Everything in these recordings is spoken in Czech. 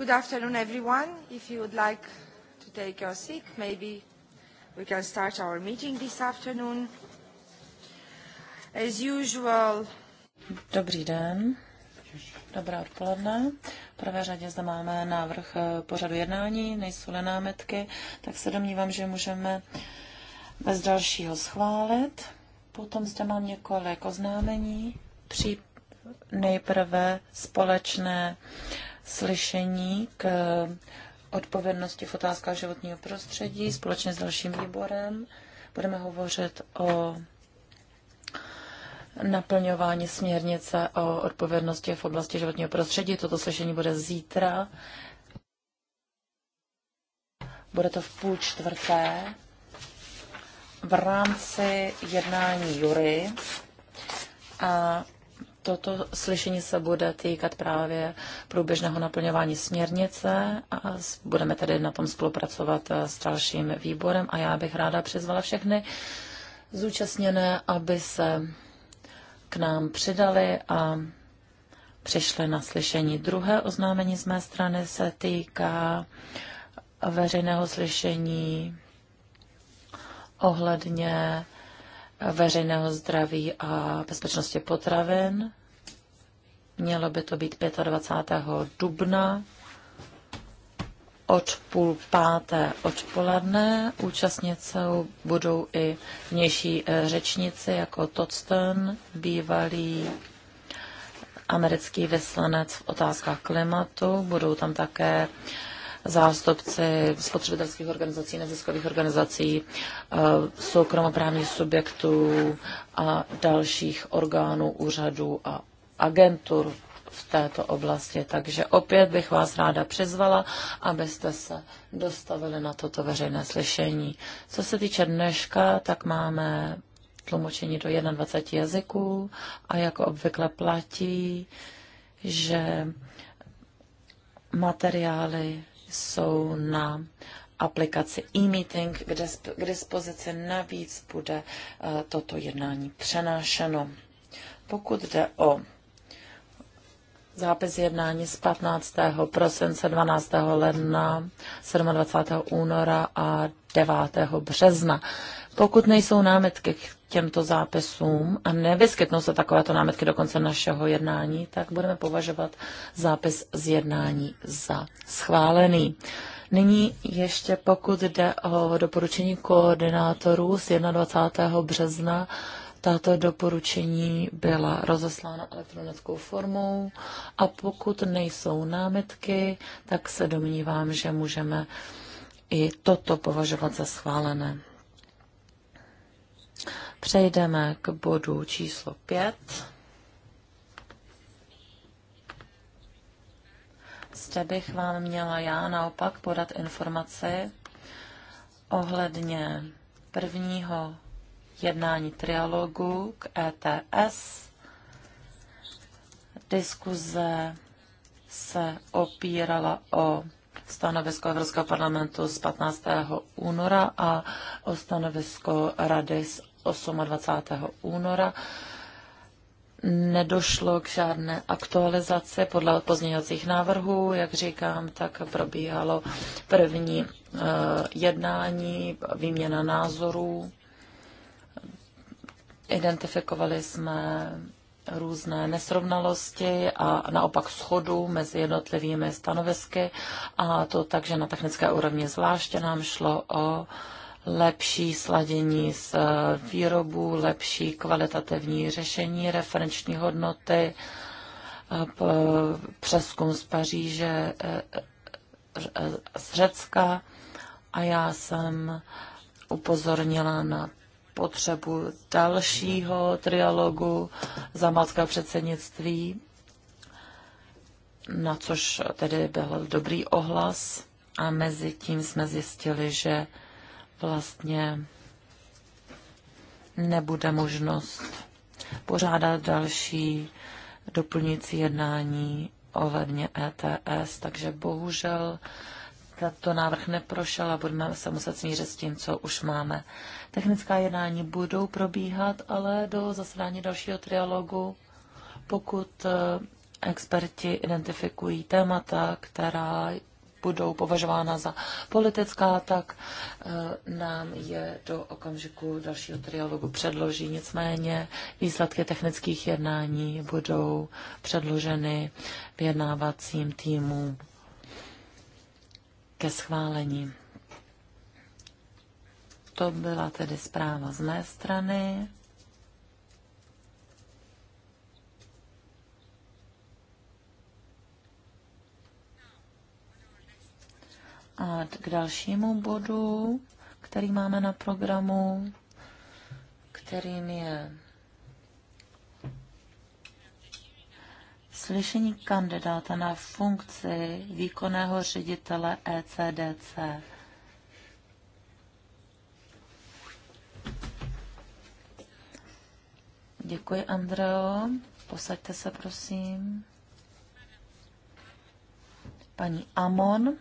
Good afternoon, everyone. If you would like to take your seat, maybe we can start our meeting this afternoon. As usual. Dobrý den. Dobré odpoledne. V prvé řadě zde máme návrh eh, pořadu jednání, nejsou-li námitky, tak se domnívám, že můžeme bez dalšího schválit. Potom zde mám několik oznámení. Při nejprve společné uh, slyšení k odpovědnosti v otázkách životního prostředí společně s dalším výborem. Budeme hovořit o naplňování směrnice o odpovědnosti v oblasti životního prostředí. Toto slyšení bude zítra. Bude to v půl čtvrté v rámci jednání jury. A Toto slyšení se bude týkat právě průběžného naplňování směrnice a budeme tedy na tom spolupracovat eh, s dalším výborem a já bych ráda přizvala všechny zúčastněné, aby se k nám přidali a přišli na slyšení. Druhé oznámení z mé strany se týká veřejného slyšení ohledně veřejného zdraví a bezpečnosti potravin. Mělo by to být 25. dubna od půl páté odpoledne. Účastnicou budou i vnější eh, řečníci jako Todston, bývalý americký vyslanec v otázkách klimatu. Budou tam také uh, zástupci spotřebitelských organizací, neziskových organizací, eh, soukromoprávních subjektů a dalších orgánů, úřadů a agentur v této oblasti. Takže opět bych vás ráda přizvala, abyste se dostavili na toto veřejné slyšení. Co se týče dneška, tak máme tlumočení do 21 jazyků a jako obvykle platí, že materiály jsou na aplikaci e-meeting, kde k dispozici navíc bude eh, toto jednání přenášeno. Pokud jde o zápis jednání z 15. prosince, 12. ledna, 27. února a 9. března. Pokud nejsou námitky k těmto zápisům a nevyskytnou se takovéto námitky do konce našeho jednání, tak budeme považovat zápis z jednání za schválený. Nyní ještě pokud jde o doporučení koordinátorů z 21. března, tato doporučení byla rozeslána elektronickou formou a pokud nejsou námitky, tak se domnívám, že můžeme i toto považovat za schválené. Přejdeme k bodu číslo 5. Zde bych vám měla já naopak podat informaci ohledně prvního jednání trialogu k ETS. Diskuze se opírala o stanovisko Evropského parlamentu z 15. února a o stanovisko Rady z 28. února. Nedošlo k žádné aktualizaci podle pozměňovacích návrhů, jak říkám, tak probíhalo první eh, jednání, výměna názorů. Identifikovali jsme různé nesrovnalosti a naopak schodu mezi jednotlivými stanovisky a to takže na technické úrovni zvláště nám šlo o uh, lepší sladění s eh, výrobu, lepší kvalitativní řešení referenční hodnoty, eh, přeskum z Paříže, eh, z Řecka a já jsem upozornila na potřebu dalšího trialogu za malského předsednictví, na což tedy byl dobrý ohlas a mezi tím jsme zjistili, že vlastně nebude možnost pořádat další doplňující jednání ohledně ETS, takže bohužel tento návrh neprošel a budeme se muset smířit s tím, co už máme. Technická jednání budou probíhat, ale do zasedání dalšího trialogu, pokud eh, experti identifikují témata, která budou považována za politická, tak e, nám je do okamžiku dalšího trialogu předloží. Nicméně výsledky technických jednání budou předloženy vyjednávacím týmům ke schválení. To byla tedy zpráva z mé strany. A k dalšímu bodu, který máme na programu, kterým je slyšení kandidáta na funkci výkonného ředitele ECDC. Děkuji, Andreo. Posaďte se, prosím. Paní Amon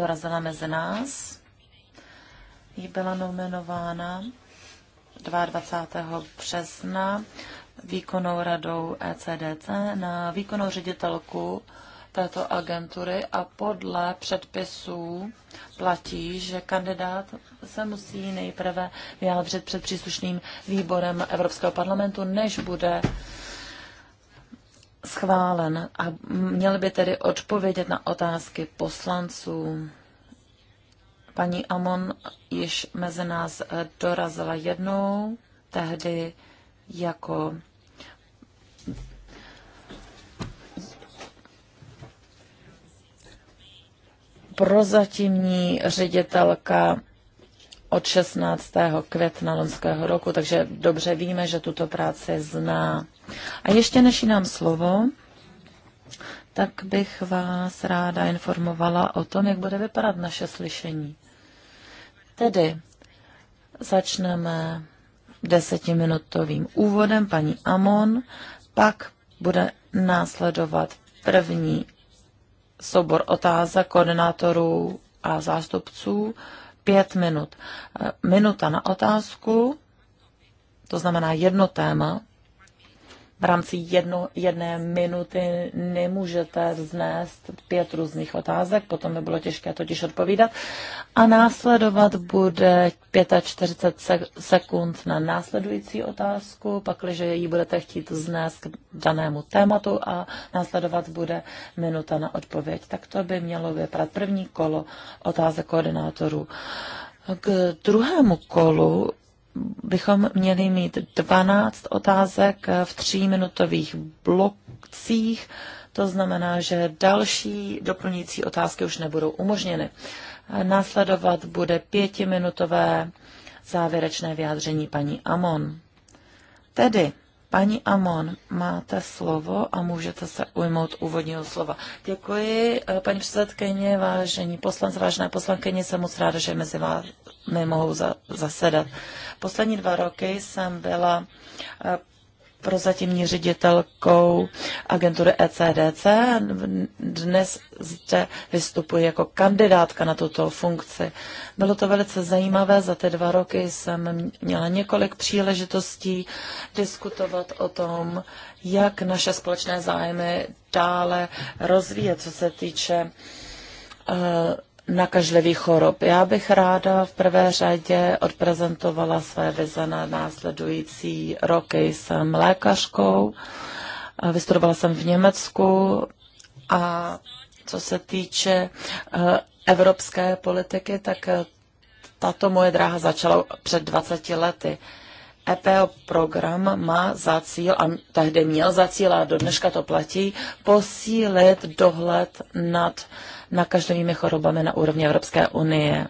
dorazila mezi nás. Jí byla nominována 22. března výkonnou radou ECDC na výkonnou ředitelku této agentury a podle předpisů platí, že kandidát se musí nejprve vyjádřit před příslušným výborem Evropského parlamentu, než bude uh, schválen a měl by tedy odpovědět na otázky poslanců. Paní Amon již mezi nás dorazila jednou, tehdy jako prozatímní ředitelka od 16. května loňského roku, takže dobře víme, že tuto práci zná. A ještě než nám slovo, tak bych vás ráda informovala o tom, jak bude vypadat naše slyšení. Tedy začneme desetiminutovým úvodem paní Amon, pak bude následovat první soubor otázek koordinátorů a zástupců, pět minut. Minuta na otázku, to znamená jedno téma, v rámci jedno, jedné minuty nemůžete vznést pět různých otázek, potom by bylo těžké totiž odpovídat. A následovat bude 45 sekund na následující otázku, pakliže ji budete chtít vznést k danému tématu a následovat bude minuta na odpověď. Tak to by mělo vypadat první kolo otázek koordinátorů. K druhému kolu bychom měli mít 12 otázek v tříminutových blokcích. To znamená, že další doplňující otázky už nebudou umožněny. Následovat bude pětiminutové závěrečné vyjádření paní Amon. Tedy Paní Amon, máte slovo a můžete se ujmout úvodního slova. Děkuji, eh, paní předsedkyně, vážení poslanci, vážené poslankyně, jsem moc ráda, že mezi vámi mohou za, zasedat. Poslední dva roky jsem byla eh, prozatímní ředitelkou agentury ECDC. Dnes zde vystupuji jako kandidátka na tuto funkci. Bylo to velice zajímavé, za ty dva roky jsem měla několik příležitostí diskutovat o tom, jak naše společné zájmy dále rozvíjet, co se týče uh, nakažlivých chorob. Já bych ráda v prvé řadě odprezentovala své vize na následující roky. Jsem lékařkou, vystudovala jsem v Německu a co se týče eh, evropské politiky, tak eh, tato moje dráha začala před 20 lety. EPO program má za cíl, a tehdy měl za cíl, a do dneška to platí, posílit dohled nad uh, nakažlivými chorobami na úrovni Evropské unie.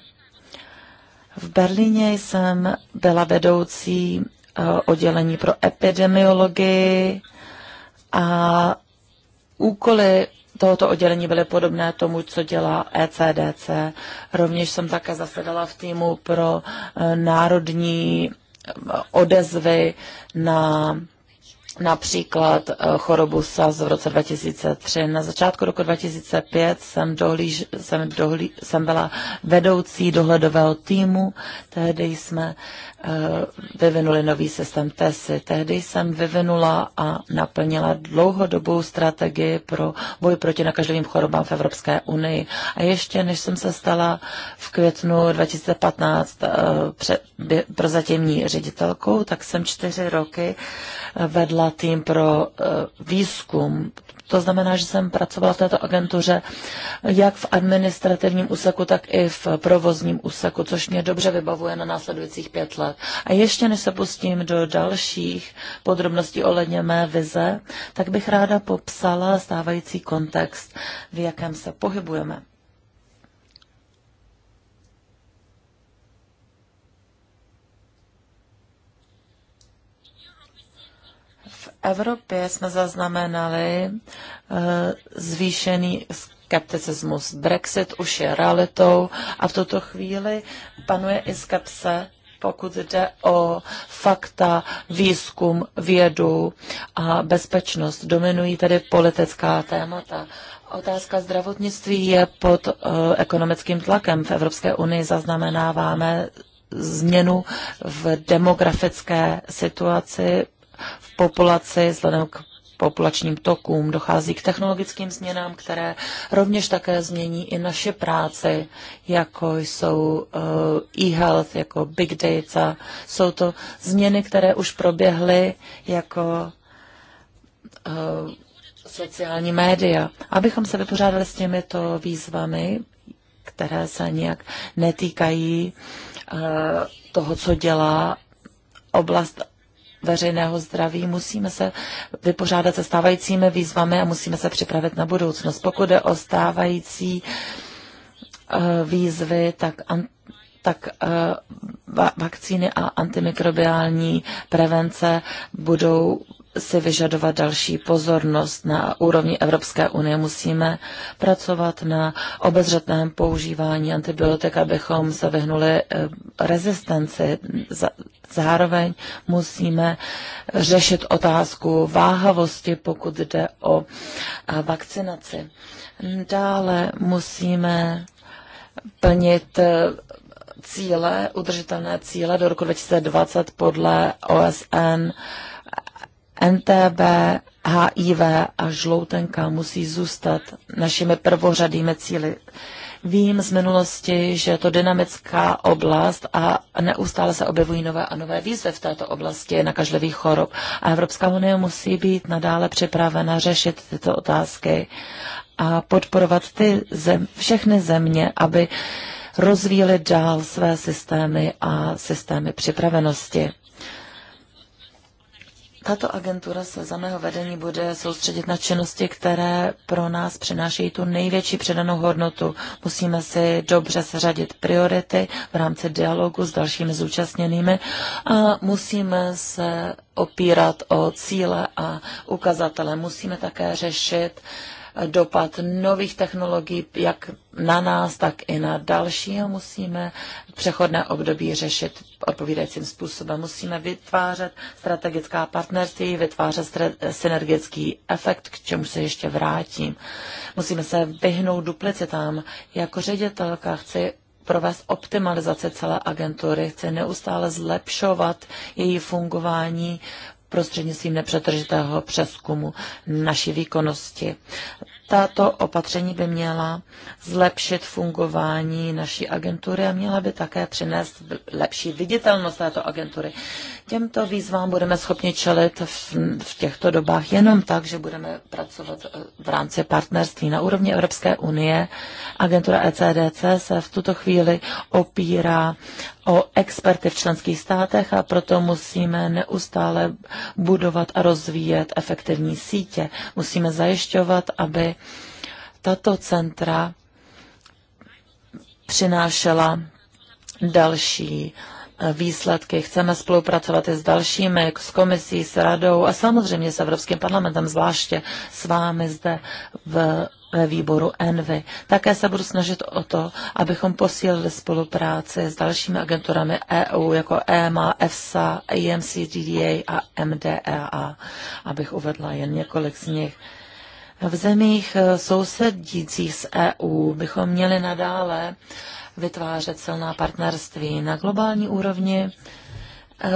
V Berlíně jsem byla vedoucí eh, oddělení pro epidemiologii a úkoly tohoto oddělení byly podobné tomu, co dělá ECDC. Rovněž jsem také zasedala v týmu pro eh, národní eh, odezvy na například eh, chorobu SAS v roce 2003. Na začátku roku 2005 jsem, dohlíž, jsem, dohlí, jsem byla vedoucí dohledového týmu. Tehdy jsme Eh, vyvinuli nový systém TESY. Tehdy jsem vyvinula a naplnila dlouhodobou strategii pro boj proti nakažlivým chorobám v Evropské unii. A ještě než jsem se stala v květnu 2015 eh, před, prozatímní ředitelkou, tak jsem čtyři roky vedla tým pro eh, výzkum to znamená, že jsem pracovala v této agentuře jak v administrativním úseku, tak i v provozním úseku, což mě dobře vybavuje na následujících pět let. A ještě než se pustím do dalších podrobností ohledně mé vize, tak bych ráda popsala stávající kontext, v jakém se pohybujeme. Evropě jsme zaznamenali eh, zvýšený skepticismus. Brexit už je realitou a v tuto chvíli panuje i skepse pokud jde o fakta, výzkum, vědu a bezpečnost. Dominují tedy politická témata. Otázka zdravotnictví je pod uh, ekonomickým tlakem. V Evropské unii zaznamenáváme změnu v demografické situaci v populaci vzhledem k populačním tokům, dochází k technologickým změnám, které rovněž také změní i naše práce, jako jsou eh, e-health, jako big data. Jsou to změny, které už proběhly jako eh, sociální média. Abychom se vypořádali s těmito výzvami, které se nějak netýkají eh, toho, co dělá oblast veřejného zdraví, musíme se vypořádat se stávajícími výzvami a musíme se připravit na budoucnost. Pokud jde o stávající eh, výzvy, tak tak eh, vakcíny a antimikrobiální prevence budou si vyžadovat další pozornost na úrovni Evropské unie. Musíme pracovat na obezřetném používání antibiotik, abychom se vyhnuli eh, rezistenci. Zároveň musíme řešit otázku váhavosti, pokud jde o eh, vakcinaci. Dále musíme plnit eh, cíle, udržitelné cíle do roku 2020 podle OSN NTB, HIV a žloutenka musí zůstat našimi prvořadými cíly. Vím z minulosti, že je to dynamická oblast a neustále se objevují nové a nové výzvy v této oblasti nakažlivých chorob. A Evropská unie musí být nadále připravena řešit tyto otázky a podporovat ty zem, všechny země, aby rozvíjeli dál své systémy a systémy připravenosti. Tato agentura se za mého vedení bude soustředit na činnosti, které pro nás přinášejí tu největší předanou hodnotu. Musíme si dobře seřadit priority v rámci dialogu s dalšími zúčastněnými a musíme se opírat o cíle a ukazatele. Musíme také řešit uh, dopad nových technologií, jak na nás, tak i na další musíme přechodné období řešit odpovídajícím způsobem. Musíme vytvářet strategická partnerství, vytvářet synergický efekt, k čemu se ještě vrátím. Musíme se vyhnout duplicitám. Jako ředitelka chci provést optimalizace celé agentury, chce neustále zlepšovat její fungování prostřednictvím nepřetržitého přeskumu naší výkonnosti. Tato opatření by měla zlepšit fungování naší agentury a měla by také přinést lepší viditelnost této agentury. Těmto výzvám budeme schopni čelit v, v těchto dobách jenom tak, že budeme pracovat eh, v rámci partnerství na úrovni Evropské unie. Agentura ECDC se v tuto chvíli opírá o experty v členských státech a proto musíme neustále budovat a rozvíjet efektivní sítě. Musíme zajišťovat, aby tato centra přinášela další eh, výsledky. Chceme spolupracovat i s dalšími, s komisí, s radou a samozřejmě s Evropským parlamentem, zvláště s vámi zde v, ve výboru ENVY. Také se budu snažit o to, abychom posílili spolupráci s dalšími agenturami EU, jako EMA, EFSA, EMCDDA a MDEA, e abych uvedla jen několik z nich. V zemích eh, sousedících s EU bychom měli nadále vytvářet silná partnerství na globální úrovni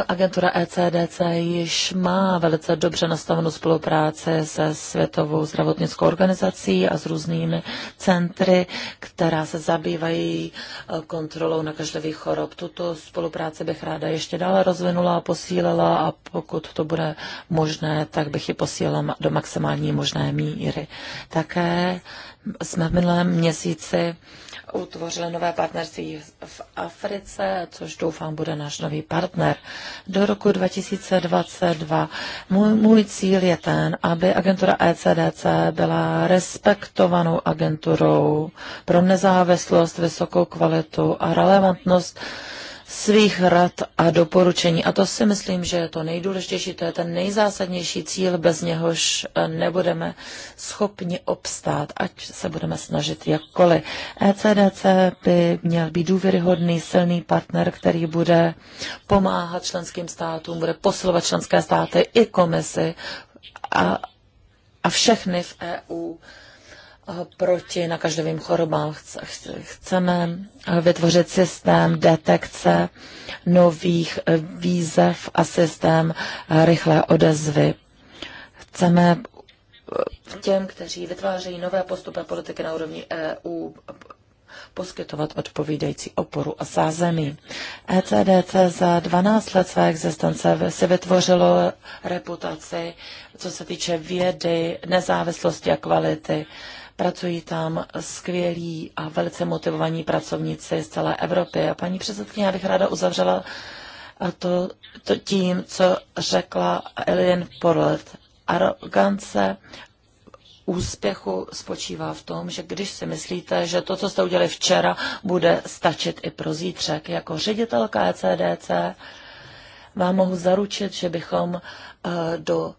Agentura ECDC již má velice dobře nastavenou spolupráci se Světovou zdravotnickou organizací a s různými centry, která se zabývají eh, kontrolou nakažlivých chorob. Tuto spolupráci bych ráda ještě dále rozvinula a posílila a pokud to bude možné, tak bych ji posílila do maximální možné míry. Také jsme v minulém měsíci utvořili nové partnerství v Africe, což doufám bude náš nový partner. Do roku 2022 můj, můj cíl je ten, aby agentura ECDC byla respektovanou agenturou pro nezávislost, vysokou kvalitu a relevantnost svých rad a doporučení. A to si myslím, že je to nejdůležitější, to je ten nejzásadnější cíl, bez něhož eh, nebudeme schopni obstát, ať se budeme snažit jakkoliv. ECDC by měl být důvěryhodný, silný partner, který bude pomáhat členským státům, bude posilovat členské státy i komisy a, a všechny v EU proti nakažlivým chorobám. Chceme vytvořit systém detekce nových výzev a systém rychlé odezvy. Chceme těm, kteří vytvářejí nové postupy politiky na úrovni EU, poskytovat odpovídající oporu a zázemí. ECDC za 12 let své existence si vytvořilo reputaci, co se týče vědy, nezávislosti a kvality. Uh, Pracují tam skvělí a velice motivovaní pracovníci z celé Evropy. A paní předsedkyně, já bych ráda uzavřela to, to tím, co řekla Elien Porlet. Arogance úspěchu spočívá v tom, že když si myslíte, že to, co jste udělali včera, bude stačit i pro zítřek. Jako ředitelka ECDC vám mohu zaručit, že bychom eh, do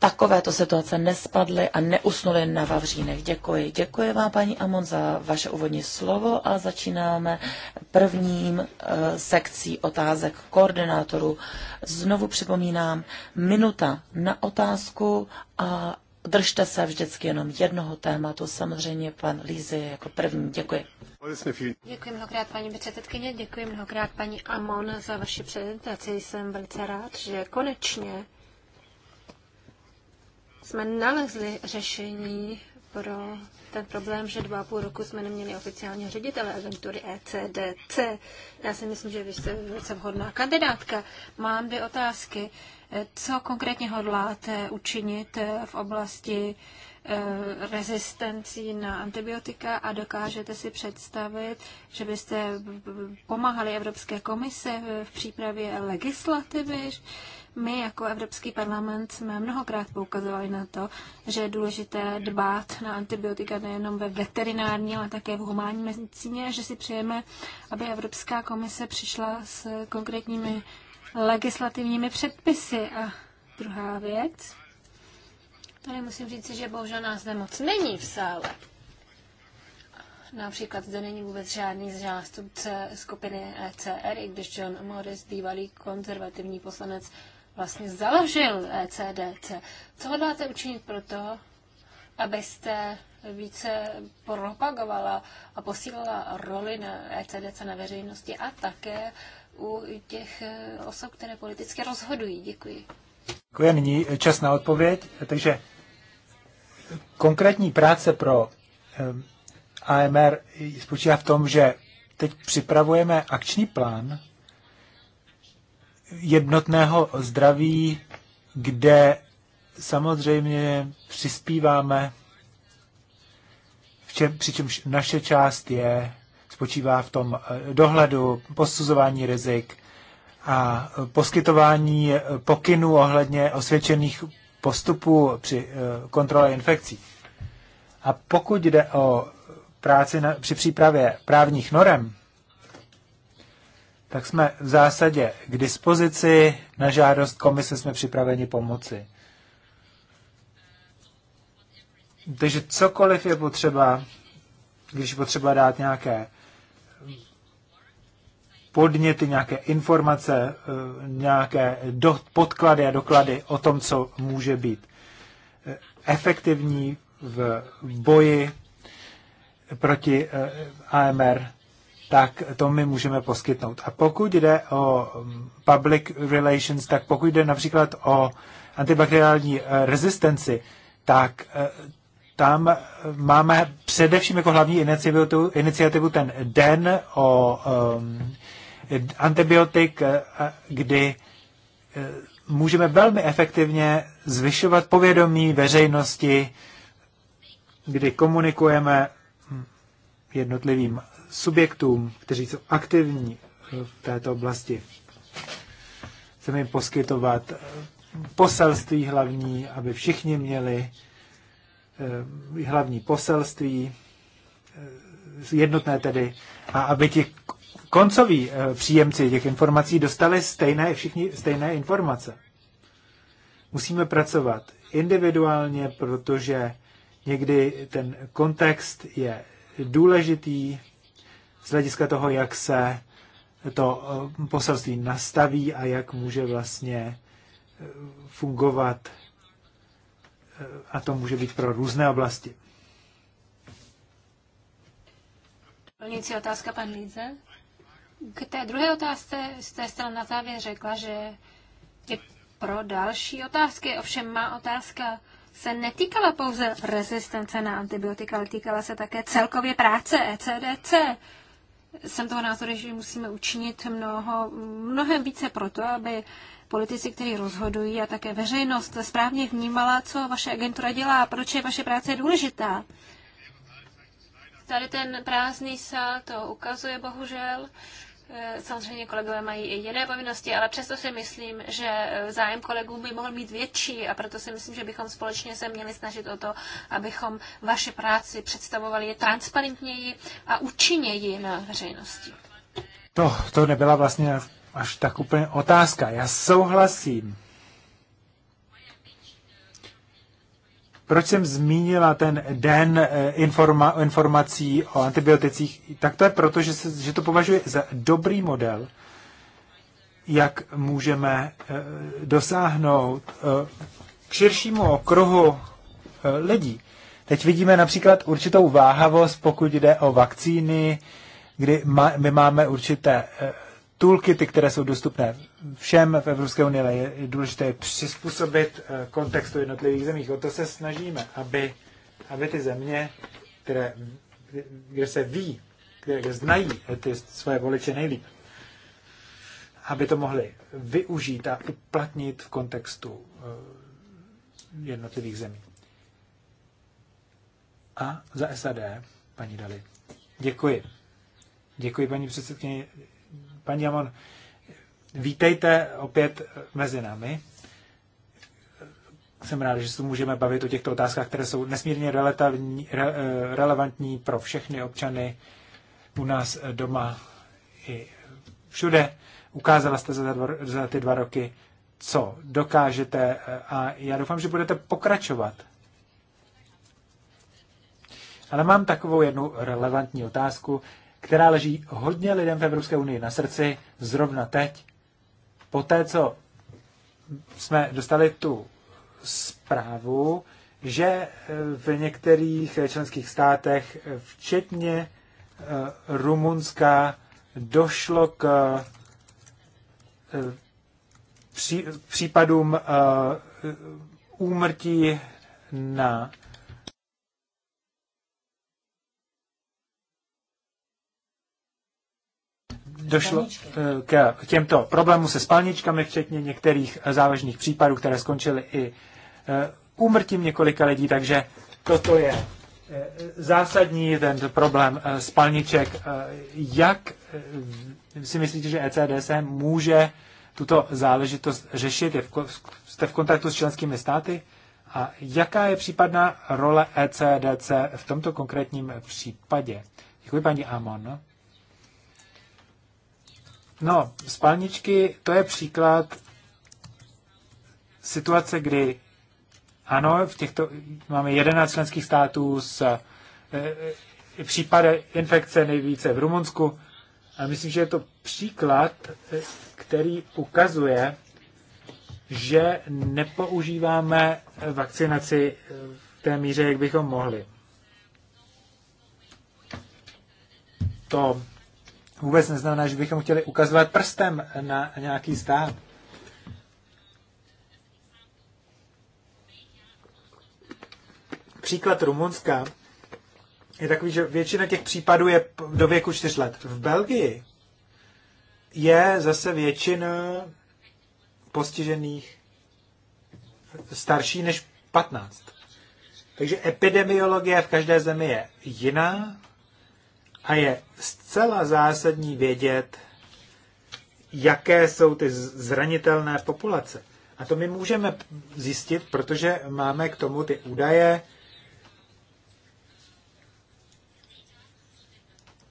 takovéto situace nespadly a neusnuly na Vavřínech. Děkuji. Děkuji vám, paní Amon, za vaše úvodní slovo a začínáme prvním eh, sekcí otázek koordinátorů. Znovu připomínám, minuta na otázku a držte se vždycky jenom jednoho tématu. Samozřejmě pan Lízy jako první. Děkuji. Děkuji mnohokrát paní předsedkyně, děkuji mnohokrát paní Amon za vaši prezentaci. Jsem velice rád, že konečně jsme nalezli řešení pro ten problém, že dva a půl roku jsme neměli oficiálního ředitele agentury ECDC. Já si myslím, že vy jste velice vhodná kandidátka. Mám dvě otázky. Co konkrétně hodláte učinit v oblasti Eh, rezistencí na antibiotika a dokážete si představit, že byste pomáhali Evropské komise v přípravě legislativy? My jako Evropský parlament jsme mnohokrát poukazovali na to, že je důležité dbát na antibiotika nejenom ve veterinární, ale také v humánní medicíně, že si přejeme, aby Evropská komise přišla s konkrétními legislativními předpisy. A druhá věc, Tady musím říct, že bohužel nás nemoc moc není v sále. Například zde není vůbec žádný z zástupce skupiny ECR, i když John Morris, bývalý konzervativní poslanec, vlastně založil ECDC. Co hodláte učinit pro to, abyste více propagovala a posílala roli na ECDC na veřejnosti a také u těch osob, které politicky rozhodují? Děkuji. Děkuji. Nyní čas na odpověď. Takže konkrétní práce pro AMR spočívá v tom, že teď připravujeme akční plán jednotného zdraví, kde samozřejmě přispíváme, v čem, přičemž naše část je, spočívá v tom eh, dohledu, posuzování rizik, a poskytování pokynů ohledně osvědčených postupů při eh, kontrole infekcí. A pokud jde o práci na, při přípravě právních norem, tak jsme v zásadě k dispozici. Na žádost komise jsme připraveni pomoci. Takže cokoliv je potřeba, když potřeba dát nějaké podněty, nějaké informace, eh, nějaké do, podklady a doklady o tom, co může být eh, efektivní v boji proti eh, AMR, tak to my můžeme poskytnout. A pokud jde o mm, public relations, tak pokud jde například o antibakteriální rezistenci, tak tam máme především jako hlavní iniciativu, iniciativu ten den o um, antibiotik, eh, eh, kdy eh, můžeme velmi efektivně zvyšovat povědomí veřejnosti, kdy komunikujeme hm, jednotlivým subjektům, kteří jsou aktivní v této oblasti. Chceme jim poskytovat poselství hlavní, aby všichni měli hlavní poselství, jednotné tedy, a aby ti koncoví eh, příjemci těch informací dostali stejné, všichni stejné informace. Musíme pracovat individuálně, protože někdy ten kontext je důležitý z hlediska toho, jak se to eh, poselství nastaví a jak může vlastně eh, fungovat a to může být pro různé oblasti. Plnící otázka, pan Líze. K té druhé otázce jste strana na závěr řekla, že je pro další otázky. Ovšem má otázka se netýkala pouze rezistence na antibiotika, ale týkala se také celkově práce ECDC. Jsem toho názoru, že musíme učinit mnoho, mnohem více proto, aby politici, kteří rozhodují a také veřejnost správně vnímala, co vaše agentura dělá a proč je vaše práce důležitá. Tady ten prázdný sál to ukazuje bohužel. Eh, samozřejmě kolegové mají i jiné povinnosti, ale přesto si myslím, že eh, zájem kolegů by mohl být větší a proto si myslím, že bychom společně se měli snažit o to, abychom vaši práci představovali transparentněji a účinněji na veřejnosti. To, to nebyla vlastně až tak úplně otázka. Já souhlasím Proč jsem zmínila ten den eh, informa, informací o antibioticích? Tak to je proto, že, se, že to považuji za dobrý model, jak můžeme eh, dosáhnout eh, k širšímu okruhu lidí. Teď vidíme například určitou váhavost, pokud jde o vakcíny, kdy my máme určité toolkity, které jsou dostupné všem v Evropské unii, ale je důležité přizpůsobit eh, kontextu jednotlivých zemí. O to se snažíme, aby, aby ty země, které, kde se ví, které znají ty své voliče nejlíp, aby to mohli využít a uplatnit v kontextu eh, jednotlivých zemí. A za SAD, paní Dali. Děkuji. Děkuji, paní předsedkyně. Paní Amon, vítejte opět mezi námi. Jsem rád, že se tu můžeme bavit o těchto otázkách, které jsou nesmírně relevantní, eh, relevantní pro všechny občany u nás doma i všude. Ukázala jste za, dva, za ty dva roky, co dokážete eh, a já doufám, že budete pokračovat. Ale mám takovou jednu relevantní otázku, která leží hodně lidem v Evropské unii na srdci zrovna teď. Po té, co jsme dostali tu zprávu, že eh, v některých členských státech, včetně eh, Rumunska, došlo k eh, případům úmrtí na došlo eh, k těmto problémům se spalničkami, včetně některých eh, závažných případů, které skončily i eh, úmrtím několika lidí, takže toto je zásadní ten problém spalniček. Jak si myslíte, že ECDS může tuto záležitost řešit? Jste v kontaktu s členskými státy? A jaká je případná role ECDC v tomto konkrétním případě? Děkuji, paní Amon. No, spalničky, to je příklad situace, kdy ano, v těchto máme 11 členských států s e, e případem infekce nejvíce v Rumunsku. A myslím, že je to příklad, e, který ukazuje, že nepoužíváme vakcinaci e, v té míře, jak bychom mohli. To vůbec neznamená, že bychom chtěli ukazovat prstem na nějaký stát. Příklad Rumunska je takový, že většina těch případů je do věku 4 let. V Belgii je zase většina postižených starší než 15. Takže epidemiologie v každé zemi je jiná a je zcela zásadní vědět, jaké jsou ty zranitelné populace. A to my můžeme zjistit, protože máme k tomu ty údaje.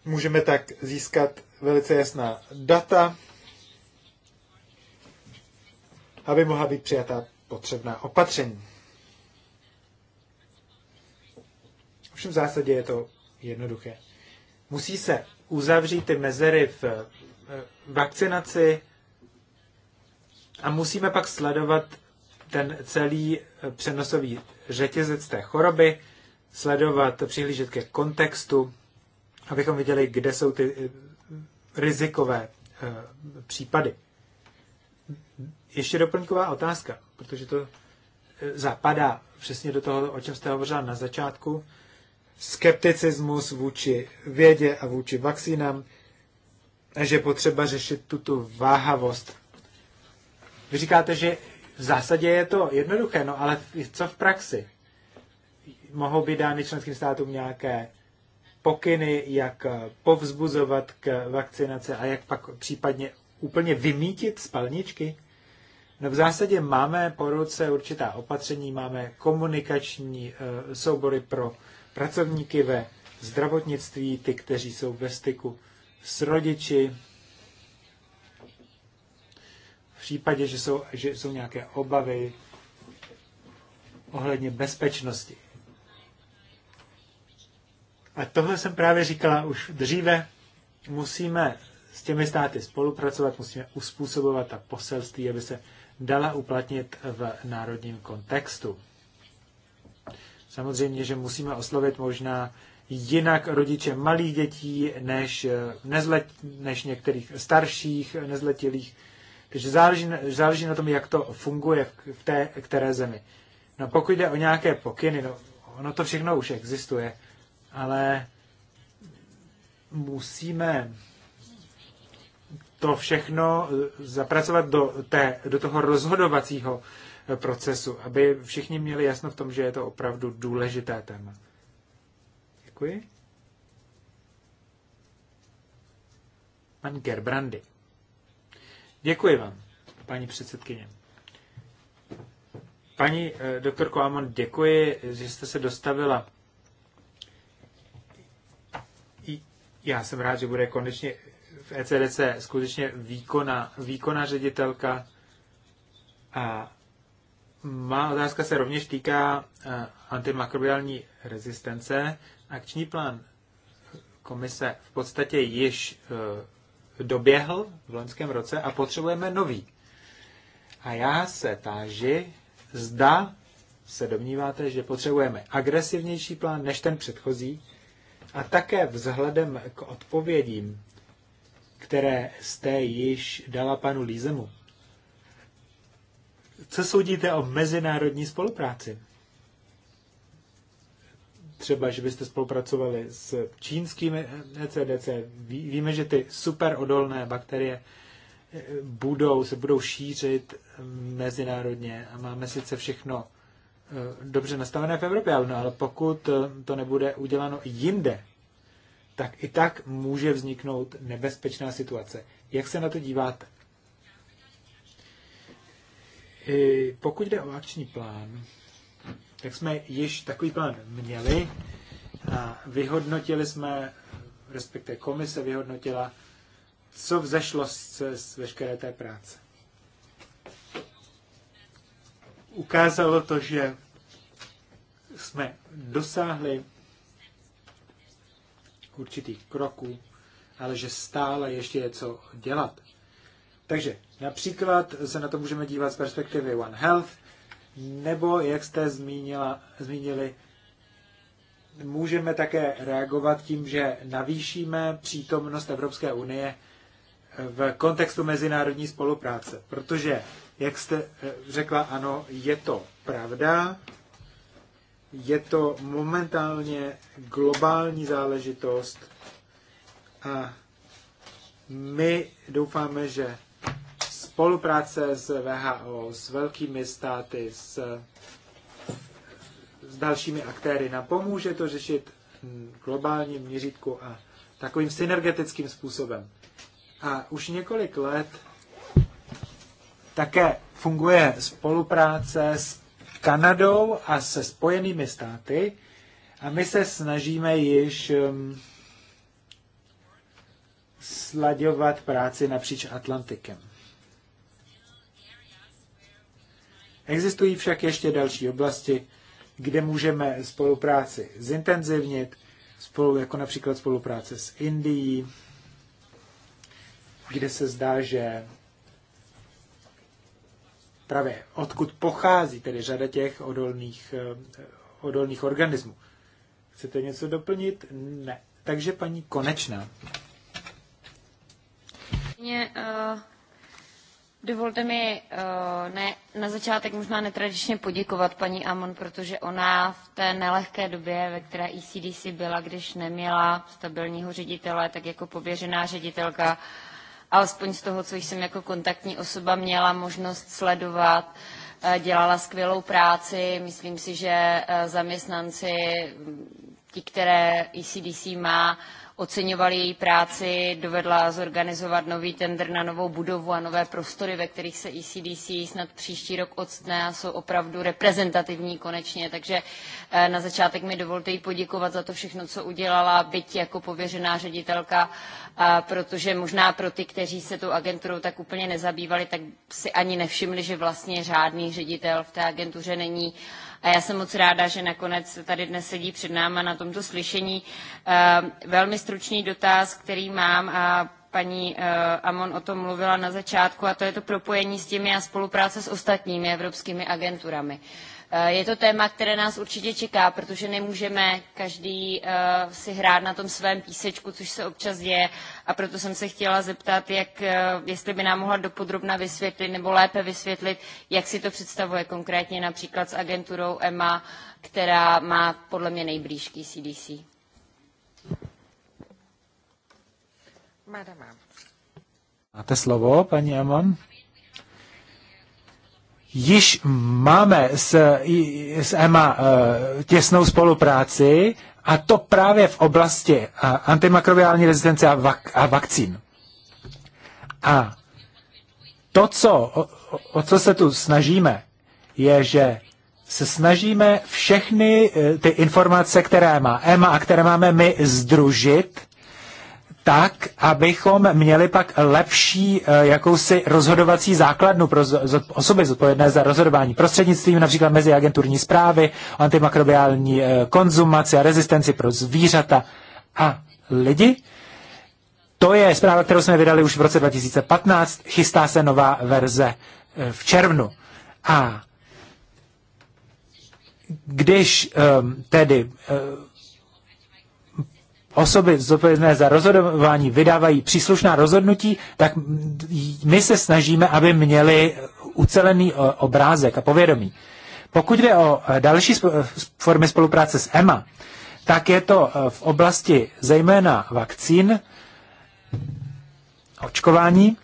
Můžeme tak získat velice jasná data, aby mohla být přijatá potřebná opatření. Ovšem v zásadě je to jednoduché. Musí se uzavřít ty mezery v eh, vakcinaci a musíme pak sledovat ten celý eh, přenosový řetězec té choroby, sledovat, eh, přihlížet ke kontextu, abychom viděli, kde jsou ty rizikové případy. Ještě doplňková otázka, protože to zapadá přesně do toho, o čem jste hovořila na začátku skepticismus vůči vědě a vůči vakcínám a že je potřeba řešit tuto váhavost. Vy říkáte, že v zásadě je to jednoduché, no ale co v praxi? Mohou být dány členským státům nějaké pokyny, jak povzbuzovat k vakcinaci a jak pak případně úplně vymítit spalničky? No v zásadě máme po ruce určitá opatření, máme komunikační eh, soubory pro pracovníky ve zdravotnictví, ty, kteří jsou ve styku s rodiči. V případě, že jsou, že jsou nějaké obavy ohledně bezpečnosti. A tohle jsem právě říkala už dříve. Musíme s těmi státy spolupracovat, musíme uspůsobovat ta poselství, aby se dala uplatnit v národním kontextu. Samozřejmě, že musíme oslovit možná jinak rodiče malých dětí než, eh, nezlet, než některých starších nezletilých. Takže záleží, záleží na tom, jak to funguje v té které zemi. No pokud jde o nějaké pokyny, no, ono to všechno už existuje, ale musíme to všechno eh, zapracovat do, té, do toho rozhodovacího procesu, aby všichni měli jasno v tom, že je to opravdu důležité téma. Děkuji. Pan Gerbrandy. Děkuji vám, paní předsedkyně. Paní eh, doktorko Amon, děkuji, že jste se dostavila. Já jsem rád, že bude konečně v ECDC skutečně výkona, výkona ředitelka a má otázka se rovněž týká eh, antimakrobiální rezistence. Akční plán komise v podstatě již eh, doběhl v loňském roce a potřebujeme nový. A já se táži, zda se domníváte, že potřebujeme agresivnější plán než ten předchozí a také vzhledem k odpovědím, které jste již dala panu Lízemu. Co soudíte o mezinárodní spolupráci? Třeba, že byste spolupracovali s čínskými ECDC. víme, že ty superodolné bakterie eh, budou, se budou šířit mezinárodně a máme sice všechno eh, dobře nastavené v Evropě, ale, no, ale pokud eh, to nebude uděláno jinde, tak i tak může vzniknout nebezpečná situace. Jak se na to díváte? I pokud jde o akční plán, tak jsme již takový plán měli a vyhodnotili jsme, respektive komise vyhodnotila, co vzešlo z, z veškeré té práce. Ukázalo to, že jsme dosáhli určitých kroků, ale že stále ještě je co dělat. Takže Například se na to můžeme dívat z perspektivy One Health, nebo, jak jste zmínila, zmínili, můžeme také reagovat tím, že navýšíme přítomnost Evropské unie v kontextu mezinárodní spolupráce. Protože, jak jste eh, řekla, ano, je to pravda, je to momentálně globální záležitost a my doufáme, že spolupráce s VHO, s velkými státy, s, s dalšími aktéry nám pomůže to řešit globálním měřítku a takovým synergetickým způsobem. A už několik let také funguje spolupráce s Kanadou a se Spojenými státy a my se snažíme již um, sladěvat práci napříč Atlantikem. Existují však ještě další oblasti, kde můžeme spolupráci zintenzivnit, spolu, jako například spolupráce s Indií, kde se zdá, že právě odkud pochází tedy řada těch odolných, eh, odolných organismů. Chcete něco doplnit? Ne. Takže paní Konečná. Mě, uh Dovolte mi eh, ne, na začátek možná netradičně poděkovat paní Amon, protože ona v té nelehké době, ve které ECDC byla, když neměla stabilního ředitele, tak jako pověřená ředitelka, alespoň z toho, co jsem jako kontaktní osoba měla možnost sledovat, eh, dělala skvělou práci. Myslím si, že eh, zaměstnanci, ti, které ECDC má, oceňovali její práci, dovedla zorganizovat nový tender na novou budovu a nové prostory, ve kterých se ECDC snad příští rok odstne a jsou opravdu reprezentativní konečně. Takže eh, na začátek mi dovolte jí poděkovat za to všechno, co udělala, byť jako pověřená ředitelka, protože možná pro ty, kteří se tou agenturou tak úplně nezabývali, tak si ani nevšimli, že vlastně řádný ředitel v té agentuře není. A já jsem moc ráda, že nakonec tady dnes sedí před náma na tomto slyšení. Eh, velmi stručný dotaz, který mám a paní eh, Amon o tom mluvila na začátku, a to je to propojení s těmi a spolupráce s ostatními evropskými agenturami. Eh, je to téma, které nás určitě čeká, protože nemůžeme každý eh, si hrát na tom svém písečku, což se občas děje. A proto jsem se chtěla zeptat, jak, eh, jestli by nám mohla dopodrobna vysvětlit nebo lépe vysvětlit, jak si to představuje konkrétně například s agenturou EMA, která má podle mě nejblížký CDC. Máte slovo, paní Amon? již máme s, s EMA e, těsnou spolupráci a to právě v oblasti antimakrobiální rezistence a, vak, a vakcín. A to, co, o, o co se tu snažíme, je, že se snažíme všechny e, ty informace, které má EMA a které máme my, združit tak, abychom měli pak lepší eh, jakousi rozhodovací základnu pro osoby zodpovědné za rozhodování prostřednictvím například mezi agenturní zprávy, antimakrobiální eh, konzumaci a rezistenci pro zvířata a lidi. To je zpráva, kterou jsme vydali už v roce 2015. Chystá se nová verze eh, v červnu. A když um, tedy osoby zodpovědné za rozhodování vydávají příslušná rozhodnutí, tak my se snažíme, aby měli ucelený obrázek a povědomí. Pokud jde o eh, další eh, formy spolupráce s EMA, tak je to eh, v oblasti zejména vakcín, očkování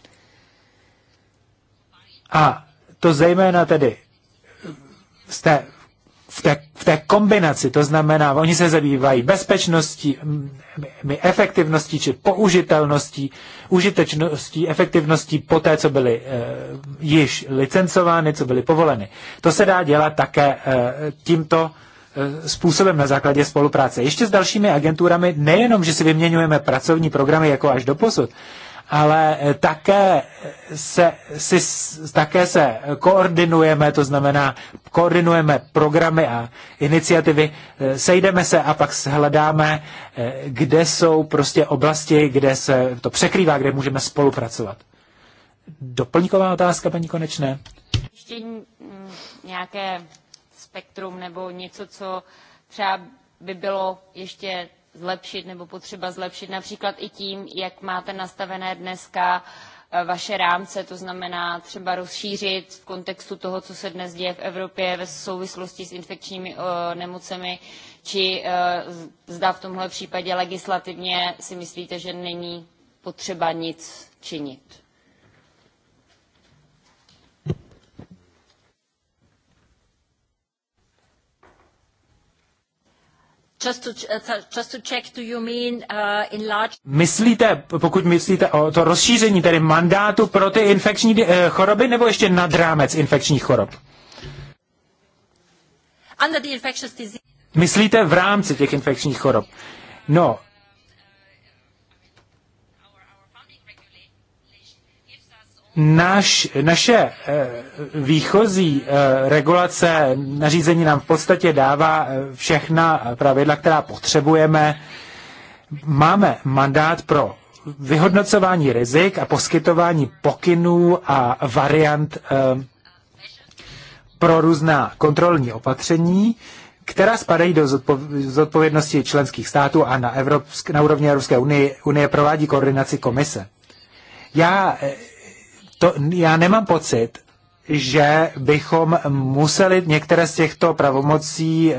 a to zejména tedy z té v té, v té kombinaci, to znamená, oni se zabývají bezpečností, efektivností či použitelností, užitečností, efektivností po té, co byly e, již licencovány, co byly povoleny. To se dá dělat také e, tímto e, způsobem na základě spolupráce. Ještě s dalšími agenturami nejenom, že si vyměňujeme pracovní programy jako až do posud, ale eh, také se, si, také se koordinujeme, to znamená koordinujeme programy a iniciativy, eh, sejdeme se a pak hledáme, eh, kde jsou prostě oblasti, kde se to překrývá, kde můžeme spolupracovat. Doplňková otázka, paní Konečné? Ještě nějaké spektrum nebo něco, co třeba by bylo ještě zlepšit nebo potřeba zlepšit například i tím, jak máte nastavené dneska eh, vaše rámce, to znamená třeba rozšířit v kontextu toho, co se dnes děje v Evropě ve souvislosti s infekčními eh, nemocemi, či eh, zda v tomhle případě legislativně si myslíte, že není potřeba nic činit. Uh, uh, myslíte, pokud myslíte o to rozšíření tedy mandátu pro ty infekční eh, choroby nebo ještě nad rámec infekčních chorob? Under the infectious disease. Myslíte v rámci těch infekčních chorob? No, Naš, naše eh, výchozí eh, regulace nařízení nám v podstatě dává eh, všechna pravidla, která potřebujeme. Máme mandát pro vyhodnocování rizik a poskytování pokynů a variant pro různá kontrolní opatření, která spadají do zodpovědnosti členských států a na, Evropsk, na úrovni Evropské unie, unie provádí koordinaci komise. Já to já nemám pocit, že bychom museli některé z těchto pravomocí eh,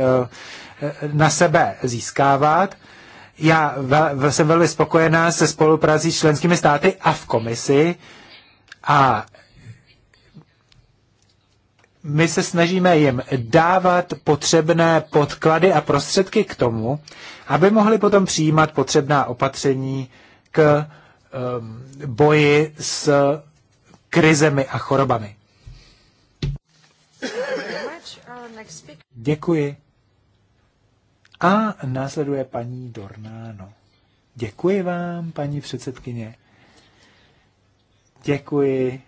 eh, na sebe získávat. Já jsem velmi spokojená se spoluprací s členskými státy a v komisi a my se snažíme jim dávat potřebné podklady a prostředky k tomu, aby mohli potom přijímat potřebná opatření k um, boji s krizemi a chorobami. Děkuji. A následuje paní Dornáno. Děkuji vám, paní předsedkyně. Děkuji,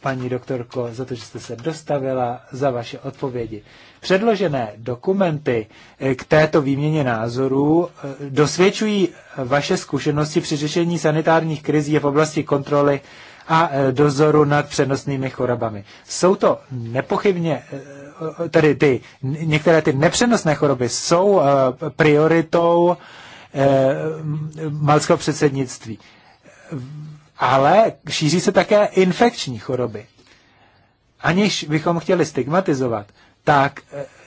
paní doktorko, za to, že jste se dostavila, za vaše odpovědi. Předložené dokumenty eh, k této výměně názorů eh, dosvědčují vaše zkušenosti při řešení sanitárních krizí v oblasti kontroly a e, dozoru nad přenosnými chorobami. Jsou to nepochybně e, tedy ty, některé ty nepřenosné choroby jsou e, prioritou malského předsednictví. Ale šíří se také infekční choroby. Aniž bychom chtěli stigmatizovat, tak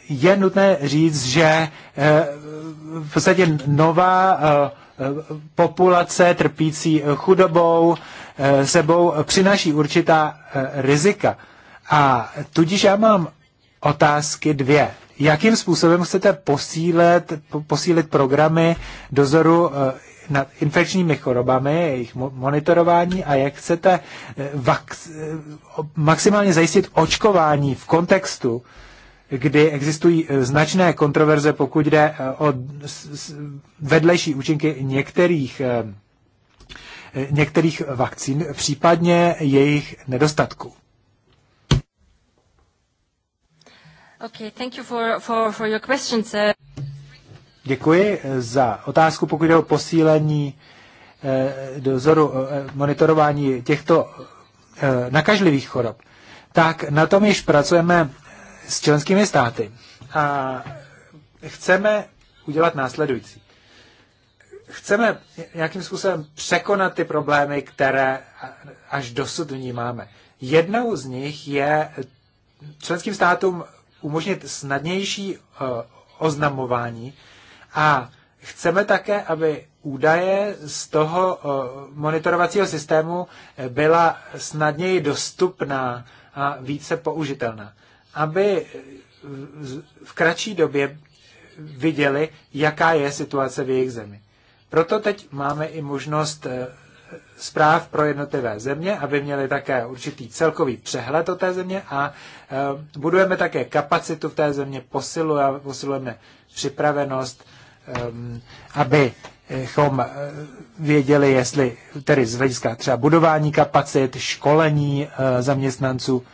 je nutné říct, že v podstatě nová populace trpící chudobou Eh, sebou přináší určitá eh, rizika. A tudíž já mám otázky dvě. Jakým způsobem chcete posílet, posílit programy dozoru eh, nad infekčními chorobami, jejich monitorování a jak chcete maximálně zajistit očkování v kontextu, kdy existují značné kontroverze, pokud jde o vedlejší účinky některých Eh, některých vakcín, případně jejich nedostatku. Okay, thank you for, for, for your questions. Děkuji eh, za otázku, pokud jde o posílení eh, dozoru, monitorování těchto nakažlivých chorob. Tak na tom již pracujeme s členskými státy a chceme udělat následující chceme nějakým způsobem překonat ty problémy, které až dosud vnímáme. Jednou z nich je členským státům umožnit snadnější eh, oznamování a chceme také, aby údaje z toho eh, monitorovacího systému byla snadněji dostupná a více použitelná. Aby v kratší době viděli, jaká je situace v jejich zemi. Proto teď máme i možnost eh, zpráv pro jednotlivé země, aby měli také určitý celkový přehled o té země a eh, budujeme také kapacitu v té země, posilujeme, připravenost, eh, abychom věděli, jestli tedy z hlediska třeba budování kapacit, školení zaměstnanců,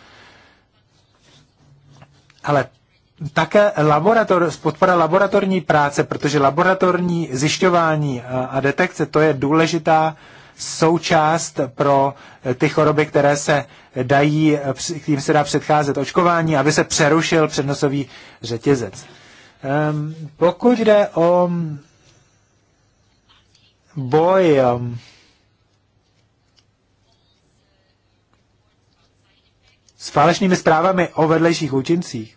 ale také laborator, podpora laboratorní práce, protože laboratorní zjišťování eh, a detekce, to je důležitá součást pro eh, ty choroby, které se dají, eh, kterým se dá předcházet očkování, aby se přerušil přednosový řetězec. Ehm, pokud jde o mm, boj ehm, s falešnými zprávami o vedlejších účincích,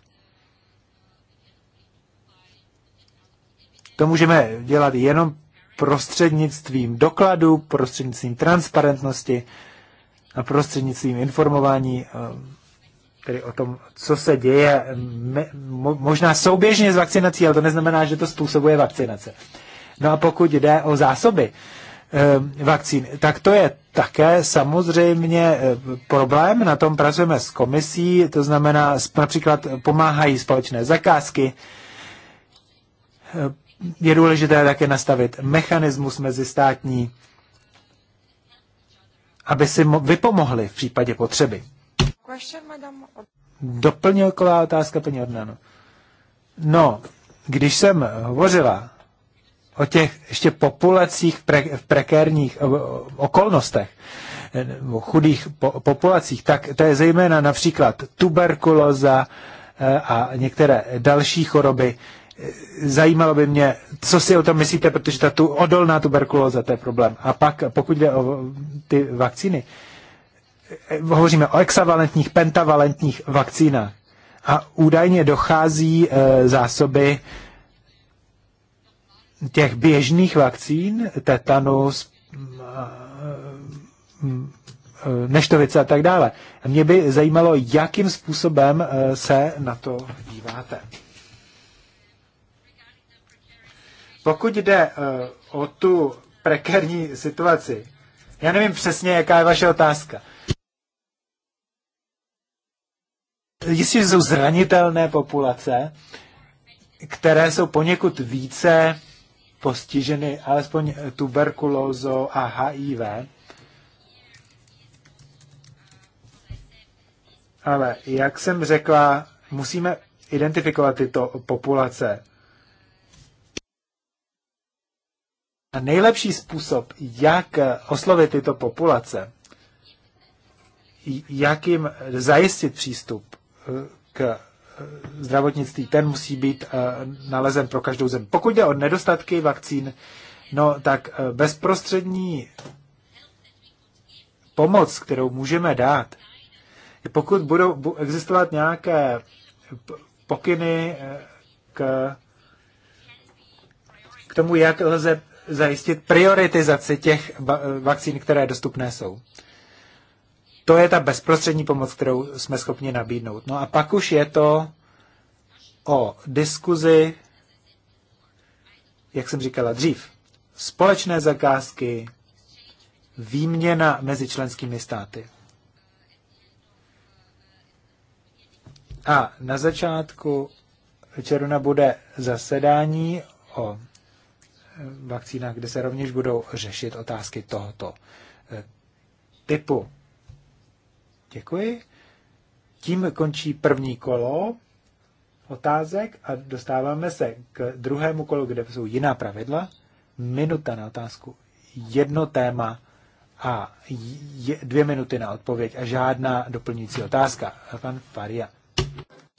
To můžeme dělat jenom prostřednictvím dokladů, prostřednictvím transparentnosti a prostřednictvím informování eh, tedy o tom, co se děje, možná souběžně s vakcinací, ale to neznamená, že to způsobuje vakcinace. No a pokud jde o zásoby eh, vakcín, tak to je také samozřejmě eh, problém, na tom pracujeme s komisí, to znamená například pomáhají společné zakázky, je důležité také nastavit mechanismus mezistátní, aby si vypomohli v případě potřeby. Doplňková otázka, paní Ornano. No, když jsem hovořila o těch ještě populacích v, pre, v prekérních okolnostech, eh, o chudých po, populacích, tak to je zejména například tuberkulóza eh, a některé další choroby, zajímalo by mě, co si o tom myslíte, protože ta tu odolná tuberkulóza, to je problém. A pak, pokud jde o ty vakcíny, eh, hovoříme o exavalentních, pentavalentních vakcínách. A údajně dochází eh, zásoby těch běžných vakcín, tetanus, mm, eh, mm, neštovice a tak dále. Mě by zajímalo, jakým způsobem se na to díváte. Pokud jde eh, o tu prekérní situaci, já nevím přesně, jaká je vaše otázka. Jistě, že jsou zranitelné populace, které jsou poněkud více postiženy alespoň tuberkulózou a HIV. Ale jak jsem řekla, musíme identifikovat tyto populace A nejlepší způsob, jak oslovit tyto populace, jak jim zajistit přístup eh, k eh, zdravotnictví, ten musí být eh, nalezen pro každou zem. Pokud jde o nedostatky vakcín, no tak bezprostřední pomoc, kterou můžeme dát, pokud budou existovat nějaké pokyny k, k tomu, jak lze zajistit prioritizaci těch vakcín, které dostupné jsou. To je ta bezprostřední pomoc, kterou jsme schopni nabídnout. No a pak už je to o diskuzi, jak jsem říkala dřív, společné zakázky, výměna mezi členskými státy. A na začátku června bude zasedání o vakcínách, kde se rovněž budou řešit otázky tohoto eh, typu. Děkuji. Tím končí první kolo otázek a dostáváme se k druhému kolu, kde jsou jiná pravidla. Minuta na otázku, jedno téma a dvě minuty na odpověď a žádná doplňující otázka. Pan Faria.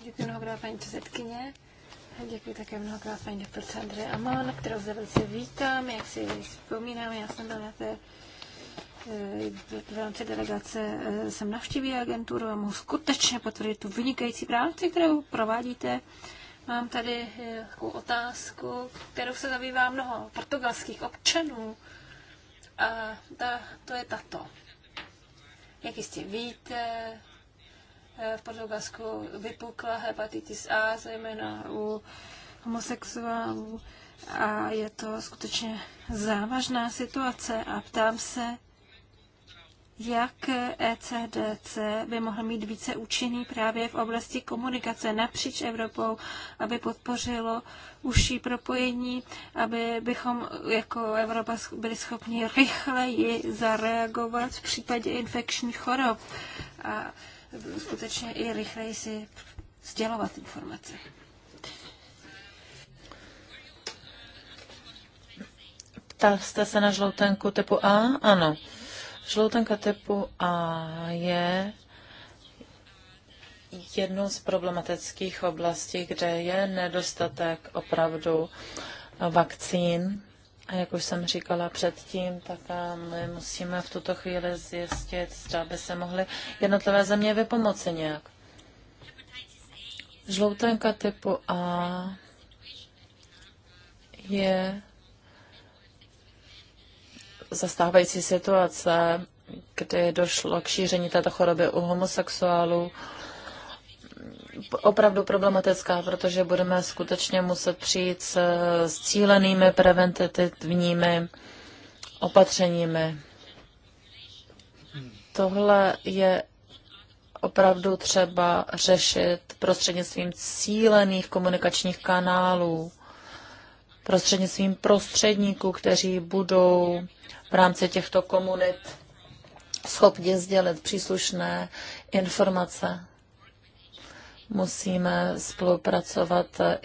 Děkuji mnohokrát, paní předsedkyně. Děkuji také mnohokrát paní doktorce Andře Amon, kterou zde velice vítám. Jak si vzpomínám, já jsem byla na té eh, v rámci delegace eh, jsem navštívila agenturu a mohu skutečně potvrdit tu vynikající práci, kterou provádíte. Mám tady eh, takovou otázku, kterou se zabývá mnoho portugalských občanů. A ta, to je tato. Jak jistě víte, Eh, v Portugalsku vypukla hepatitis A, zejména u homosexuálů. A je to skutečně závažná situace a ptám se, jak ECDC by mohl mít více účinný právě v oblasti komunikace napříč Evropou, aby podpořilo užší propojení, aby bychom jako Evropa byli schopni rychleji zareagovat v případě infekčních chorob. A skutečně i rychleji si sdělovat informace. Ptal jste se na žloutenku typu A? Ano. Žloutenka typu A je jednou z problematických oblastí, kde je nedostatek opravdu vakcín a jak už jsem říkala předtím, tak my musíme v tuto chvíli zjistit, zda by se mohly jednotlivé země vypomoci nějak. Žloutenka typu A je zastávající situace, kdy došlo k šíření této choroby u homosexuálů, opravdu problematická, protože budeme skutečně muset přijít s, s cílenými preventativními opatřeními. Tohle je opravdu třeba řešit prostřednictvím cílených komunikačních kanálů, prostřednictvím prostředníků, kteří budou v rámci těchto komunit schopni sdělit příslušné informace. Musíme spolupracovat eh,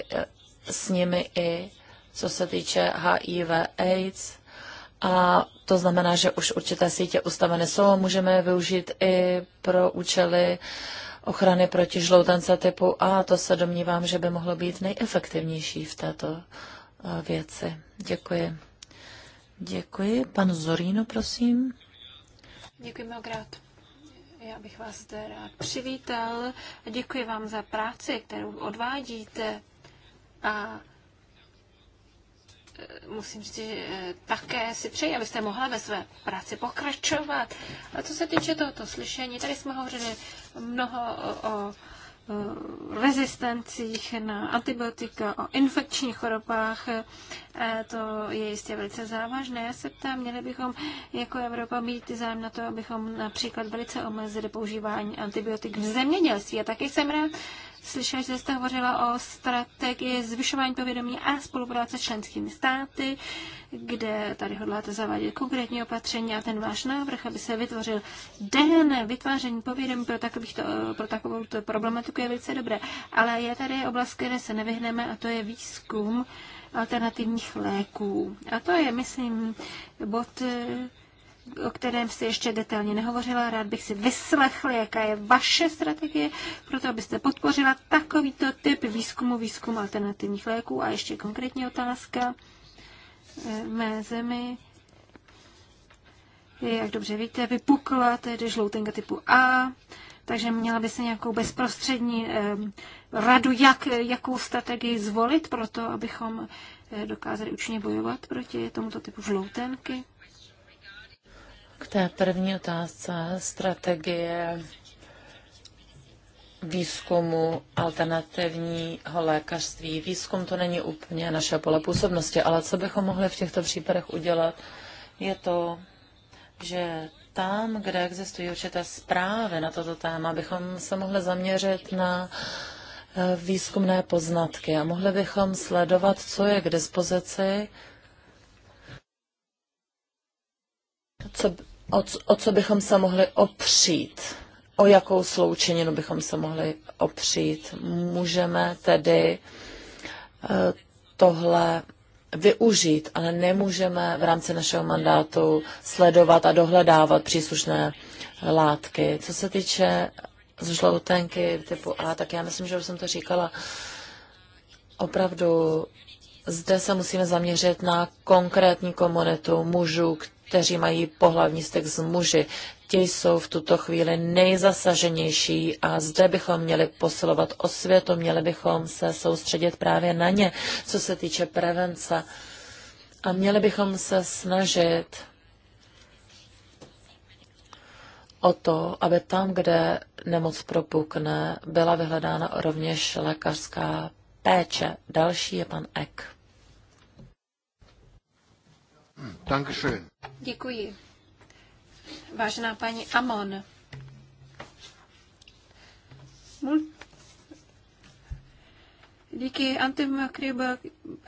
s nimi i co se týče HIV AIDS. A to znamená, že už určité sítě ustavené jsou a můžeme je využít i pro účely ochrany proti žloutence typu A. To se domnívám, že by mohlo být nejefektivnější v této eh, věci. Děkuji. Děkuji. Pan Zorino, prosím. Děkuji mnohokrát. Já bych vás zde rád přivítal. Děkuji vám za práci, kterou odvádíte. A e, musím říct, že e, také si přeji, abyste mohla ve své práci pokračovat. A co se týče tohoto slyšení, tady jsme hovořili mnoho o, o Eh, rezistencích na antibiotika, o infekčních chorobách. Eh, to je jistě velice závažné. Já se ptám, měli bychom jako Evropa mít zájem na to, abychom například velice omezili používání antibiotik v zemědělství. A taky jsem rád, slyšeli, že jste hovořila o strategii zvyšování povědomí a spolupráce s členskými státy, kde tady hodláte zavádět konkrétní opatření a ten váš návrh, aby se vytvořil den vytváření povědomí pro, takovýchto, pro takovou problematiku je velice dobré. Ale je tady oblast, které se nevyhneme a to je výzkum alternativních léků. A to je, myslím, bod o kterém si ještě detailně nehovořila. Rád bych si vyslechl, jaká je vaše strategie pro to, abyste podpořila takovýto typ výzkumu, výzkumu alternativních léků. A ještě konkrétní otázka e, mé zemi. Jak dobře víte, vypukla tedy žloutenka typu A, takže měla by se nějakou bezprostřední e, radu, jak, jakou strategii zvolit pro to, abychom e, dokázali účinně bojovat proti tomuto typu žloutenky. K té první otázce strategie výzkumu alternativního lékařství. Výzkum to není úplně naše pole působnosti, ale co bychom mohli v těchto případech udělat, je to, že tam, kde existují určité zprávy na toto téma, bychom se mohli zaměřit na eh, výzkumné poznatky a mohli bychom sledovat, co je k dispozici co, o, o co bychom se mohli opřít, o jakou sloučeninu bychom se mohli opřít. Můžeme tedy e, tohle využít, ale nemůžeme v rámci našeho mandátu sledovat a dohledávat příslušné látky. Co se týče žloutenky typu A, tak já myslím, že už jsem to říkala, opravdu zde se musíme zaměřit na konkrétní komunitu mužů, kteří mají pohlavní styk s muži. Ti jsou v tuto chvíli nejzasaženější a zde bychom měli posilovat osvětu, měli bychom se soustředit právě na ně, co se týče prevence. A měli bychom se snažit o to, aby tam, kde nemoc propukne, byla vyhledána rovněž lékařská péče. Další je pan Ek. Dankeschön. Děkuji. Vážená paní Amon, Díky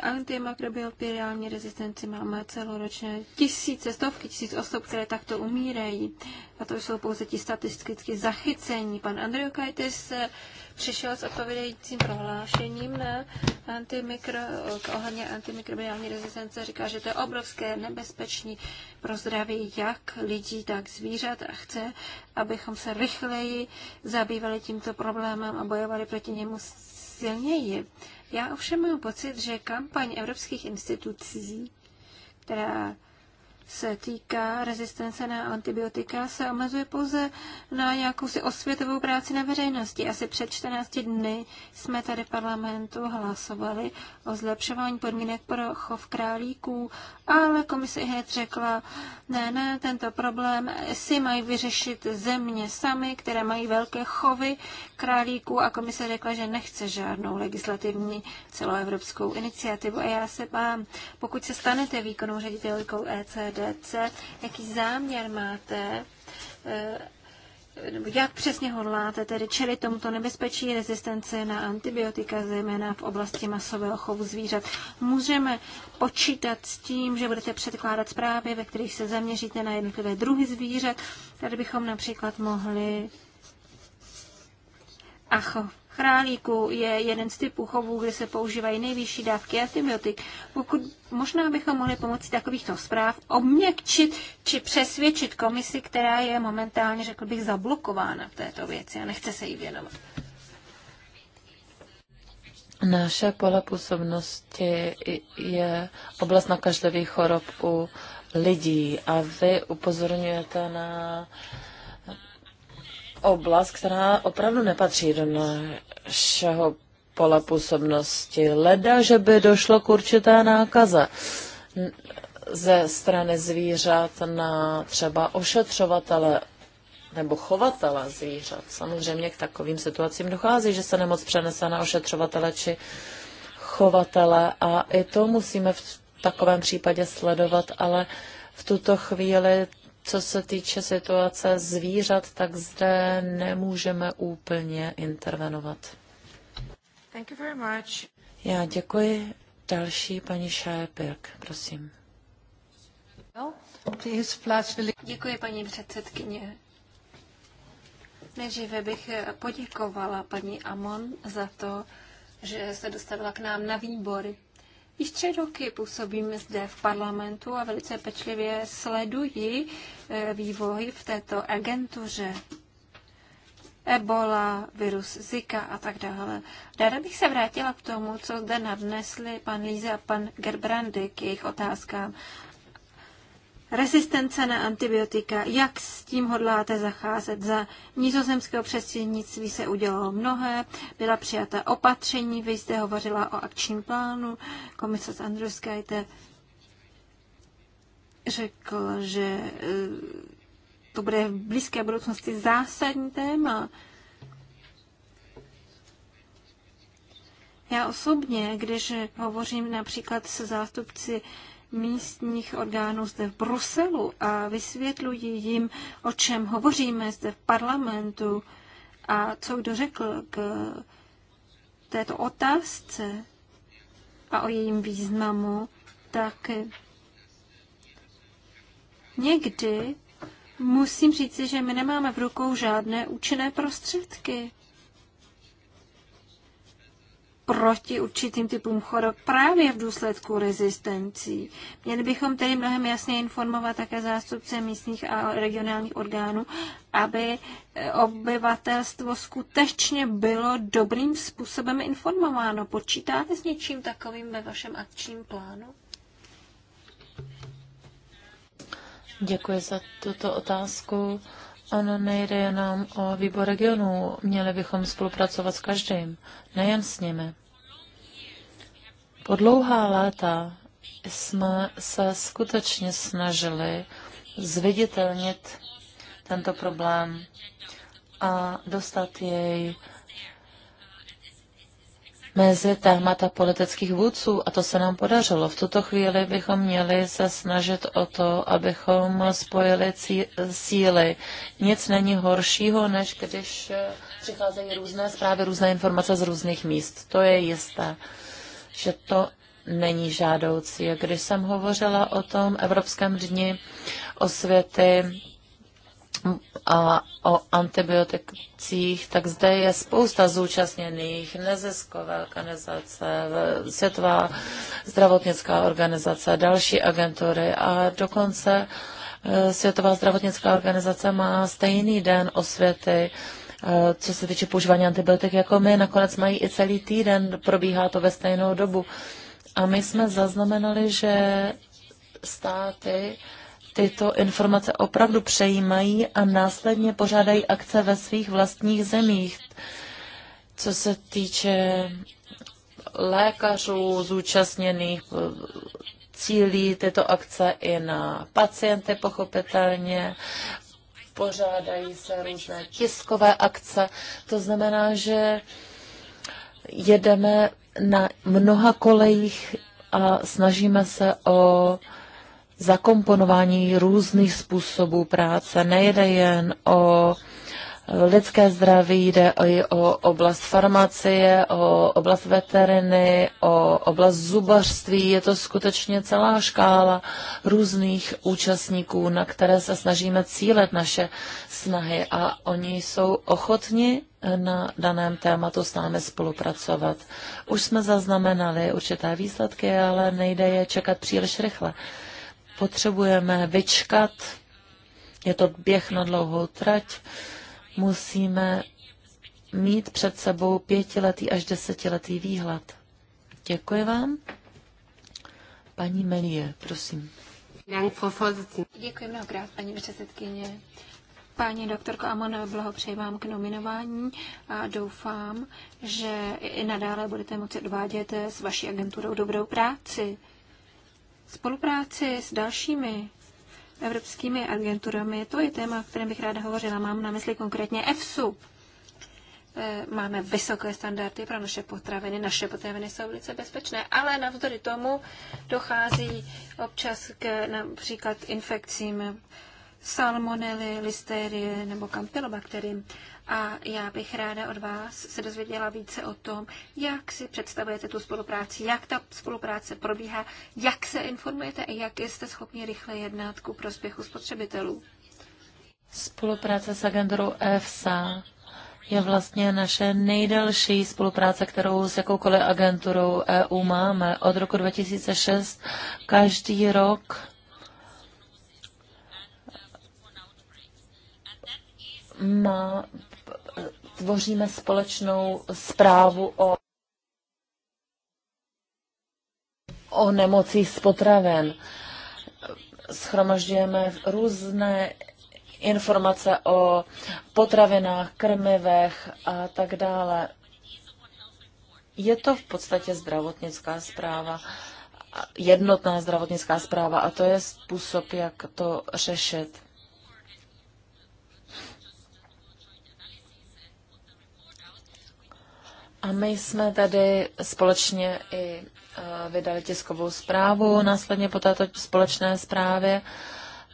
antimikrobiální rezistenci máme celoročně tisíce, stovky tisíc osob, které takto umírají. A to jsou pouze ti statisticky zachycení. Pan Kajtis eh, přišel s odpovědějícím prohlášením na antimikro, ohledně antimikrobiální rezistence. Říká, že to je obrovské nebezpečí pro zdraví jak lidí, tak zvířat a chce, abychom se rychleji zabývali tímto problémem a bojovali proti němu silněji. Já ovšem mám pocit, že kampaň evropských institucí, která se týká rezistence na antibiotika, se omezuje pouze na jakousi osvětovou práci na veřejnosti. Asi před 14 dny jsme tady v parlamentu hlasovali o zlepšování podmínek pro chov králíků, ale komise hned řekla, ne, ne, tento problém si mají vyřešit země sami, které mají velké chovy králíků a komise řekla, že nechce žádnou legislativní celoevropskou iniciativu. A já se pám, pokud se stanete výkonnou ředitelkou ECD, SEDC, jaký záměr máte, eh, jak přesně hodláte tedy čelit tomuto nebezpečí rezistence na antibiotika, zejména v oblasti masového chovu zvířat? Můžeme počítat s tím, že budete předkládat zprávy, ve kterých se zaměříte na jednotlivé druhy zvířat. Tady bychom například mohli Acho. Králíku je jeden z typů chovů, kde se používají nejvyšší dávky antibiotik. Pokud možná bychom mohli pomocí takovýchto zpráv obměkčit či přesvědčit komisi, která je momentálně, řekl bych, zablokována v této věci a nechce se jí věnovat. Naše pole působnosti je oblast nakažlivých chorob u lidí a vy upozorňujete na oblast, která opravdu nepatří do našeho pola působnosti. Leda, že by došlo k určité nákaze ze strany zvířat na třeba ošetřovatele nebo chovatele zvířat. Samozřejmě k takovým situacím dochází, že se nemoc přenese na ošetřovatele či chovatele a i to musíme v takovém případě sledovat, ale v tuto chvíli co se týče situace zvířat, tak zde nemůžeme úplně intervenovat. Thank you very much. Já děkuji. Další paní Šajepirk, prosím. Děkuji, paní předsedkyně. Nejdříve bych poděkovala paní Amon za to, že se dostavila k nám na výbory. Již tři roky působím zde v parlamentu a velice pečlivě sleduji eh, vývoj v této agentuře. Ebola, virus Zika a tak dále. Ráda bych se vrátila k tomu, co zde nadnesli pan Líze a pan Gerbrandy k jejich otázkám. Rezistence na antibiotika, jak s tím hodláte zacházet? Za nizozemského předsednictví se udělalo mnohé, byla přijata opatření, vy jste hovořila o akčním plánu, komisař Andruskajte řekl, že eh, to bude v blízké budoucnosti zásadní téma. Já osobně, když hovořím například se zástupci místních orgánů zde v Bruselu a vysvětlují jim, o čem hovoříme zde v parlamentu a co kdo řekl k této otázce a o jejím významu, tak někdy musím říci, že my nemáme v rukou žádné účinné prostředky proti určitým typům chorob právě v důsledku rezistencí. Měli bychom tedy mnohem jasně informovat také zástupce místních a regionálních orgánů, aby eh, obyvatelstvo skutečně bylo dobrým způsobem informováno. Počítáte s něčím takovým ve vašem akčním plánu? Děkuji za tuto otázku. Ono nejde jenom o výbor regionů, měli bychom spolupracovat s každým, nejen s nimi. Po dlouhá léta jsme se skutečně snažili zviditelnit tento problém a dostat jej mezi témata politických vůdců a to se nám podařilo. V tuto chvíli bychom měli se snažit o to, abychom spojili síly. Nic není horšího, než když eh, přicházejí různé zprávy, různé informace z různých míst. To je jisté, že to není žádoucí. Když jsem hovořila o tom Evropském dni osvěty a o antibioticích, tak zde je spousta zúčastněných, nezisková organizace, Světová zdravotnická organizace, další agentury a dokonce eh, Světová zdravotnická organizace má stejný den osvěty, eh, co se týče používání antibiotik, jako my. Nakonec mají i celý týden, probíhá to ve stejnou dobu. A my jsme zaznamenali, že státy tyto informace opravdu přejímají a následně pořádají akce ve svých vlastních zemích. Co se týče lékařů zúčastněných, cílí tyto akce i na pacienty pochopitelně, pořádají se různé tiskové akce. To znamená, že jedeme na mnoha kolejích a snažíme se o zakomponování různých způsobů práce. Nejde jen o lidské zdraví, jde i o oblast farmacie, o oblast veteriny, o oblast zubařství. Je to skutečně celá škála různých účastníků, na které se snažíme cílet naše snahy a oni jsou ochotni na daném tématu s námi spolupracovat. Už jsme zaznamenali určité výsledky, ale nejde je čekat příliš rychle potřebujeme vyčkat, je to běh na dlouhou trať, musíme mít před sebou pětiletý až desetiletý výhled. Děkuji vám. Paní Melie, prosím. Děkuji mnohokrát, paní předsedkyně. Paní doktorko Amon, blahopřeji vám k nominování a doufám, že i nadále budete moci odvádět s vaší agenturou dobrou práci spolupráci s dalšími evropskými agenturami, to je téma, o kterém bych ráda hovořila. Mám na mysli konkrétně EFSU. E, máme vysoké standardy pro naše potraviny. Naše potraviny jsou velice bezpečné, ale navzdory tomu dochází občas k například infekcím salmonely, listerie nebo kampylobakterie a já bych ráda od vás se dozvěděla více o tom, jak si představujete tu spolupráci, jak ta spolupráce probíhá, jak se informujete a jak jste schopni rychle jednat ku prospěchu spotřebitelů. Spolupráce s agenturou EFSA je vlastně naše nejdelší spolupráce, kterou s jakoukoliv agenturou EU máme. Od roku 2006 každý rok má tvoříme společnou zprávu o, o nemocích z potraven. Schromažďujeme různé informace o potravinách, krmivech a tak dále. Je to v podstatě zdravotnická zpráva, jednotná zdravotnická zpráva a to je způsob, jak to řešit. A my jsme tady společně i eh, vydali tiskovou zprávu následně po této společné zprávě.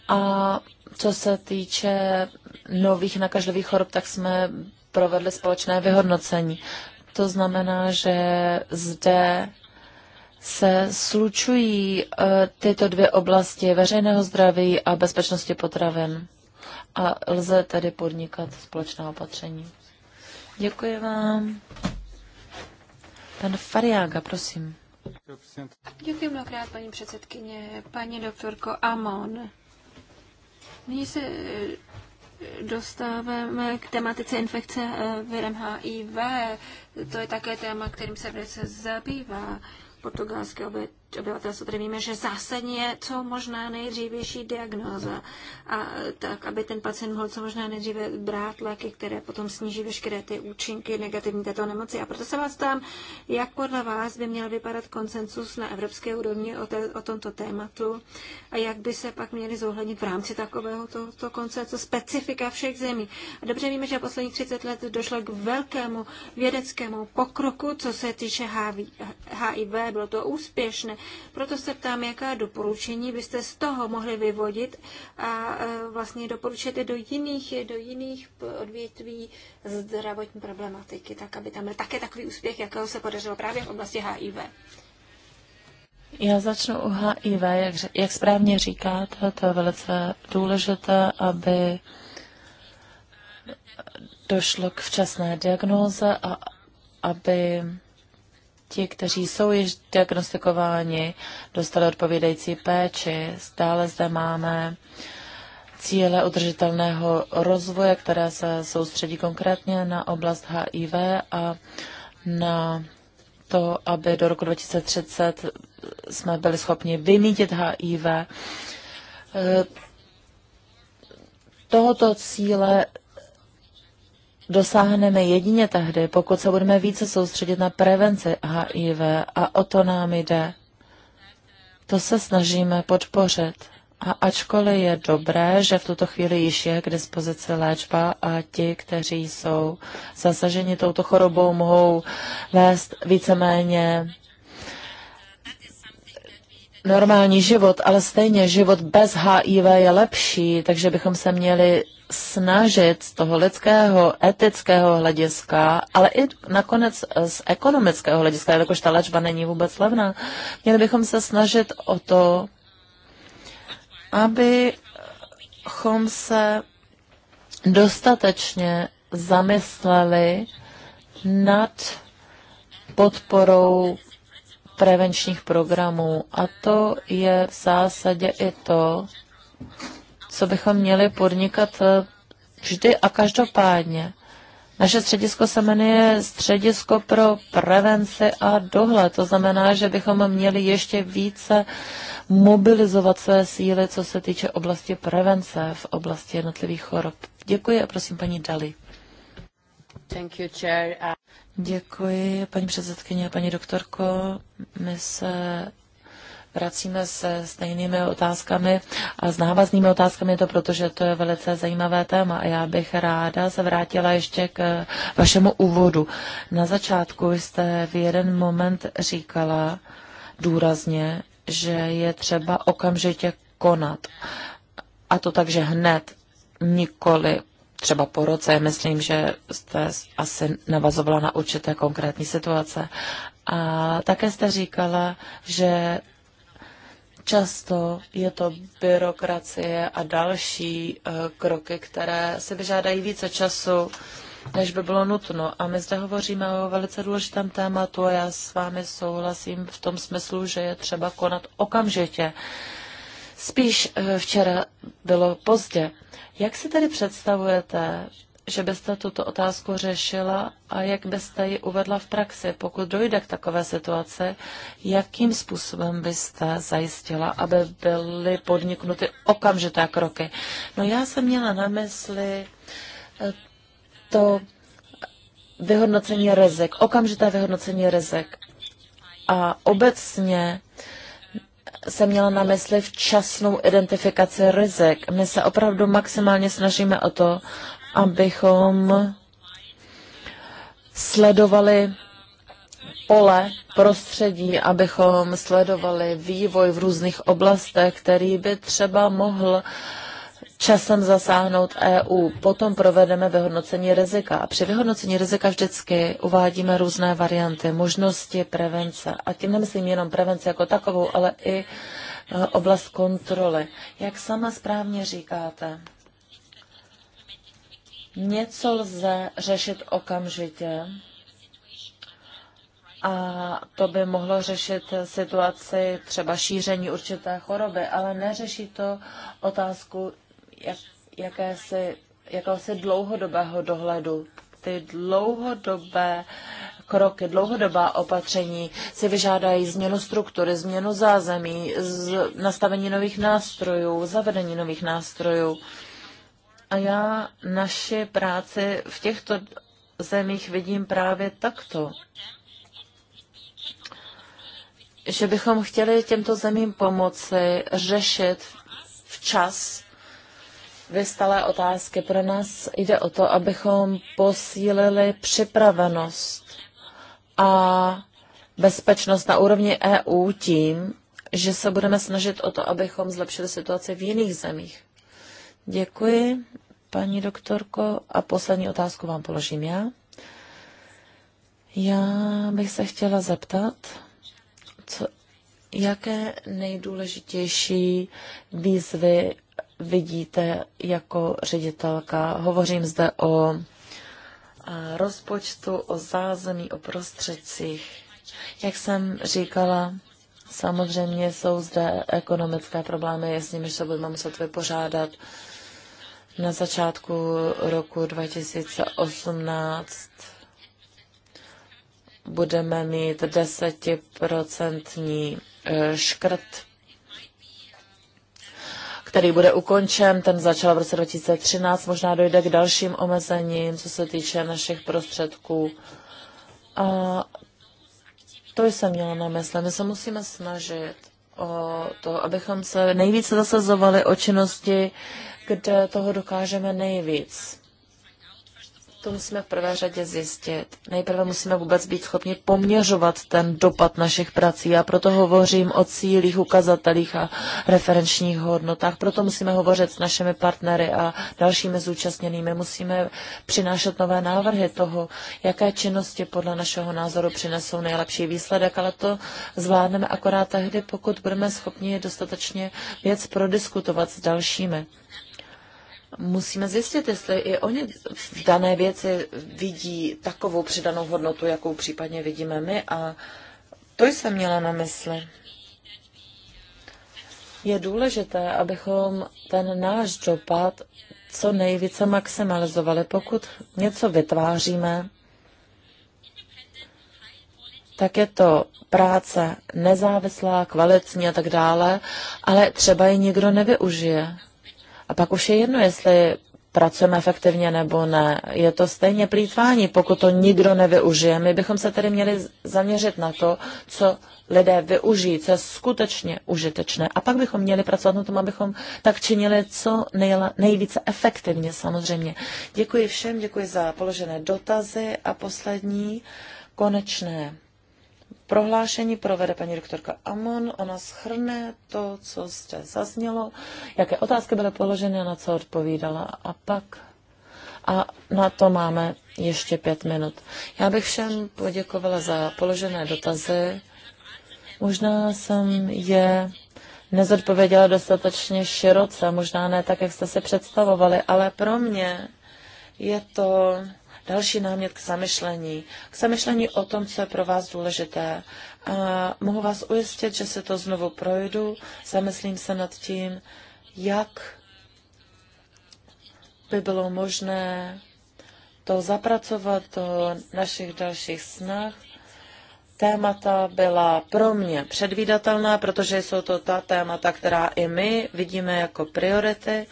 A co se týče nových nakažlivých chorob, tak jsme provedli společné vyhodnocení. To znamená, že zde se slučují eh, tyto dvě oblasti veřejného zdraví a bezpečnosti potravin. A lze tedy podnikat společná opatření. Děkuji vám. Pan Fariága, prosím. Děkuji mnohokrát, paní předsedkyně. Paní doktorko Amon, nyní se eh, dostáváme k tematice infekce eh, virem HIV. To je také téma, kterým se dnes zabývá portugalské obyvatelstvo, tedy víme, že zásadně je co možná nejdřívější diagnóza, a tak, aby ten pacient mohl co možná nejdříve brát léky, které potom sníží veškeré ty účinky negativní této nemoci. A proto se vás tam, jak podle vás by měl vypadat konsensus na evropské úrovni o, te, o tomto tématu a jak by se pak měly zohlednit v rámci takového tohoto to konsensu specifika všech zemí. A dobře víme, že posledních 30 let došlo k velkému vědeckému pokroku, co se týče HIV, bylo to úspěšné. Proto se ptám, jaká doporučení byste z toho mohli vyvodit a e, vlastně doporučit do jiných, do jiných odvětví zdravotní problematiky, tak aby tam byl také takový úspěch, jakého se podařilo právě v oblasti HIV. Já začnu u HIV. Jak, jak správně říkáte, to je velice důležité, aby došlo k včasné diagnóze a aby ti, kteří jsou již diagnostikováni, dostali odpovídající péči. Stále zde máme cíle udržitelného rozvoje, které se soustředí konkrétně na oblast HIV a na to, aby do roku 2030 jsme byli schopni vymítit HIV. E, tohoto cíle dosáhneme jedině tehdy, pokud se budeme více soustředit na prevenci HIV a o to nám jde. To se snažíme podpořit. A ačkoliv je dobré, že v tuto chvíli již je k dispozici léčba a ti, kteří jsou zasaženi touto chorobou, mohou vést víceméně normální život, ale stejně život bez HIV je lepší, takže bychom se měli snažit z toho lidského, etického hlediska, ale i nakonec z ekonomického hlediska, jakož ta léčba není vůbec levná, měli bychom se snažit o to, abychom se dostatečně zamysleli nad podporou prevenčních programů. A to je v zásadě i to, co bychom měli podnikat eh, vždy a každopádně. Naše středisko se jmenuje Středisko pro prevenci a dohled. To znamená, že bychom měli ještě více mobilizovat své síly, co se týče oblasti prevence v oblasti jednotlivých chorob. Děkuji a prosím paní Dali. Uh, Děkuji, paní předsedkyně, paní doktorko. My se vracíme se stejnými otázkami a s návaznými otázkami to, protože to je velice zajímavé téma a já bych ráda se vrátila ještě k vašemu úvodu. Na začátku jste v jeden moment říkala důrazně, že je třeba okamžitě konat. A to takže hned, nikoli třeba po roce. Myslím, že jste asi navazovala na určité konkrétní situace. A také jste říkala, že často je to byrokracie a další eh, kroky, které si vyžádají více času, než by bylo nutno. A my zde hovoříme o velice důležitém tématu a já s vámi souhlasím v tom smyslu, že je třeba konat okamžitě. Spíš eh, včera bylo pozdě. Jak si tedy představujete, že byste tuto otázku řešila a jak byste ji uvedla v praxi, pokud dojde k takové situaci, jakým způsobem byste zajistila, aby byly podniknuty okamžité kroky. No já jsem měla na mysli eh, to vyhodnocení rizik, okamžité vyhodnocení rizik. A obecně jsem měla na mysli včasnou identifikaci rizik. My se opravdu maximálně snažíme o to, abychom sledovali pole, prostředí, abychom sledovali vývoj v různých oblastech, který by třeba mohl časem zasáhnout EU. Potom provedeme vyhodnocení rizika. A při vyhodnocení rizika vždycky uvádíme různé varianty, možnosti prevence. A tím nemyslím jenom prevence jako takovou, ale i eh, oblast kontroly. Jak sama správně říkáte, něco lze řešit okamžitě, a to by mohlo řešit situaci třeba šíření určité choroby, ale neřeší to otázku jak, jakési, jakéhosi dlouhodobého dohledu. Ty dlouhodobé kroky, dlouhodobá opatření si vyžádají změnu struktury, změnu zázemí, z, nastavení nových nástrojů, zavedení nových nástrojů. A já naši práci v těchto zemích vidím právě takto. Že bychom chtěli těmto zemím pomoci řešit včas vystalé otázky. Pro nás jde o to, abychom posílili připravenost a bezpečnost na úrovni EU tím, že se budeme snažit o to, abychom zlepšili situaci v jiných zemích. Děkuji, paní doktorko, a poslední otázku vám položím já. Já bych se chtěla zeptat, co, jaké nejdůležitější výzvy vidíte jako ředitelka. Hovořím zde o rozpočtu, o zázemí, o prostředcích. Jak jsem říkala, samozřejmě jsou zde ekonomické problémy, s nimiž se budeme muset vypořádat. Na začátku roku 2018 budeme mít desetiprocentní e, škrt který bude ukončen, ten začal v roce 2013, možná dojde k dalším omezením, co se týče našich prostředků. A to jsem měla na mysli. My se musíme snažit o to, abychom se nejvíce zasazovali o činnosti, kde toho dokážeme nejvíc. To musíme v prvé řadě zjistit. Nejprve musíme vůbec být schopni poměřovat ten dopad našich prací. Já proto hovořím o cílích, ukazatelích a referenčních hodnotách. Proto musíme hovořit s našimi partnery a dalšími zúčastněnými. Musíme přinášet nové návrhy toho, jaké činnosti podle našeho názoru přinesou nejlepší výsledek, ale to zvládneme akorát tehdy, pokud budeme schopni dostatečně věc prodiskutovat s dalšími. Musíme zjistit, jestli i oni v dané věci vidí takovou přidanou hodnotu, jakou případně vidíme my a to jsem měla na mysli. Je důležité, abychom ten náš dopad co nejvíce maximalizovali. Pokud něco vytváříme, tak je to práce nezávislá, kvalitní a tak dále, ale třeba ji nikdo nevyužije. A pak už je jedno, jestli pracujeme efektivně nebo ne. Je to stejně plýtvání, pokud to nikdo nevyužije. My bychom se tedy měli zaměřit na to, co lidé využijí, co je skutečně užitečné. A pak bychom měli pracovat na tom, abychom tak činili co nejvíce efektivně samozřejmě. Děkuji všem, děkuji za položené dotazy a poslední konečné prohlášení provede paní doktorka Amon. Ona schrne to, co jste zaznělo, jaké otázky byly položeny a na co odpovídala. A pak a na to máme ještě pět minut. Já bych všem poděkovala za položené dotazy. Možná jsem je nezodpověděla dostatečně široce, možná ne tak, jak jste si představovali, ale pro mě je to další námět k zamyšlení, k zamyšlení o tom, co je pro vás důležité. A mohu vás ujistit, že se to znovu projdu, zamyslím se nad tím, jak by bylo možné to zapracovat do našich dalších snah. Témata byla pro mě předvídatelná, protože jsou to ta témata, která i my vidíme jako priority.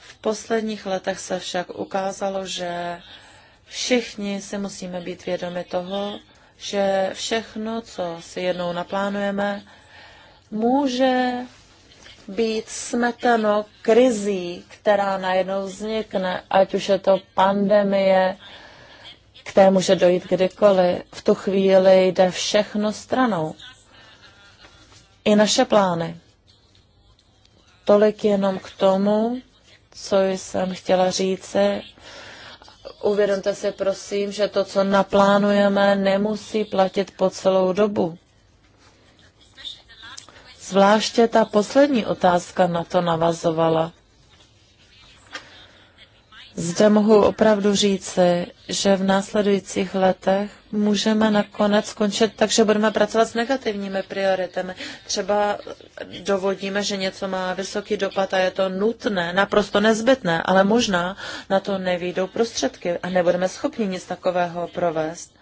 V posledních letech se však ukázalo, že Všichni si musíme být vědomi toho, že všechno, co si jednou naplánujeme, může být smeteno krizí, která najednou vznikne, ať už je to pandemie, které může dojít kdykoliv. V tu chvíli jde všechno stranou. I naše plány. Tolik jenom k tomu, co jsem chtěla říci. Uvědomte si prosím, že to, co naplánujeme, nemusí platit po celou dobu. Zvláště ta poslední otázka na to navazovala. Zde mohu opravdu říci, že v následujících letech můžeme nakonec skončit tak, že budeme pracovat s negativními prioritami. Třeba dovodíme, že něco má vysoký dopad a je to nutné, naprosto nezbytné, ale možná na to nevídou prostředky a nebudeme schopni nic takového provést.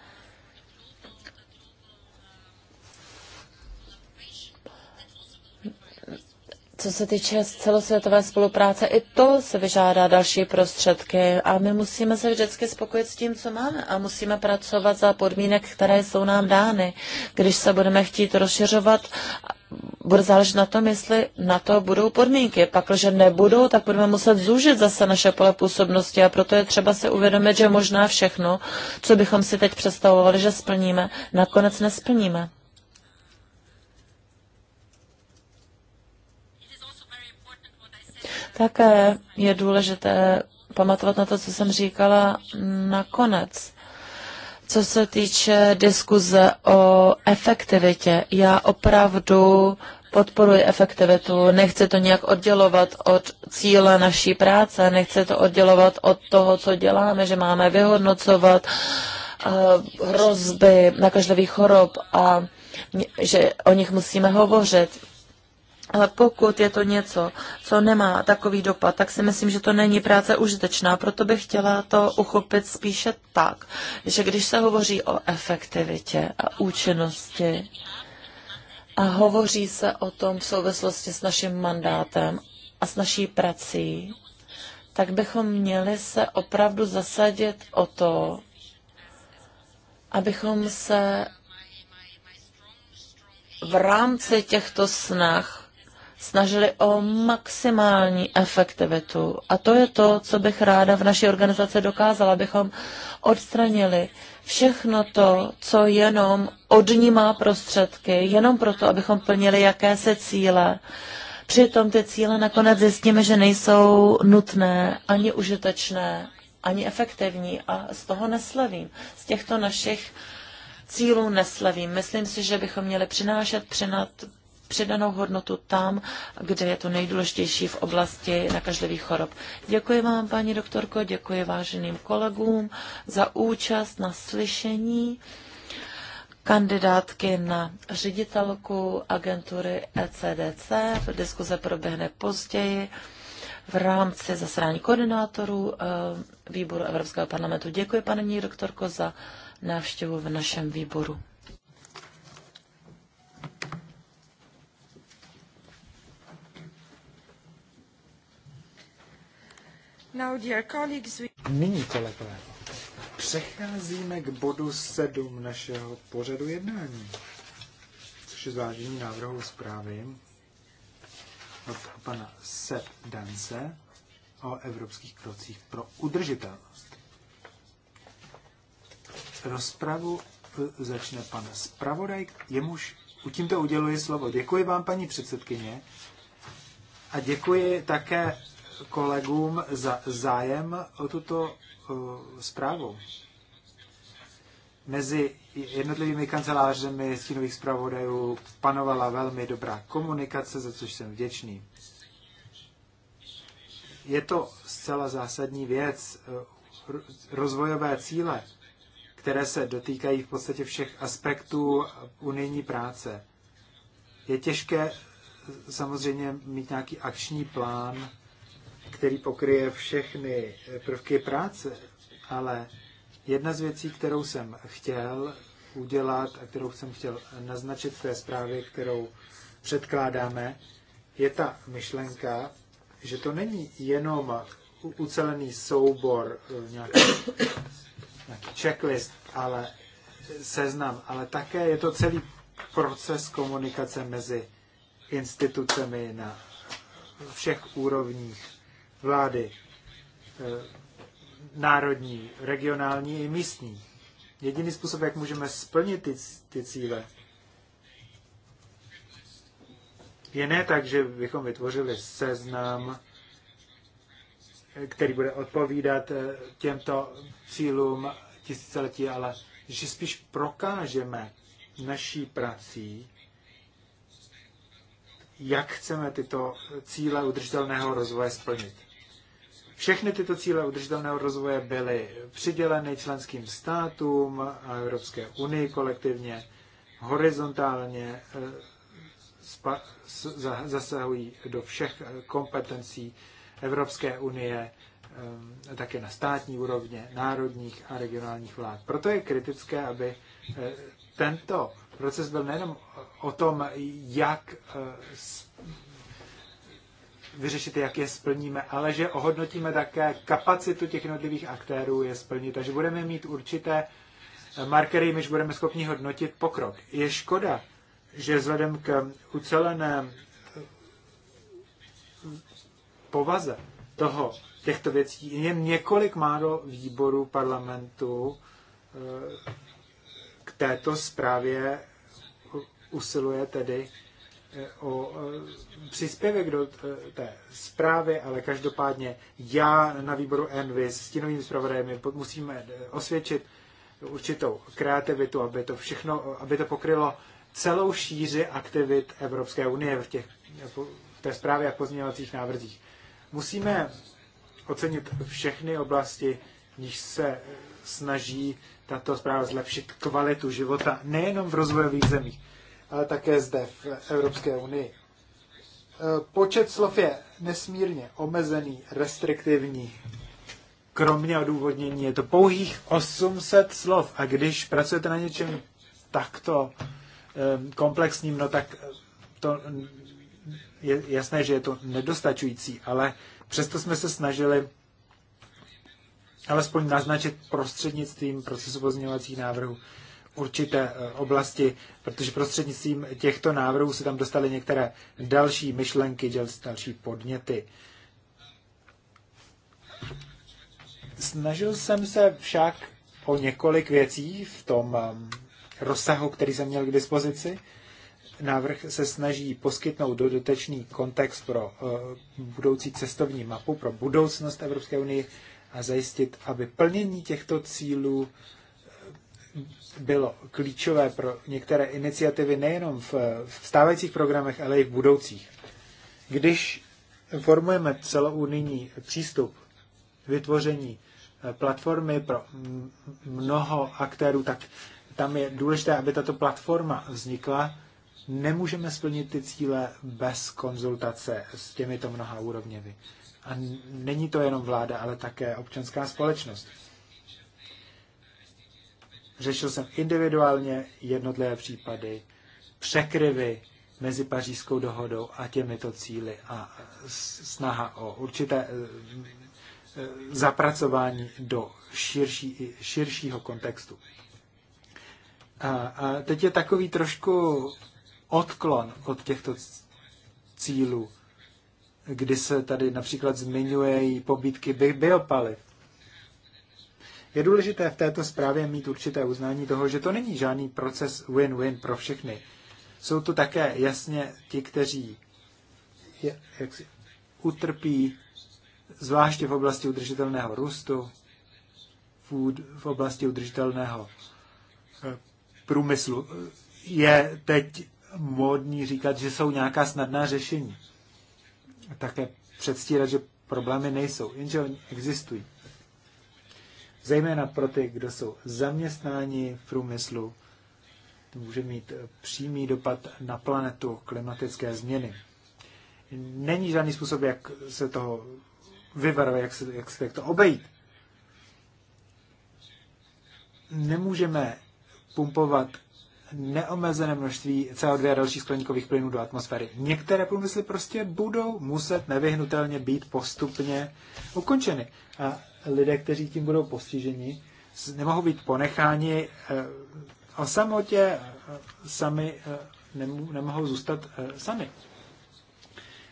co se týče celosvětové spolupráce, i to se vyžádá další prostředky a my musíme se vždycky spokojit s tím, co máme a musíme pracovat za podmínek, které jsou nám dány. Když se budeme chtít rozšiřovat, bude záležet na tom, jestli na to budou podmínky. Pak, když nebudou, tak budeme muset zúžit zase naše pole působnosti a proto je třeba se uvědomit, že možná všechno, co bychom si teď představovali, že splníme, nakonec nesplníme. Také je důležité pamatovat na to, co jsem říkala nakonec. Co se týče diskuze o efektivitě, já opravdu podporuji efektivitu, nechci to nějak oddělovat od cíle naší práce, nechci to oddělovat od toho, co děláme, že máme vyhodnocovat eh, hrozby nakažlivých chorob a že o nich musíme hovořit. Ale pokud je to něco, co nemá takový dopad, tak si myslím, že to není práce užitečná. Proto bych chtěla to uchopit spíše tak, že když se hovoří o efektivitě a účinnosti a hovoří se o tom v souvislosti s naším mandátem a s naší prací, tak bychom měli se opravdu zasadit o to, abychom se v rámci těchto snah snažili o maximální efektivitu. A to je to, co bych ráda v naší organizaci dokázala, abychom odstranili všechno to, co jenom odnímá prostředky, jenom proto, abychom plnili jakési cíle. Přitom ty cíle nakonec zjistíme, že nejsou nutné, ani užitečné, ani efektivní a z toho neslevím. Z těchto našich cílů neslevím. Myslím si, že bychom měli přinášet přinat přidanou hodnotu tam, kde je to nejdůležitější v oblasti nakažlivých chorob. Děkuji vám, paní doktorko, děkuji váženým kolegům za účast na slyšení kandidátky na ředitelku agentury ECDC. Diskuze proběhne později v rámci zasedání koordinátorů eh, výboru Evropského parlamentu. Děkuji, paní doktorko, za návštěvu v našem výboru. Now, dear colleagues, we... Nyní, kolegové, přecházíme k bodu 7 našeho pořadu jednání, což je zvážení návrhu zprávy od pana Seb Dance o evropských krocích pro udržitelnost. Rozpravu začne pan zpravodaj, jemuž u tímto uděluji slovo. Děkuji vám, paní předsedkyně, a děkuji také kolegům za zájem o tuto zprávu. Mezi jednotlivými kancelářemi stínových zpravodajů panovala velmi dobrá komunikace, za což jsem vděčný. Je to zcela zásadní věc, e, rozvojové cíle, které se dotýkají v podstatě všech aspektů unijní práce. Je těžké e, samozřejmě mít nějaký akční plán který pokryje všechny prvky práce, ale jedna z věcí, kterou jsem chtěl udělat a kterou jsem chtěl naznačit v té zprávě, kterou předkládáme, je ta myšlenka, že to není jenom ucelený soubor, eh, nějaký, nějaký checklist, ale seznam, ale také je to celý proces komunikace mezi institucemi na všech úrovních vlády eh, národní, regionální i místní. Jediný způsob, jak můžeme splnit ty, ty cíle, je ne tak, že bychom vytvořili seznam, eh, který bude odpovídat eh, těmto cílům tisíciletí, ale že spíš prokážeme naší prací, jak chceme tyto cíle udržitelného rozvoje splnit. Všechny tyto cíle udržitelného rozvoje byly přiděleny členským státům a Evropské unii kolektivně, horizontálně eh, zasahují do všech eh, kompetencí Evropské unie, eh, také na státní úrovně, národních a regionálních vlád. Proto je kritické, aby tento proces byl nejenom o tom, jak vyřešit, jak je splníme, ale že ohodnotíme také kapacitu těch jednotlivých aktérů je splnit. Takže budeme mít určité eh, markery, když budeme schopni hodnotit pokrok. Je škoda, že vzhledem k ucelené eh, povaze toho, těchto věcí, je několik málo výborů parlamentu eh, k této zprávě usiluje tedy Eh, o eh, příspěvek do eh, té zprávy, ale každopádně já na výboru Envy s stínovým zpravodajem musíme osvědčit určitou kreativitu, aby to všechno, aby to pokrylo celou šíři aktivit Evropské unie v, těch, v té zprávě a pozměňovacích návrzích. Musíme ocenit všechny oblasti, níž se snaží tato zpráva zlepšit kvalitu života nejenom v rozvojových zemích ale také zde v Evropské unii. E, počet slov je nesmírně omezený, restriktivní. Kromě odůvodnění je to pouhých 800 slov a když pracujete na něčem takto e, komplexním, no tak to je jasné, že je to nedostačující, ale přesto jsme se snažili alespoň naznačit prostřednictvím procesu pozměňovacích návrhů, určité eh, oblasti, protože prostřednictvím těchto návrhů se tam dostaly některé další myšlenky, další podněty. Snažil jsem se však o několik věcí v tom eh, rozsahu, který jsem měl k dispozici. Návrh se snaží poskytnout dodatečný kontext pro eh, budoucí cestovní mapu, pro budoucnost Evropské unie a zajistit, aby plnění těchto cílů bylo klíčové pro některé iniciativy nejenom v, v stávajících programech, ale i v budoucích. Když formujeme celounijní přístup vytvoření eh, platformy pro mnoho aktérů, tak tam je důležité, aby tato platforma vznikla. Nemůžeme splnit ty cíle bez konzultace s těmito mnoha úrovněmi. A není to jenom vláda, ale také občanská společnost. Řešil jsem individuálně jednotlivé případy, překryvy mezi pařížskou dohodou a těmito cíly a snaha o určité eh, eh, zapracování do širší, širšího kontextu. A, a teď je takový trošku odklon od těchto cílů, kdy se tady například zmiňují i pobítky biopaliv. Je důležité v této zprávě mít určité uznání toho, že to není žádný proces win-win pro všechny. Jsou to také jasně ti, kteří jak si, utrpí, zvláště v oblasti udržitelného růstu, v oblasti udržitelného eh, průmyslu. Je teď módní říkat, že jsou nějaká snadná řešení. Také předstírat, že problémy nejsou, jenže oni existují zejména pro ty, kdo jsou zaměstnáni v průmyslu, to může mít přímý dopad na planetu klimatické změny. Není žádný způsob, jak se toho vyvarovat, jak se, jak se jak to obejít. Nemůžeme pumpovat neomezené množství CO2 a dalších skleníkových plynů do atmosféry. Některé průmysly prostě budou muset nevyhnutelně být postupně ukončeny. A lidé, kteří tím budou postiženi, nemohou být ponecháni o eh, samotě, eh, sami eh, nemohou zůstat sami.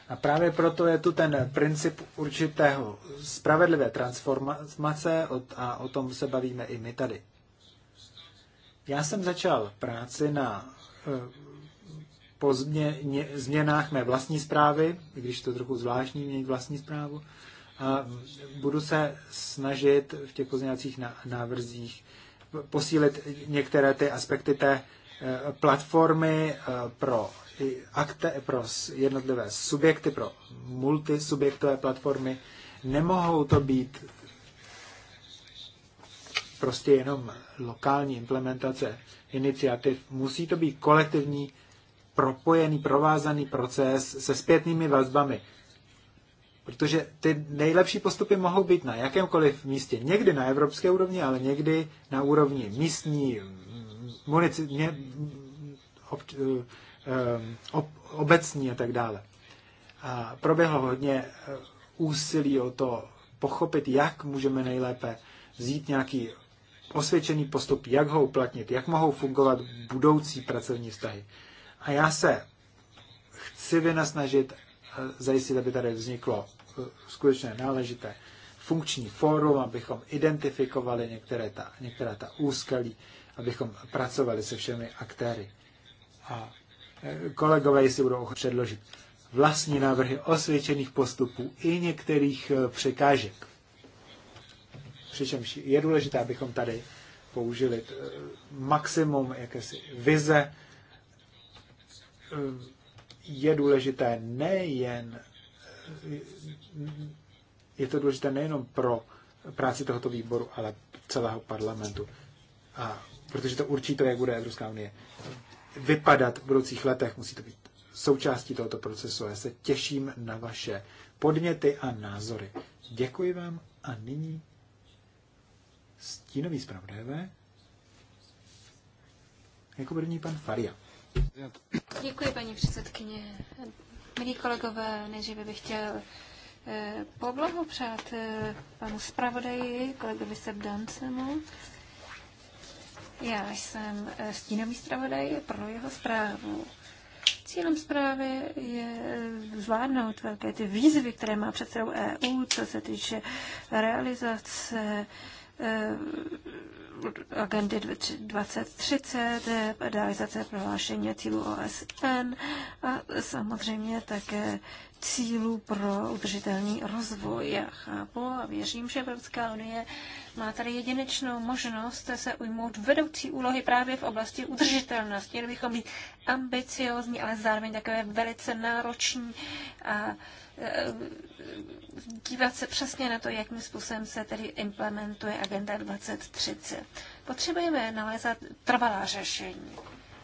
A právě proto je tu ten princip určitého spravedlivé transformace a o tom se bavíme i my tady. Já jsem začal práci na po změnách mé vlastní zprávy, i když to trochu zvláštní měnit vlastní zprávu, a budu se snažit v těch pozměňovacích návrzích posílit některé ty aspekty té e, platformy e, pro, akte, pro jednotlivé subjekty, pro multisubjektové platformy. Nemohou to být prostě jenom lokální implementace iniciativ. Musí to být kolektivní, propojený, provázaný proces se zpětnými vazbami. Protože ty nejlepší postupy mohou být na jakémkoliv místě. Někdy na evropské úrovni, ale někdy na úrovni místní, mm, munici, mě, mm, ob, eh, eh, ob, obecní a tak dále. A proběhlo hodně eh, úsilí o to pochopit, jak můžeme nejlépe vzít nějaký osvědčený postup, jak ho uplatnit, jak mohou fungovat budoucí pracovní vztahy. A já se chci vynasnažit zajistit, aby tady vzniklo skutečně náležité funkční fórum, abychom identifikovali některé ta, některá ta úskalí, abychom pracovali se všemi aktéry. A e, kolegové, jestli budou předložit vlastní návrhy osvědčených postupů i některých e, překážek. Přičemž je důležité, abychom tady použili e, maximum jakési vize. Je důležité nejen je to důležité nejenom pro práci tohoto výboru, ale celého parlamentu. A protože to určí to, jak bude Evropská unie vypadat v budoucích letech, musí to být součástí tohoto procesu. Já se těším na vaše podněty a názory. Děkuji vám a nyní stínový zpravodajové. Jako první pan Faria. Děkuji, paní předsedkyně. Milí kolegové, nejdříve bych chtěl eh, poblahopřát eh, panu zpravodaji, kolegovi Sebdancemu. Já jsem eh, stínový zpravodaj pro jeho zprávu. Cílem zprávy je eh, zvládnout velké ty výzvy, které má před sebou EU, co se týče realizace eh, Eh, agendy 2030, eh, realizace prohlášení cílů OSN a samozřejmě také cílů pro udržitelný rozvoj. Já chápu a věřím, že Evropská unie má tady jedinečnou možnost se ujmout vedoucí úlohy právě v oblasti udržitelnosti. Měli bychom být ambiciozní, ale zároveň takové velice nároční a e, dívat se přesně na to, jakým způsobem se tedy implementuje agenda 2030. Potřebujeme nalézat trvalá řešení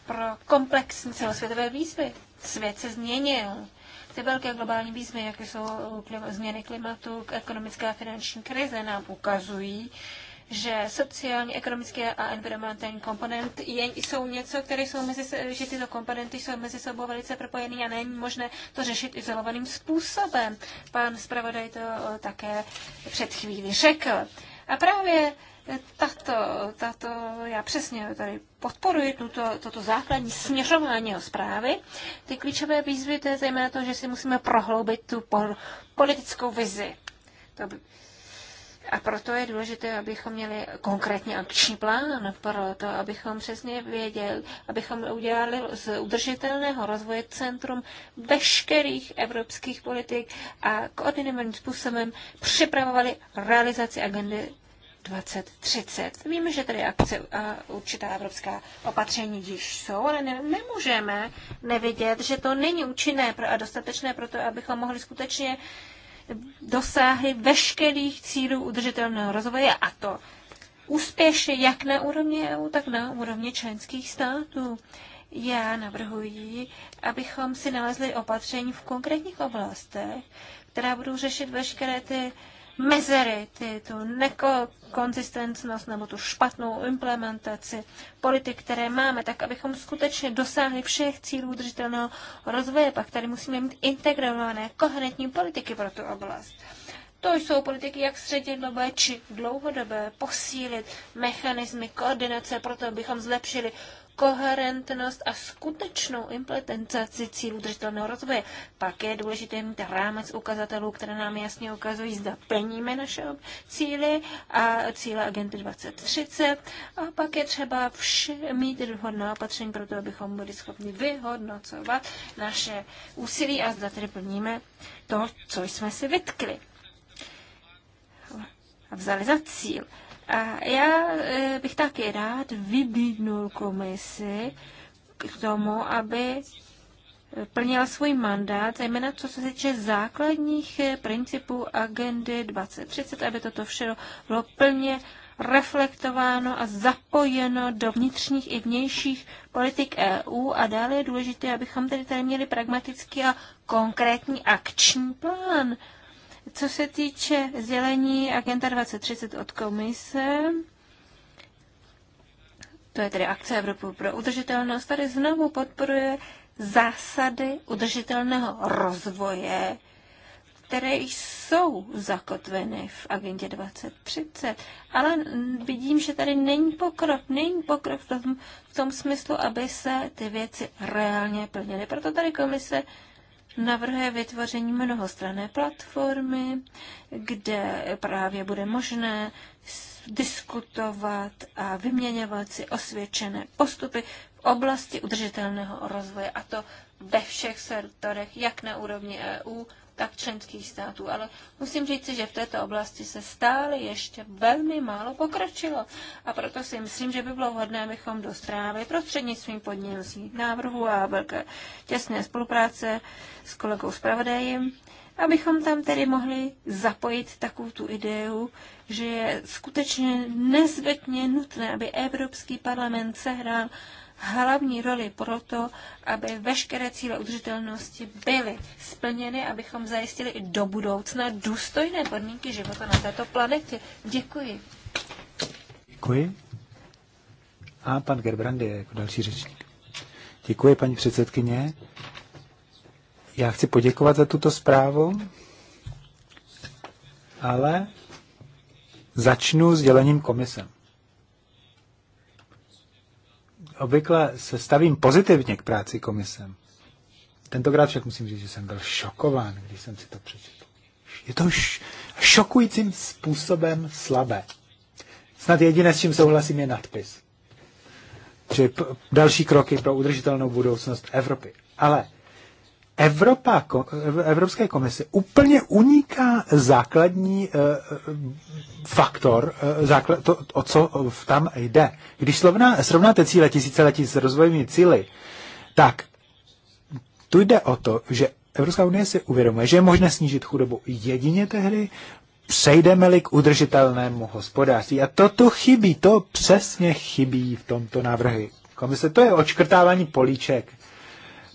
pro komplexní celosvětové výzvy. Svět se změnil ty velké globální výzvy, jako jsou eh, změny klimatu, ekonomická a finanční krize, nám ukazují, že sociální, ekonomické a environmentální komponent je, jsou něco, které jsou mezi, že tyto komponenty jsou mezi sebou velice propojené a není možné to řešit izolovaným způsobem. Pan zpravodaj to eh, také před chvíli řekl. A právě tato, tato, já přesně tady podporuji tuto, toto základní směřování o zprávy. Ty klíčové výzvy, to je zejména to, že si musíme prohloubit tu politickou vizi. To by, a proto je důležité, abychom měli konkrétně akční plán, proto abychom přesně věděli, abychom udělali z udržitelného rozvoje centrum veškerých evropských politik a koordinovaným způsobem připravovali realizaci agendy 2030. Víme, že tady akce a určitá evropská opatření již jsou, ale ne, nemůžeme nevidět, že to není účinné a dostatečné pro to, abychom mohli skutečně dosáhli veškerých cílů udržitelného rozvoje a to úspěšně jak na úrovni EU, tak na úrovni členských států. Já navrhuji, abychom si nalezli opatření v konkrétních oblastech, která budou řešit veškeré ty uh, mezery, ty, tu nekonzistentnost nebo tu špatnou implementaci politik, které máme, tak abychom skutečně dosáhli všech cílů udržitelného rozvoje, pak tady musíme mít integrované, koherentní politiky pro tu oblast. To jsou politiky jak střednědobé či dlouhodobé, posílit mechanismy koordinace, proto bychom zlepšili koherentnost a skutečnou implementaci cílů držitelného rozvoje. Pak je důležité mít rámec ukazatelů, které nám jasně ukazují, zda plníme naše cíly a cíle agenty 2030. A pak je třeba vše, mít vhodná opatření pro to, abychom byli schopni vyhodnocovat naše úsilí a zda tedy plníme to, co jsme si vytkli a vzali za cíl. A já e, bych taky rád vybídnul komisi k tomu, aby plnila svůj mandát, zejména co se týče základních e, principů agendy 2030, aby toto vše bylo plně reflektováno a zapojeno do vnitřních i vnějších politik EU a dále je důležité, abychom tedy tady měli pragmatický a konkrétní akční plán co se týče sdělení Agenda 2030 od komise, to je tedy akce Evropy pro udržitelnost, tady znovu podporuje zásady udržitelného rozvoje, které jsou zakotveny v agendě 2030, ale vidím, že tady není pokrok, není pokrok v tom, v tom smyslu, aby se ty věci reálně plnily. Proto tady komise navrhuje vytvoření mnohostranné platformy, kde právě bude možné diskutovat a vyměňovat si osvědčené postupy v oblasti udržitelného rozvoje, a to ve všech sektorech, jak na úrovni EU, tak členských států. Ale musím říct, že v této oblasti se stále ještě velmi málo pokročilo. A proto si myslím, že by bylo vhodné, abychom do zprávy prostřednictvím podnělcích návrhů a velké těsné spolupráce s kolegou zpravodajem, abychom tam tedy mohli zapojit takovou tu ideu, že je skutečně nezbytně nutné, aby Evropský parlament sehrál hlavní roli pro to, aby veškeré cíle udržitelnosti byly splněny, abychom zajistili i do budoucna důstojné podmínky života na této planetě. Děkuji. Děkuji. A pan je jako další řečník. Děkuji, paní předsedkyně. Já chci poděkovat za tuto zprávu, ale začnu s dělením komise obvykle se stavím pozitivně k práci komisem. Tentokrát však musím říct, že jsem byl šokován, když jsem si to přečetl. Je to šokujícím způsobem slabé. Snad jediné, s čím souhlasím, je nadpis. Že další kroky pro udržitelnou budoucnost Evropy. Ale Evropa, Evropské komise úplně uniká základní eh, eh, faktor, eh, základ, to, o co tam jde. Když slovná, srovnáte cíle tisíciletí s rozvojovými cíly, tak tu jde o to, že Evropská unie si uvědomuje, že je možné snížit chudobu jedině tehdy, přejdeme-li k udržitelnému hospodářství. A to tu chybí, to přesně chybí v tomto návrhu. Komise, to je očkrtávání políček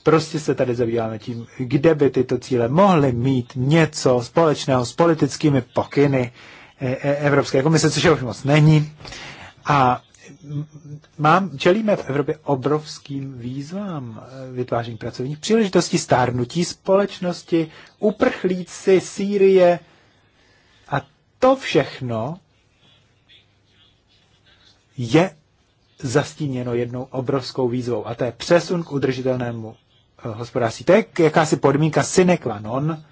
Prostě se tady zabýváme tím, kde by tyto cíle mohly mít něco společného s politickými pokyny eh, eh, Evropské komise, což už moc není. A mám, čelíme v Evropě obrovským výzvám eh, vytváření pracovních příležitostí, stárnutí společnosti, uprchlíci, Sýrie a to všechno je zastíněno jednou obrovskou výzvou a to je přesun k udržitelnému Eh, hospodářství. To je jakási podmínka sine qua non.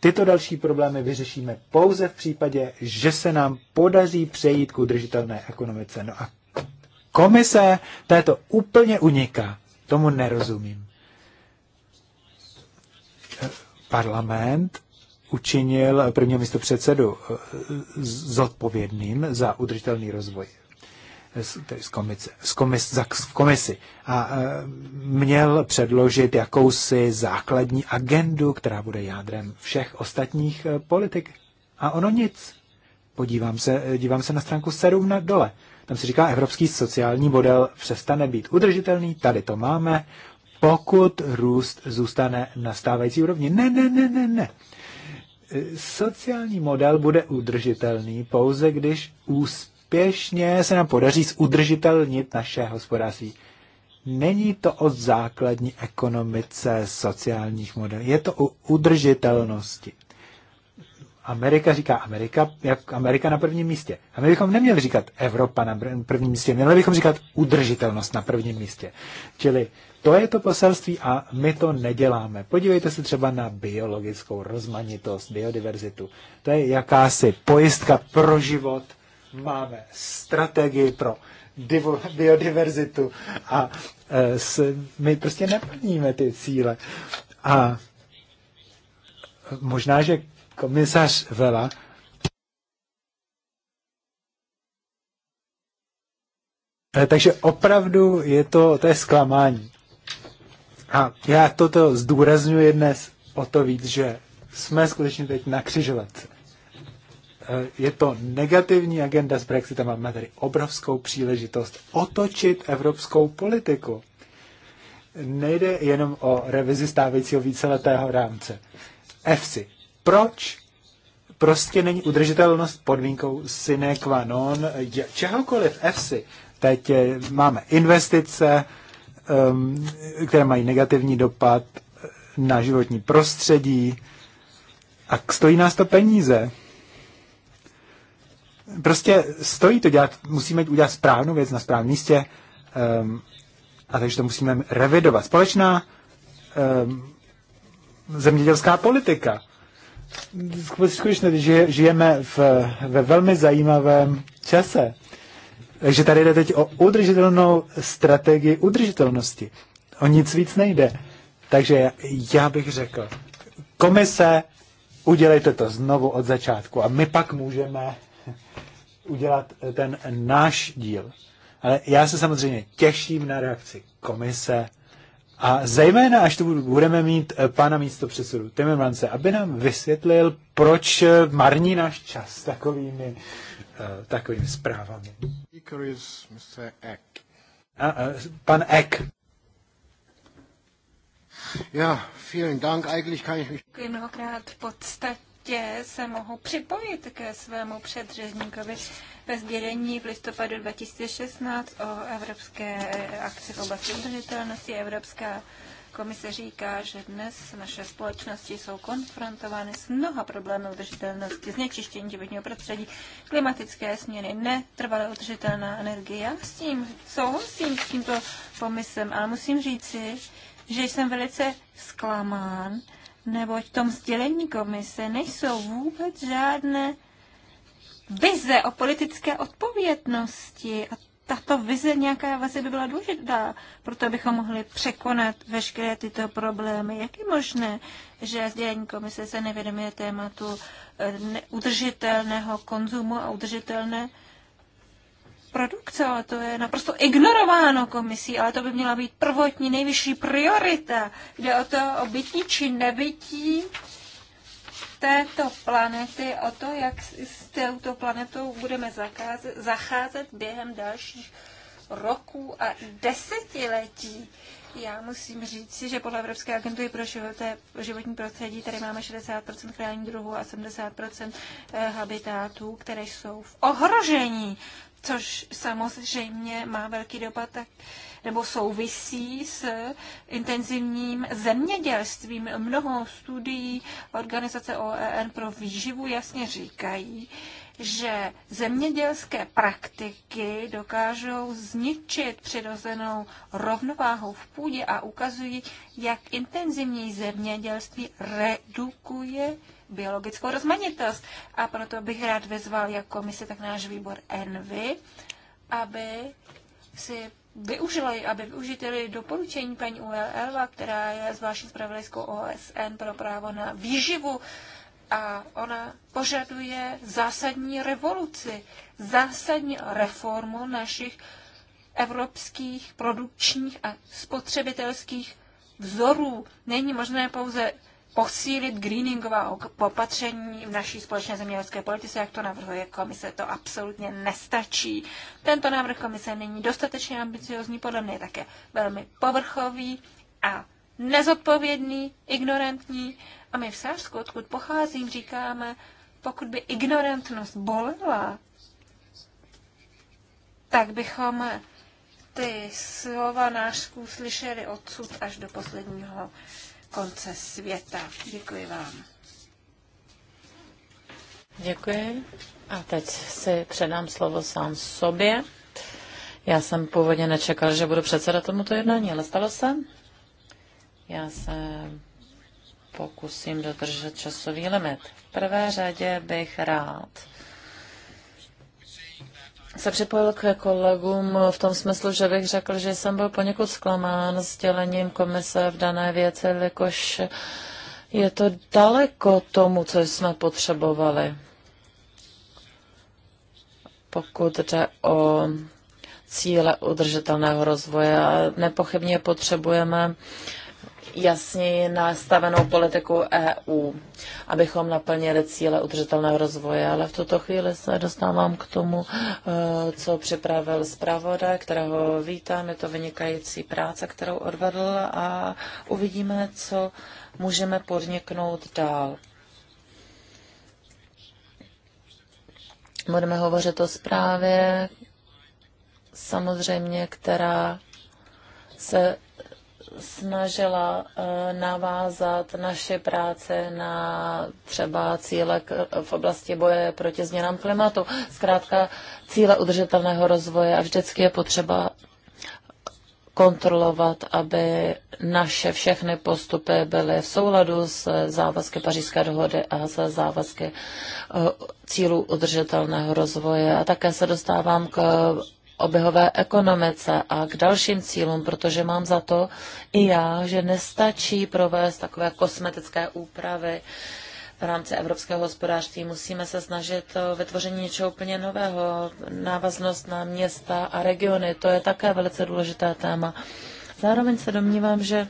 Tyto další problémy vyřešíme pouze v případě, že se nám podaří přejít k udržitelné ekonomice. No a komise této úplně uniká. Tomu nerozumím. Eh, parlament učinil prvního předsedu eh, zodpovědným za udržitelný rozvoj tedy z, komice, z, komis, za, v komisi a e, měl předložit jakousi základní agendu, která bude jádrem všech ostatních e, politik. A ono nic. Podívám se, e, dívám se na stránku 7 na dole. Tam se říká, evropský sociální model přestane být udržitelný, tady to máme, pokud růst zůstane na stávající úrovni. Ne, ne, ne, ne, ne. Sociální model bude udržitelný pouze, když úspěch úspěšně se nám podaří zudržitelnit naše hospodářství. Není to o základní ekonomice sociálních modelů, je to o udržitelnosti. Amerika říká Amerika, jak Amerika na prvním místě. A my bychom neměli říkat Evropa na prvním místě, měli bychom říkat udržitelnost na prvním místě. Čili to je to poselství a my to neděláme. Podívejte se třeba na biologickou rozmanitost, biodiverzitu. To je jakási pojistka pro život, máme strategii pro divo, biodiverzitu a e, s, my prostě neplníme ty cíle. A možná, že komisař Vela e, Takže opravdu je to, to je zklamání. A já toto zdůraznuju dnes o to víc, že jsme skutečně teď na křižovatce. Eh, je to negativní agenda s Brexitem. Máme tady obrovskou příležitost otočit evropskou politiku. Nejde jenom o revizi stávajícího víceletého rámce. FC. Proč? Prostě není udržitelnost podmínkou sine qua non čehokoliv FC? Teď eh, máme investice, ehm, které mají negativní dopad eh, na životní prostředí a stojí nás to peníze Prostě stojí to dělat, musíme udělat správnou věc na správném místě um, a takže to musíme revidovat. Společná um, zemědělská politika. Skutečně žijeme v, ve velmi zajímavém čase. Takže tady jde teď o udržitelnou strategii udržitelnosti. O nic víc nejde. Takže já bych řekl, komise, udělejte to znovu od začátku a my pak můžeme udělat ten náš díl. Ale já se samozřejmě těším na reakci komise a zejména, až tu budeme mít eh, pana místo předsedu Timmermanse, aby nám vysvětlil, proč eh, marní náš čas takovými, eh, takovými zprávami. A, a, pan Eck. Ja, vielen Dank. Eigentlich kann ich mich... Děkuji mnohokrát. V podstatě jistě se mohu připojit ke svému předřezníkovi ve sdělení v listopadu 2016 o evropské akci v oblasti udržitelnosti. Evropská komise říká, že dnes naše společnosti jsou konfrontovány s mnoha problémy udržitelnosti, znečištění životního prostředí, klimatické změny, netrvalé udržitelná energie. Já s tím souhlasím s tímto pomyslem, ale musím říci, že jsem velice zklamán, neboť v tom sdělení komise nejsou vůbec žádné vize o politické odpovědnosti a tato vize nějaká vlastně by byla důležitá, proto bychom mohli překonat veškeré tyto problémy. Jak je možné, že sdělení komise se nevědomuje tématu eh, udržitelného konzumu a udržitelné produkce, ale to je naprosto ignorováno komisí, ale to by měla být prvotní, nejvyšší priorita. Jde o to, o bytí či nebytí této planety, o to, jak s touto planetou budeme zacházet, zacházet během dalších roků a desetiletí. Já musím říct, si, že podle Evropské agentury pro životé, životní prostředí tady máme 60% krajní druhů a 70% eh, habitátů, které jsou v ohrožení což samozřejmě má velký dopad tak, nebo souvisí s intenzivním zemědělstvím. Mnoho studií organizace OEN pro výživu jasně říkají, že zemědělské praktiky dokážou zničit přirozenou rovnováhu v půdě a ukazují, jak intenzivní zemědělství redukuje biologickou rozmanitost. A proto bych rád vyzval jak komisi, tak náš výbor ENVY, aby si využili, aby využiteli doporučení paní ULL, která je zvláštní spravodajskou OSN pro právo na výživu, a ona požaduje zásadní revoluci, zásadní reformu našich evropských produkčních a spotřebitelských vzorů. Není možné pouze posílit greeningová opatření v naší společné zemědělské politice, jak to navrhuje komise, to absolutně nestačí. Tento návrh komise není dostatečně ambiciozní, podle mě je také velmi povrchový a nezodpovědný, ignorantní a my v Sářsku, odkud pocházím, říkáme, pokud by ignorantnost bolela, tak bychom ty slova nášku slyšeli odsud až do posledního konce světa. Děkuji vám. Děkuji. A teď si předám slovo sám sobě. Já jsem původně nečekal, že budu předseda tomuto jednání, ale stalo se. Já jsem pokusím dodržet časový limit. V prvé řadě bych rád se připojil k kolegům v tom smyslu, že bych řekl, že jsem byl poněkud zklamán dělením komise v dané věci, jakož je to daleko tomu, co jsme potřebovali. Pokud jde o cíle udržitelného rozvoje, nepochybně potřebujeme uh, jasněji nastavenou politiku EU, abychom naplnili cíle udržitelného rozvoje. Ale v tuto chvíli se dostávám k tomu, eh, co připravil zpravodaj, kterého vítám. Je to vynikající práce, kterou odvedl a uvidíme, co můžeme podniknout dál. Budeme hovořit o zprávě, samozřejmě, která se snažila eh, navázat naše práce na třeba cíle v oblasti boje proti změnám klimatu. Zkrátka cíle udržitelného rozvoje a vždycky je potřeba kontrolovat, aby naše všechny postupy byly v souladu s závazky Pařížské dohody a se závazky eh, cílů udržitelného rozvoje. A také se dostávám k oběhové ekonomice a k dalším cílům, protože mám za to i já, že nestačí provést takové kosmetické úpravy v rámci evropského hospodářství. Musíme se snažit o vytvoření něčeho úplně nového, návaznost na města a regiony. To je také velice důležité téma. Zároveň se domnívám, že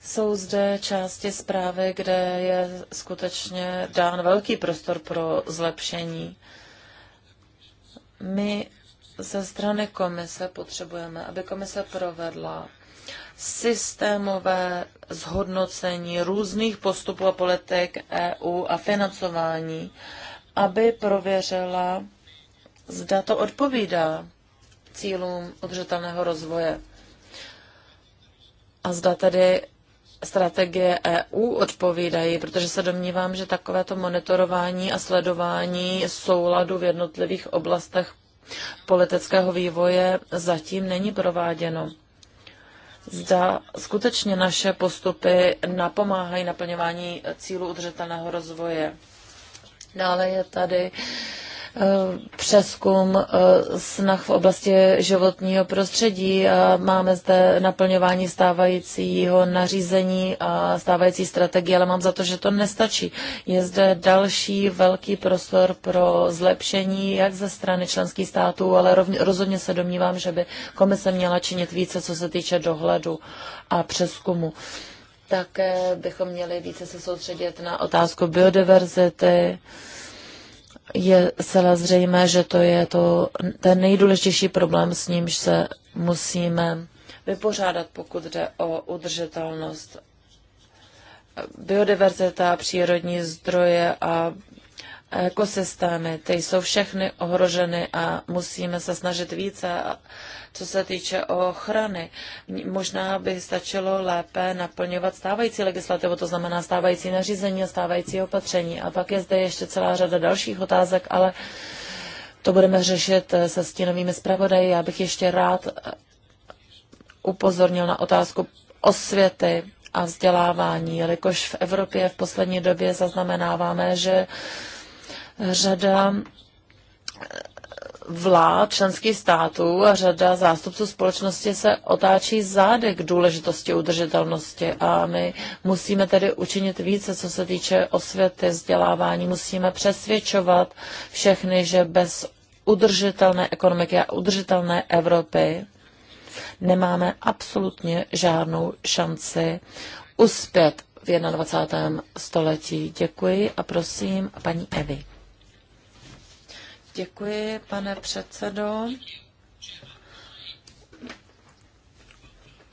jsou zde části zprávy, kde je skutečně dán velký prostor pro zlepšení. My ze strany komise potřebujeme, aby komise provedla systémové zhodnocení různých postupů a politik EU a financování, aby prověřila, zda to odpovídá cílům udržitelného rozvoje. A zda tedy strategie EU odpovídají, protože se domnívám, že takovéto monitorování a sledování souladu v jednotlivých oblastech politického vývoje zatím není prováděno. Zda skutečně naše postupy napomáhají naplňování cílu udržitelného rozvoje. Dále je tady uh, přeskum eh, snah v oblasti životního prostředí. Máme zde naplňování stávajícího nařízení a stávající strategie, ale mám za to, že to nestačí. Je zde další velký prostor pro zlepšení jak ze strany členských států, ale rovně, rozhodně se domnívám, že by komise měla činit více, co se týče dohledu a přeskumu. Také bychom měli více se soustředit na otázku biodiverzity, je zcela zřejmé, že to je to, ten nejdůležitější problém, s nímž se musíme vypořádat, pokud jde o udržitelnost. Biodiverzita, přírodní zdroje a ekosystémy, ty jsou všechny ohroženy a musíme se snažit více, co se týče ochrany. Možná by stačilo lépe naplňovat stávající legislativu, to znamená stávající nařízení a stávající opatření. A pak je zde ještě celá řada dalších otázek, ale to budeme řešit eh, se stínovými zpravodaji. Já bych ještě rád eh, upozornil na otázku osvěty a vzdělávání, jelikož v Evropě v poslední době zaznamenáváme, že řada eh, vlád členských států a řada zástupců společnosti se otáčí zády k důležitosti udržitelnosti a my musíme tedy učinit více, co se týče osvěty, vzdělávání. Musíme přesvědčovat všechny, že bez udržitelné ekonomiky a udržitelné Evropy nemáme absolutně žádnou šanci uspět v 21. století. Děkuji a prosím paní Evi. Děkuji, pane předsedo.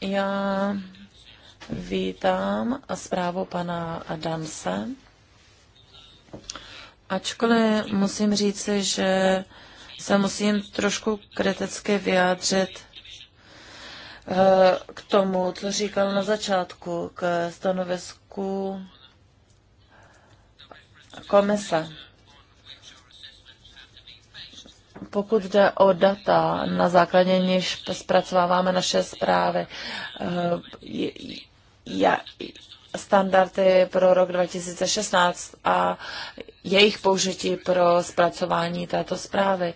Já vítám zprávu pana Adamse. Ačkoliv musím říci, že se musím trošku kriticky vyjádřit eh, k tomu, co říkal na začátku, k stanovisku komise pokud jde o data, na základě níž zpracováváme naše zprávy, eh, standardy pro rok 2016 a jejich použití pro zpracování této zprávy.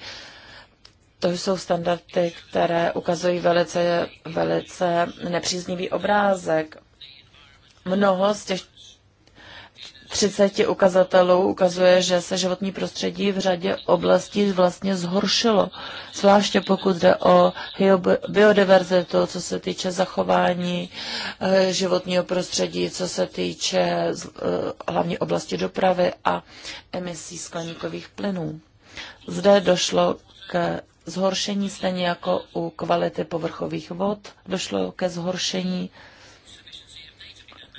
To jsou standardy, které ukazují velice, velice nepříznivý obrázek. Mnoho z těch 30 ukazatelů ukazuje, že se životní prostředí v řadě oblastí vlastně zhoršilo. Zvláště pokud jde o biodiverzitu, co se týče zachování eh, životního prostředí, co se týče eh, hlavně oblasti dopravy a emisí skleníkových plynů. Zde došlo k zhoršení, stejně jako u kvality povrchových vod, došlo ke zhoršení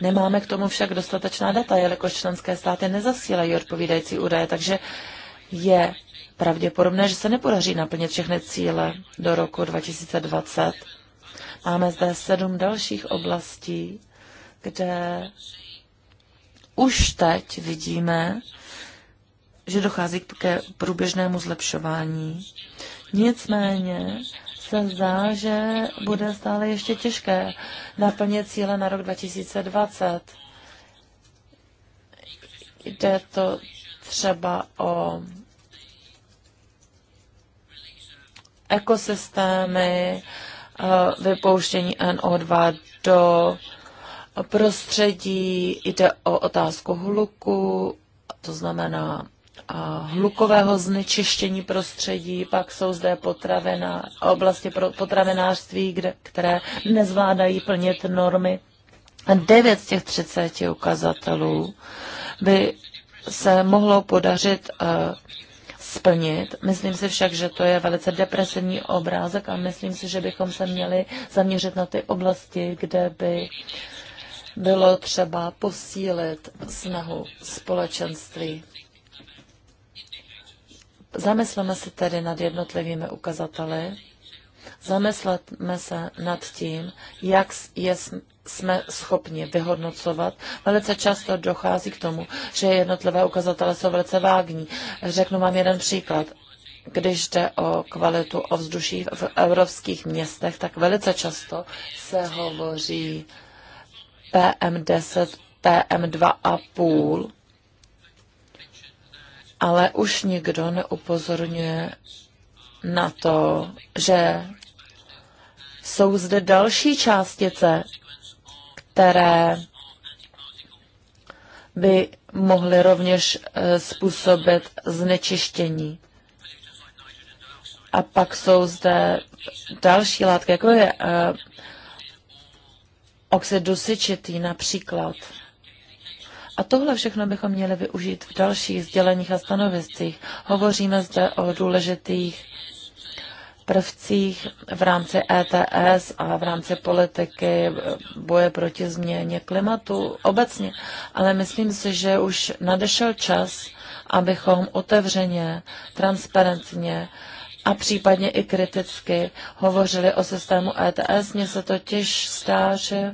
Nemáme k tomu však dostatečná data, jelikož členské státy nezasílají odpovídající údaje, takže je pravděpodobné, že se nepodaří naplnit všechny cíle do roku 2020. Máme zde sedm dalších oblastí, kde už teď vidíme, že dochází k průběžnému zlepšování. Nicméně se zdá, že bude stále ještě těžké naplnit cíle na rok 2020. Jde to třeba o ekosystémy, eh, vypouštění NO2 do prostředí, jde o otázku hluku, to znamená hlukového znečištění prostředí, pak jsou zde potravená, oblasti pro potravinářství, kde, které nezvládají plnit normy. Devět z těch 30 ukazatelů by se mohlo podařit eh, splnit. Myslím si však, že to je velice depresivní obrázek a myslím si, že bychom se měli zaměřit na ty oblasti, kde by bylo třeba posílit snahu společenství. Zamysleme se tedy nad jednotlivými ukazateli, zamysleme se nad tím, jak je jsme schopni vyhodnocovat. Velice často dochází k tomu, že jednotlivé ukazatele jsou velice vágní. Řeknu vám jeden příklad. Když jde o kvalitu ovzduší v evropských městech, tak velice často se hovoří PM10, PM2,5 ale už nikdo neupozorňuje na to, že jsou zde další částice, které by mohly rovněž eh, způsobit znečištění. A pak jsou zde další látky, jako je eh, oxid dusičitý například. A tohle všechno bychom měli využít v dalších sděleních a stanoviscích. Hovoříme zde o důležitých prvcích v rámci ETS a v rámci politiky boje proti změně klimatu obecně. Ale myslím si, že už nadešel čas, abychom otevřeně, transparentně a případně i kriticky hovořili o systému ETS. Mně se totiž stá, že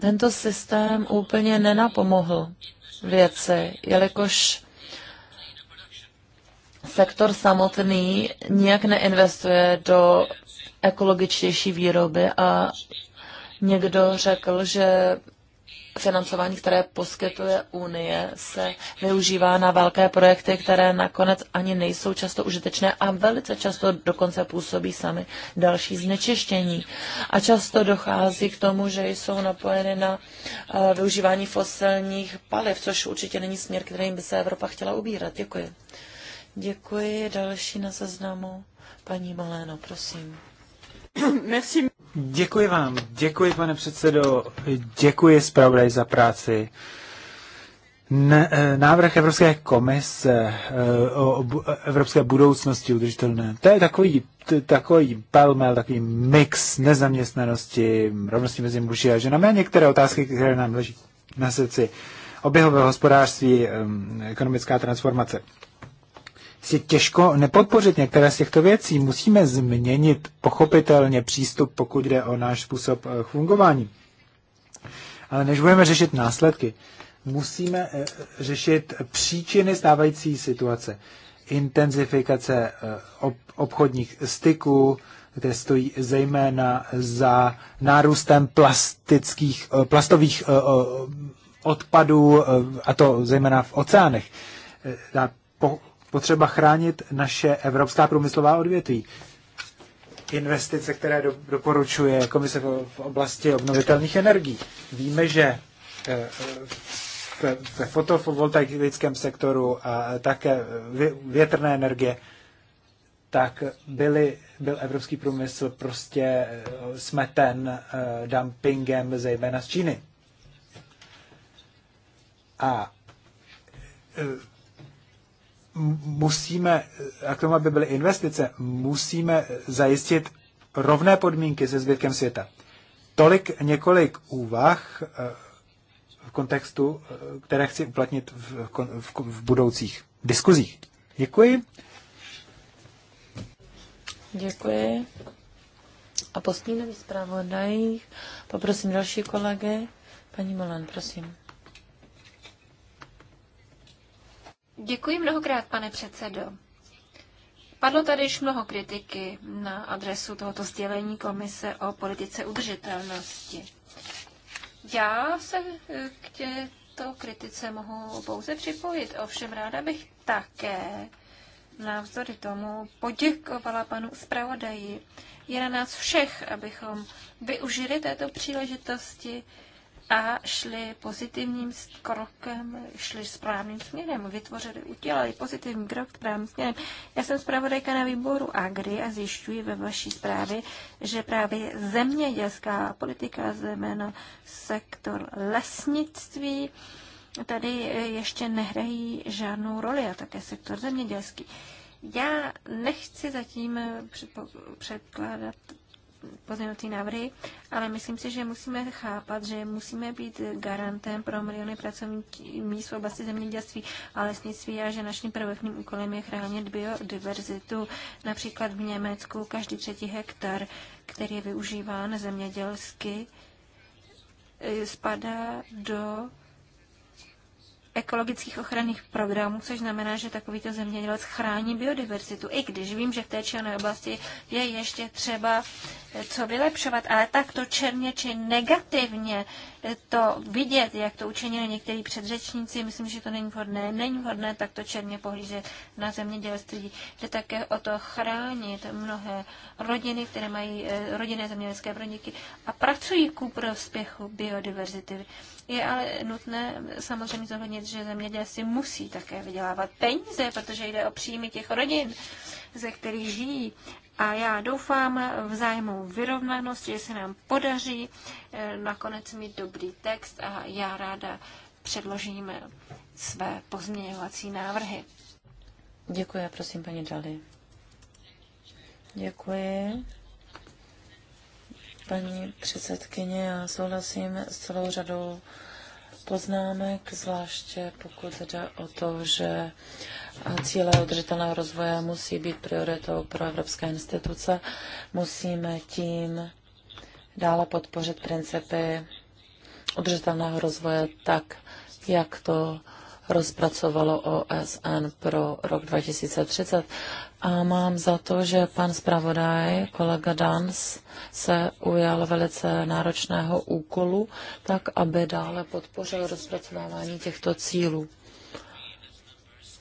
tento systém úplně nenapomohl věci, jelikož sektor samotný nijak neinvestuje do ekologičtější výroby a někdo řekl, že financování, které poskytuje Unie, se využívá na velké projekty, které nakonec ani nejsou často užitečné a velice často dokonce působí sami další znečištění. A často dochází k tomu, že jsou napojeny na eh, využívání fosilních paliv, což určitě není směr, kterým by se Evropa chtěla ubírat. Děkuji. Děkuji. Další na seznamu. Paní Maléno, prosím. Merci. Děkuji vám, děkuji pane předsedo, děkuji zpravodaj za práci. Eh, návrh Evropské komise eh, o evropské budoucnosti udržitelné, to je takový, takový pelmel, takový mix nezaměstnanosti, rovnosti mezi muži a ženami a některé otázky, které nám leží na srdci. Oběhové hospodářství, eh, ekonomická transformace je těžko nepodpořit některé z těchto věcí. Musíme změnit pochopitelně přístup, pokud jde o náš způsob eh, fungování. Ale než budeme řešit následky, musíme eh, řešit příčiny stávající situace. Intenzifikace eh, obchodních styků, které stojí zejména za nárůstem plastických, plastových odpadů, a to zejména v oceánech. Ta potřeba chránit naše evropská průmyslová odvětví. Investice, které do, doporučuje komise v oblasti obnovitelných energií. Víme, že eh, ve fotovoltaickém sektoru a také větrné energie, tak byly, byl evropský průmysl prostě eh, smeten eh, dumpingem zejména z Číny. A musíme, a k tomu, aby byly investice, musíme zajistit rovné podmínky se zbytkem světa. Tolik několik úvah eh, v kontextu, eh, které chci uplatnit v, v, v budoucích diskuzích. Děkuji. Děkuji. A po stínových poprosím další kolegy. Paní Molan, prosím. Děkuji mnohokrát, pane předsedo. Padlo tady již mnoho kritiky na adresu tohoto sdělení Komise o politice udržitelnosti. Já se eh, k této kritice mohu pouze připojit, ovšem ráda bych také navzdory tomu poděkovala panu zpravodaji. Je na nás všech, abychom využili této příležitosti a šli pozitivním krokem, šli správným směrem, vytvořili, udělali pozitivní krok správným směrem. Já jsem zpravodajka na výboru Agri a zjišťuji ve vaší zprávě, že právě zemědělská politika, zejména sektor lesnictví, tady ještě nehrají žádnou roli a také sektor zemědělský. Já nechci zatím předpokládat pozměňovací návrhy, ale myslím si, že musíme chápat, že musíme být garantem pro miliony pracovních míst v oblasti zemědělství a lesnictví a že naším prvotním úkolem je chránit biodiverzitu. Například v Německu každý třetí hektar, který je využíván zemědělsky, eh, spadá do ekologických ochranných programů, což znamená, že takovýto zemědělec chrání biodiverzitu, i když vím, že v té černé oblasti je ještě třeba eh, co vylepšovat, ale takto černě či negativně to vidět, jak to učinili někteří předřečníci. Myslím, že to není vhodné. Není vhodné takto černě pohlížet na zemědělství. že také o to chránit mnohé rodiny, které mají eh, rodinné zemědělské podniky a pracují ku prospěchu biodiverzity. Je ale nutné samozřejmě zohlednit, že zemědělci musí také vydělávat peníze, protože jde o příjmy těch rodin, ze kterých žijí. A já doufám v zájmu vyrovnanosti, že se nám podaří eh, nakonec mít dobrý text a já ráda předložím eh, své pozměňovací návrhy. Děkuji, prosím, paní Dali. Děkuji. Paní předsedkyně, já souhlasím s celou řadou poznámek, zvláště pokud jde o to, že cíle udržitelného rozvoje musí být prioritou pro evropské instituce. Musíme tím dále podpořit principy udržitelného rozvoje tak, jak to rozpracovalo OSN pro rok 2030. A mám za to, že pan zpravodaj, kolega Dans, se ujal velice náročného úkolu, tak aby dále podpořil rozpracovávání těchto cílů.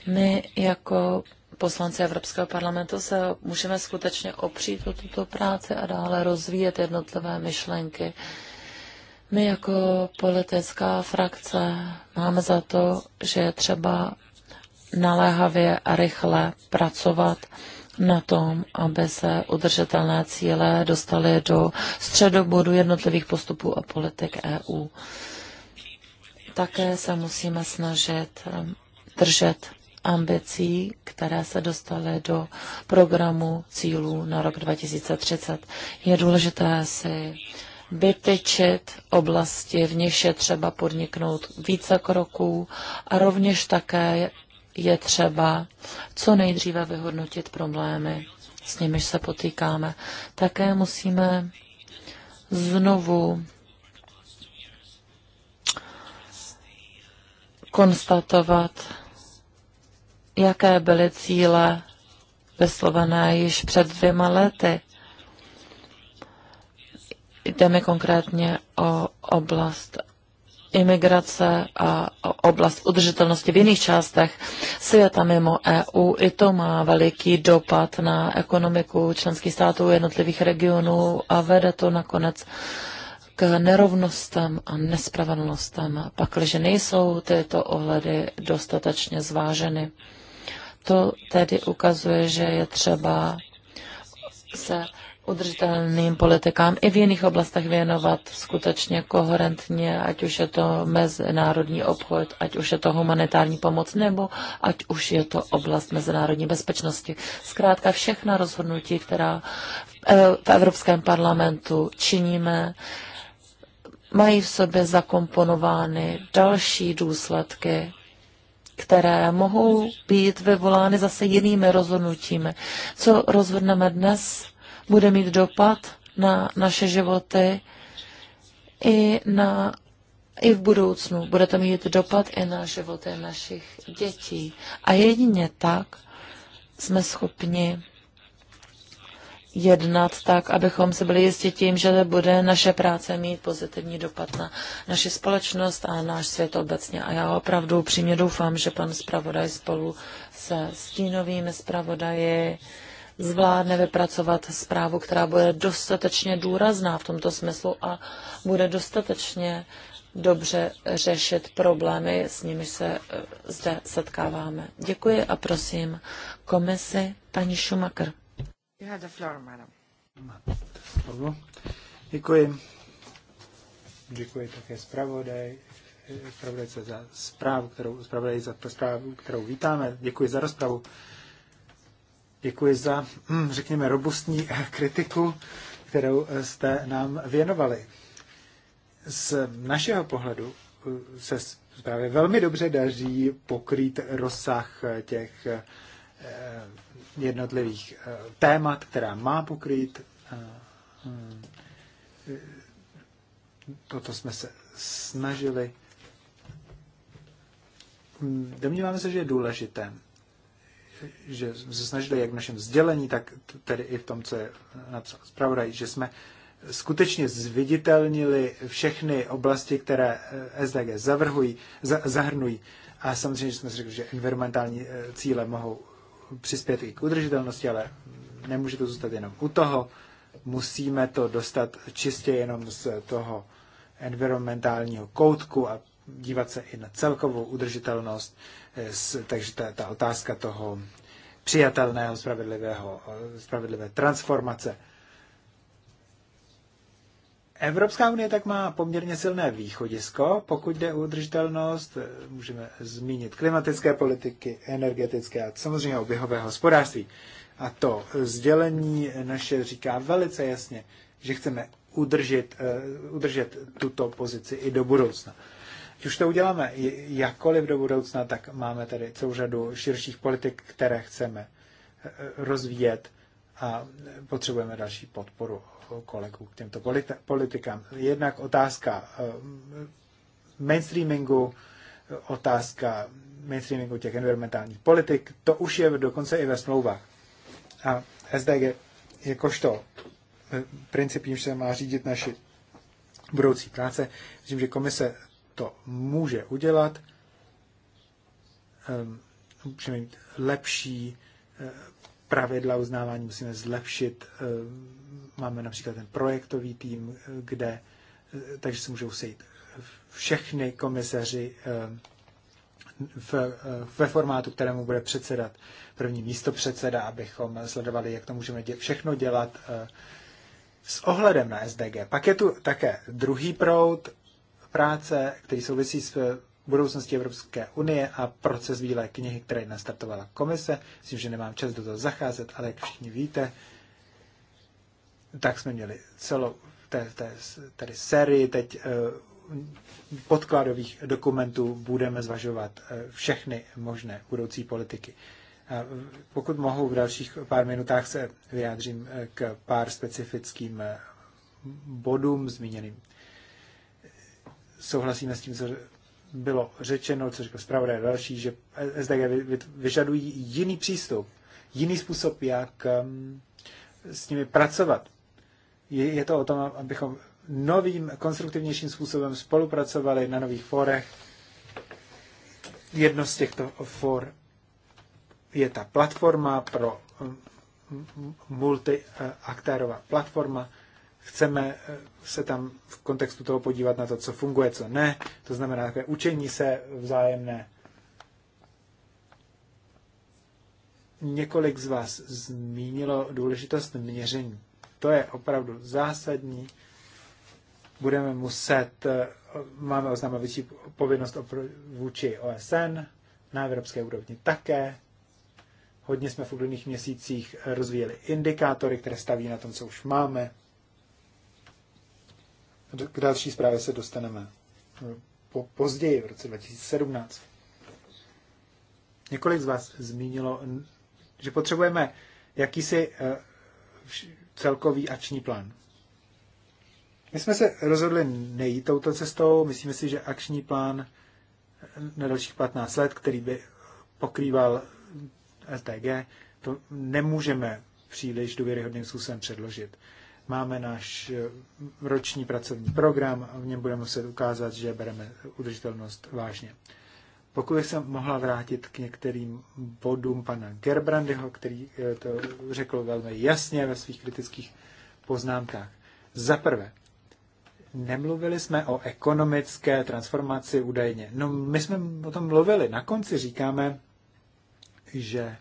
My jako poslanci Evropského parlamentu se můžeme skutečně opřít o tuto práci a dále rozvíjet jednotlivé myšlenky. My jako politická frakce máme za to, že je třeba naléhavě a rychle pracovat na tom, aby se udržitelné cíle dostaly do středobodu jednotlivých postupů a politik EU. Také se musíme snažit držet ambicí, které se dostaly do programu cílů na rok 2030. Je důležité si vytyčit oblasti, v nich je třeba podniknout více kroků a rovněž také je třeba co nejdříve vyhodnotit problémy, s nimiž se potýkáme. Také musíme znovu konstatovat jaké byly cíle vyslovené již před dvěma lety. Jde mi konkrétně o oblast imigrace a oblast udržitelnosti v jiných částech světa mimo EU. I to má veliký dopad na ekonomiku členských států, jednotlivých regionů a vede to nakonec k nerovnostem a nespravedlnostem, pakliže nejsou tyto ohledy dostatečně zváženy. To tedy ukazuje, že je třeba se udržitelným politikám i v jiných oblastech věnovat skutečně koherentně, ať už je to mezinárodní obchod, ať už je to humanitární pomoc, nebo ať už je to oblast mezinárodní bezpečnosti. Zkrátka všechna rozhodnutí, která v Evropském parlamentu činíme, mají v sobě zakomponovány další důsledky které mohou být vyvolány zase jinými rozhodnutími. Co rozhodneme dnes, bude mít dopad na naše životy i, na, i v budoucnu. Bude to mít dopad i na životy našich dětí. A jedině tak jsme schopni jednat tak, abychom se byli jistí tím, že bude naše práce mít pozitivní dopad na naši společnost a náš svět obecně. A já opravdu přímě doufám, že pan zpravodaj spolu se stínovými zpravodaji zvládne vypracovat zprávu, která bude dostatečně důrazná v tomto smyslu a bude dostatečně dobře řešit problémy, s nimi se eh, zde setkáváme. Děkuji a prosím komisi paní Šumakr. You have the floor, madam. Slovo. Děkuji. Děkuji také zpravodaj, zpravodajce za zprávu, kterou, zpravodaj za zprávu, kterou vítáme. Děkuji za rozpravu. Děkuji za, hm, řekněme, robustní kritiku, kterou jste nám věnovali. Z našeho pohledu se právě velmi dobře daří pokrýt rozsah těch eh, jednotlivých eh, témat, která má pokrýt. Eh, eh, toto jsme se snažili. Domníváme se, že je důležité, že jsme se snažili jak v našem sdělení, tak tedy i v tom, co je napsal zpravodaj, že jsme skutečně zviditelnili všechny oblasti, které SDG zavrhují, za, zahrnují. A samozřejmě jsme si řekli, že environmentální cíle mohou přispět i k udržitelnosti, ale nemůže to zůstat jenom u toho. Musíme to dostat čistě jenom z toho environmentálního koutku a dívat se i na celkovou udržitelnost, eh, takže ta, ta otázka toho přijatelného, spravedlivého, eh, spravedlivé transformace Evropská unie tak má poměrně silné východisko, pokud jde o udržitelnost, můžeme zmínit klimatické politiky, energetické a samozřejmě oběhové hospodářství. A to sdělení naše říká velice jasně, že chceme udržet, eh, udržet tuto pozici i do budoucna. Když už to uděláme jakkoliv do budoucna, tak máme tady celou řadu širších politik, které chceme eh, rozvíjet a potřebujeme další podporu kolegů k těmto politikám. Jednak otázka eh, mainstreamingu, otázka mainstreamingu těch environmentálních politik, to už je dokonce i ve smlouvách. A SDG jakožto eh, princip, jimž se má řídit naši budoucí práce, myslím, že komise to může udělat, eh, může mít lepší pravidla uznávání musíme zlepšit. Eh, máme například ten projektový tým, eh, kde, eh, takže se můžou sejít všechny komisaři v, ve formátu, kterému bude předsedat první místo předseda, abychom sledovali, jak to můžeme dě- všechno dělat s ohledem na SDG. Pak je tu také druhý proud práce, který souvisí s budoucnosti Evropské unie a proces Bílé knihy, které nastartovala komise. Myslím, že nemám čas do toho zacházet, ale jak všichni víte, tak jsme měli celou té, té, tady sérii teď eh, podkladových dokumentů budeme zvažovat eh, všechny možné budoucí politiky. A pokud mohu, v dalších pár minutách se vyjádřím eh, k pár specifickým bodům zmíněným. Souhlasíme s tím, co bylo řečeno, co řekl zpravodaj další, že SDG vyžadují jiný přístup, jiný způsob, jak um, s nimi pracovat. Je to o tom, abychom novým, konstruktivnějším způsobem spolupracovali na nových fórech. Jedno z těchto for je ta platforma pro um, multiaktérová uh, platforma, chceme eh, se tam v kontextu toho podívat na to, co funguje, co ne. To znamená takové učení se vzájemné. Několik z vás zmínilo důležitost měření. To je opravdu zásadní. Budeme muset, eh, máme oznamovací povinnost vůči OSN, na evropské úrovni také. Hodně jsme v uplynulých měsících rozvíjeli indikátory, které staví na tom, co už máme k další zprávě se dostaneme no, po, později, v roce 2017. Několik z vás zmínilo, že potřebujeme jakýsi eh, celkový akční plán. My jsme se rozhodli nejít touto cestou. Myslíme si, že akční plán eh, na dalších 15 let, který by pokrýval LTG, eh, to nemůžeme příliš důvěryhodným způsobem předložit. Máme náš eh, roční pracovní program a v něm budeme muset ukázat, že bereme udržitelnost vážně. Pokud jsem mohla vrátit k některým bodům pana Gerbrandyho, který eh, to řekl velmi jasně ve svých kritických poznámkách. Za prvé, nemluvili jsme o ekonomické transformaci údajně. No, my jsme o tom mluvili. Na konci říkáme, že,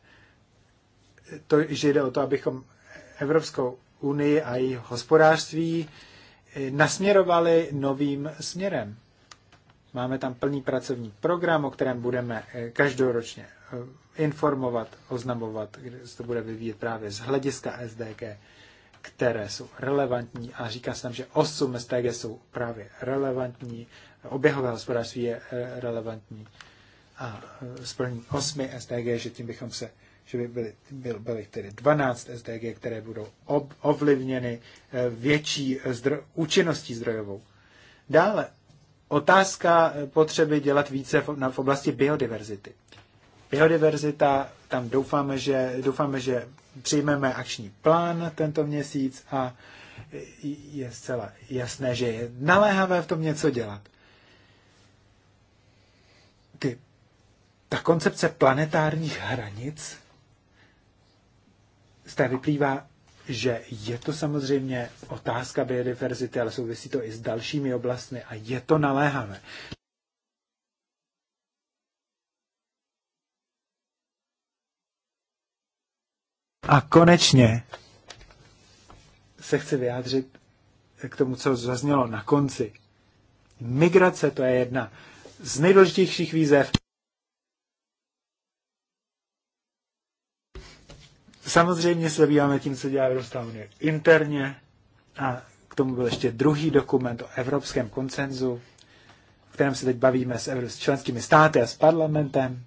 to, že jde o to, abychom Evropskou unii a její hospodářství eh, nasměrovali novým směrem. Máme tam plný pracovní program, o kterém budeme eh, každoročně eh, informovat, oznamovat, kde se to bude vyvíjet právě z hlediska SDG, které jsou relevantní. A říká se tam, že 8 SDG jsou právě relevantní, oběhové hospodářství je relevantní a splní 8 SDG, že tím bychom se že by byly, byl, byly tedy 12 SDG, které budou ob, ovlivněny eh, větší zdro, účinností zdrojovou. Dále otázka eh, potřeby dělat více v, na, v oblasti biodiverzity. Biodiverzita, tam doufáme, že, doufáme, že přijmeme akční plán tento měsíc a je zcela jasné, že je naléhavé v tom něco dělat. Ty, ta koncepce planetárních hranic z té vyplývá, že je to samozřejmě otázka biodiverzity, ale souvisí to i s dalšími oblastmi a je to naléhavé. A konečně se chci vyjádřit k tomu, co zaznělo na konci. Migrace to je jedna z nejdůležitějších výzev. Samozřejmě se zabýváme tím, co dělá Evropská unie interně a k tomu byl ještě druhý dokument o evropském koncenzu, v kterém se teď bavíme s, s členskými státy a s parlamentem.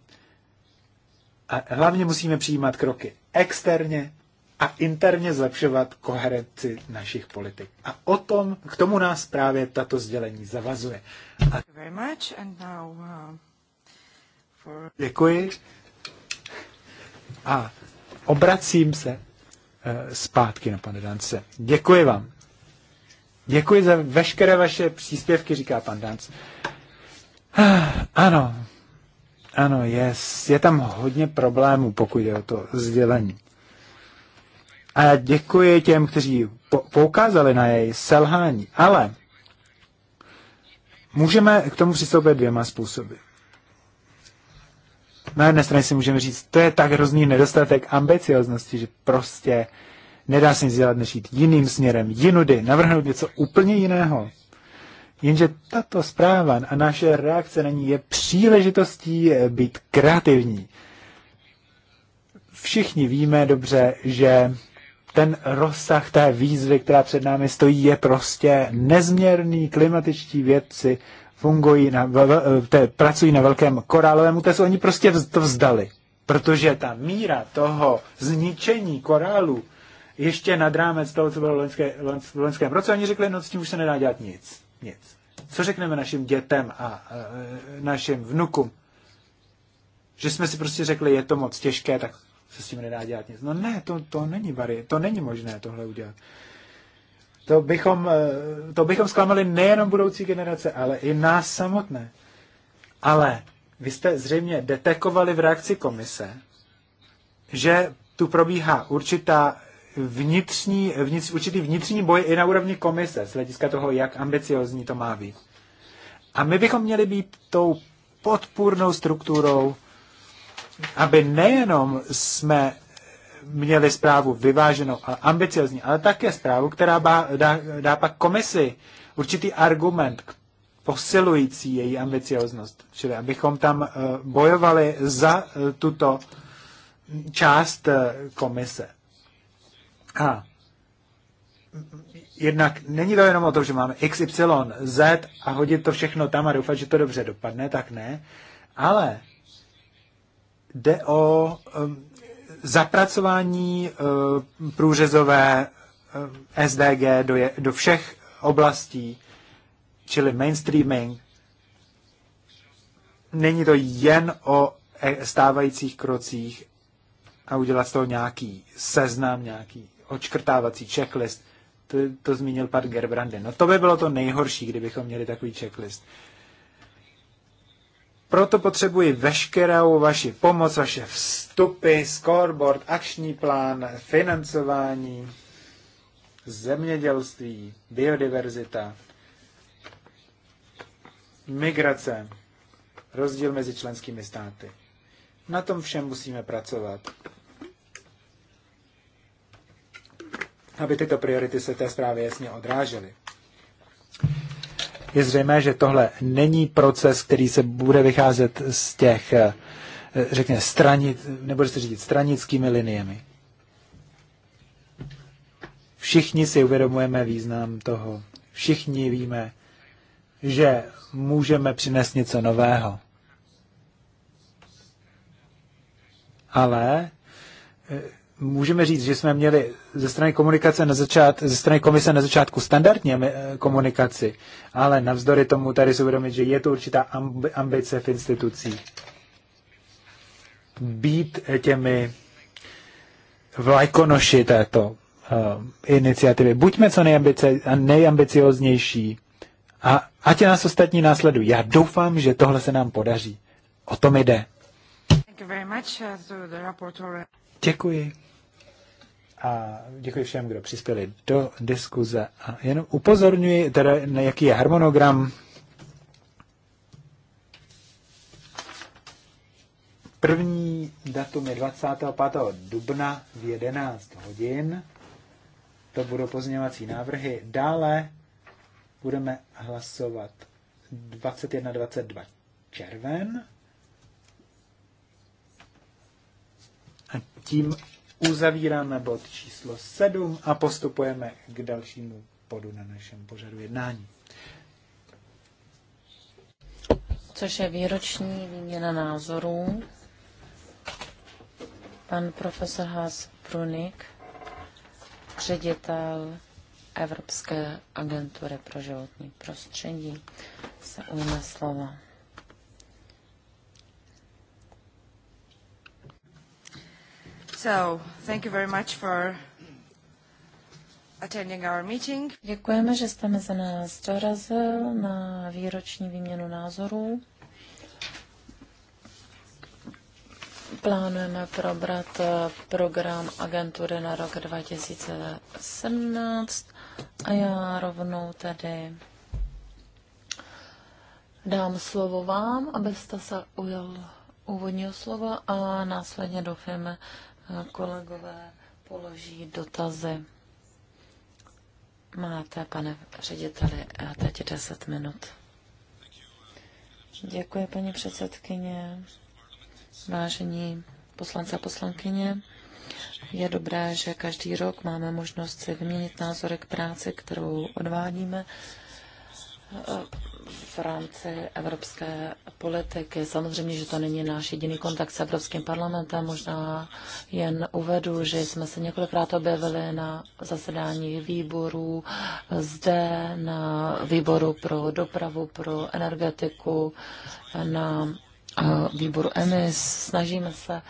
A hlavně musíme přijímat kroky externě a interně zlepšovat koherenci našich politik. A o tom, k tomu nás právě tato sdělení zavazuje. A... Uh, Děkuji. A obracím se eh, zpátky na pane Dance. Děkuji vám. Děkuji za veškeré vaše příspěvky, říká pan Dance. Ah, ano, ano, je, je tam hodně problémů, pokud je o to sdělení. A já děkuji těm, kteří poukázali na její selhání, ale můžeme k tomu přistoupit dvěma způsoby na jedné straně si můžeme říct, to je tak hrozný nedostatek ambicioznosti, že prostě nedá se nic dělat, než jít jiným směrem, jinudy, navrhnout něco úplně jiného. Jenže tato zpráva a naše reakce na ní je příležitostí být kreativní. Všichni víme dobře, že ten rozsah té výzvy, která před námi stojí, je prostě nezměrný. Klimatičtí vědci fungují na, v, v, te, pracují na velkém korálovém útesu, oni prostě vz, to vzdali. Protože ta míra toho zničení korálu ještě nad rámec toho, co bylo v, loňské, v loňském roce, oni řekli, no s tím už se nedá dělat nic. Nic. Co řekneme našim dětem a e, našim vnukům? Že jsme si prostě řekli, je to moc těžké, tak se s tím nedá dělat nic. No ne, to, to není bari, to není možné tohle udělat. To bychom, eh, to bychom zklamali nejenom budoucí generace, ale i nás samotné. Ale vy jste zřejmě detekovali v reakci komise, že tu probíhá určitá vnitřní, vnitř, určitý vnitřní boj i na úrovni komise z hlediska toho, jak ambiciozní to má být. A my bychom měli být tou podpůrnou strukturou, aby nejenom jsme měli zprávu vyváženou a ambiciozní, ale také zprávu, která dá, dá, dá pak komisi určitý argument k posilující její ambicioznost. Čili abychom tam eh, bojovali za eh, tuto část eh, komise. A jednak není to jenom o tom, že máme X, Y, Z a hodit to všechno tam a doufat, že to dobře dopadne, tak ne, ale jde o um, zapracování eh, průřezové eh, SDG do, je, do všech oblastí, čili mainstreaming, není to jen o e, stávajících krocích a udělat z toho nějaký seznam, nějaký očkrtávací checklist. To, to zmínil pan Gerbrande. No to by bylo to nejhorší, kdybychom měli takový checklist. Proto potřebuji veškerou vaši pomoc, vaše vstupy, scoreboard, akční plán, financování, zemědělství, biodiverzita, migrace, rozdíl mezi členskými státy. Na tom všem musíme pracovat. Aby tyto priority se té zprávě jasně odrážely je zřejmé, že tohle není proces, který se bude vycházet z těch, eh, řekněme, stranic, nebo se řídit stranickými liniemi. Všichni si uvědomujeme význam toho. Všichni víme, že můžeme přinést něco nového. Ale eh, můžeme říct, že jsme měli ze strany komunikace na začátku, ze strany komise na začátku standardně eh, komunikaci, ale navzdory tomu tady si uvědomit, že je to určitá ambice v institucích být eh, těmi vlajkonoši této uh, iniciativy. Buďme co nejambice, nejambicioznější a ať nás ostatní následují. Já doufám, že tohle se nám podaří. O tom jde. Děkuji a děkuji všem, kdo přispěli do diskuze. A jenom upozorňuji, teda, na jaký je harmonogram. První datum je 25. dubna v 11 hodin. To budou pozměňovací návrhy. Dále budeme hlasovat 21-22 červen. A tím uzavíráme bod číslo 7 a postupujeme k dalšímu bodu na našem pořadu jednání. Což je výroční výměna názorů. Pan profesor Hans Prunik, ředitel Evropské agentury pro životní prostředí, se ujme slova. So, thank you very much for attending our meeting. Děkujeme, že jste mezi nás dorazil na výroční výměnu názorů. Plánujeme probrat program agentury na rok 2017 a já rovnou tedy dám slovo vám, abyste se ujel úvodního slova a následně doufáme, kolegové položí dotazy. Máte, pane řediteli, teď 10 minut. Děkuji, paní předsedkyně. Vážení poslance a poslankyně, je dobré, že každý rok máme možnost si vyměnit názory k práci, kterou odvádíme v rámci evropské politiky. Samozřejmě, že to není náš jediný kontakt s Evropským parlamentem. Možná jen uvedu, že jsme se několikrát objevili na zasedání výborů zde, na výboru pro dopravu, pro energetiku, na eh, výboru EMIS. Snažíme se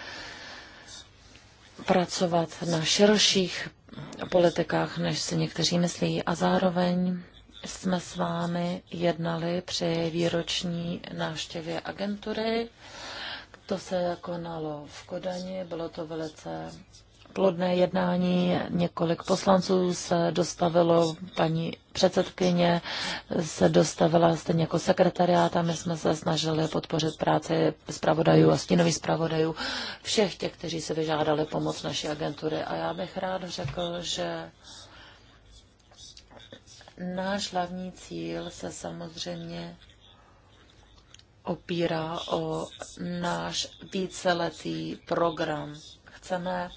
pracovat na širších politikách, než si někteří myslí. A zároveň jsme s vámi jednali při výroční návštěvě agentury. To se konalo v Kodani, bylo to velice plodné jednání. Několik poslanců se dostavilo, paní předsedkyně se dostavila stejně jako sekretariát a my jsme se snažili podpořit práci zpravodajů a stínových zpravodajů, všech těch, kteří se vyžádali pomoc naší agentury. A já bych rád řekl, že Náš hlavní cíl se samozřejmě opírá o náš víceletý program. Chceme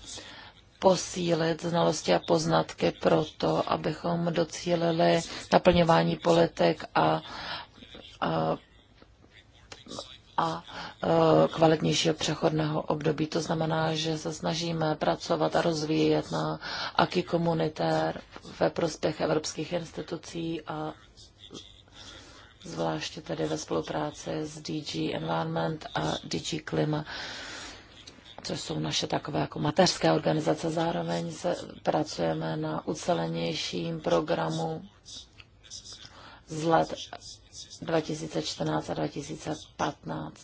posílit znalosti a poznatky pro to, abychom docílili naplňování politik a, a a e, kvalitnějšího přechodného období. To znamená, že se snažíme pracovat a rozvíjet na aký komunitér ve prospěch evropských institucí a zvláště tedy ve spolupráci s DG Environment a DG Klima což jsou naše takové jako mateřské organizace. Zároveň se pracujeme na ucelenějším programu z let 2014 a 2015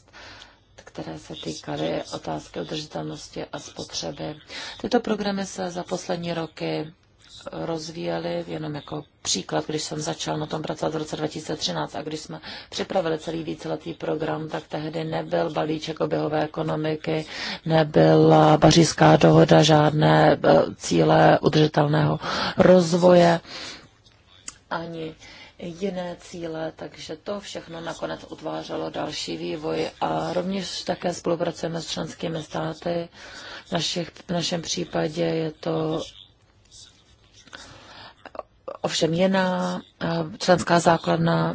které se týkaly otázky udržitelnosti a spotřeby. Tyto programy se za poslední roky rozvíjeli, jenom jako příklad, když jsem začal na tom pracovat v roce 2013 a když jsme připravili celý víceletý program, tak tehdy nebyl balíček oběhové ekonomiky, nebyla pařížská dohoda, žádné eh, cíle udržitelného rozvoje, ani uh, jiné cíle, takže to všechno nakonec utvářelo další vývoj a rovněž také spolupracujeme s členskými státy. V, našich, v našem případě je to ovšem jiná eh, členská základna,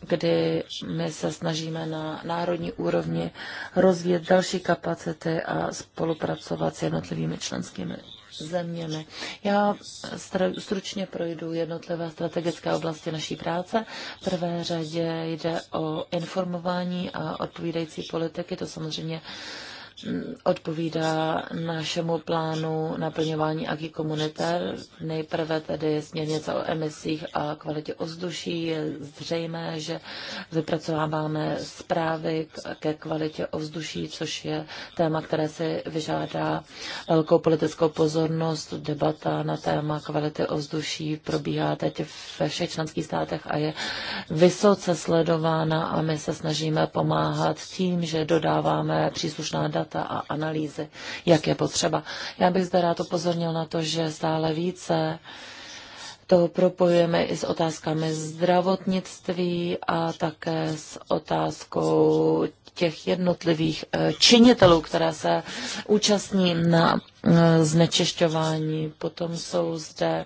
kdy my se snažíme na národní úrovni rozvíjet další kapacity a spolupracovat s jednotlivými členskými zeměmi. Já stručně projdu jednotlivé strategické oblasti naší práce. V prvé řadě jde o informování a odpovídající politiky, to samozřejmě odpovídá našemu plánu naplňování agi komunitér. Nejprve tedy směrnice o emisích a kvalitě ozduší. Je zřejmé, že vypracováváme zprávy ke kvalitě ovzduší, což je téma, které si vyžádá velkou politickou pozornost. Debata na téma kvality ovzduší probíhá teď ve všech členských státech a je vysoce sledována a my se snažíme pomáhat tím, že dodáváme příslušná data data a analýzy, jak je potřeba. Já bych zde rád upozornil na to, že stále více to propojujeme i s otázkami zdravotnictví a také s otázkou těch jednotlivých eh, činitelů, které se účastní na eh, znečišťování. Potom jsou zde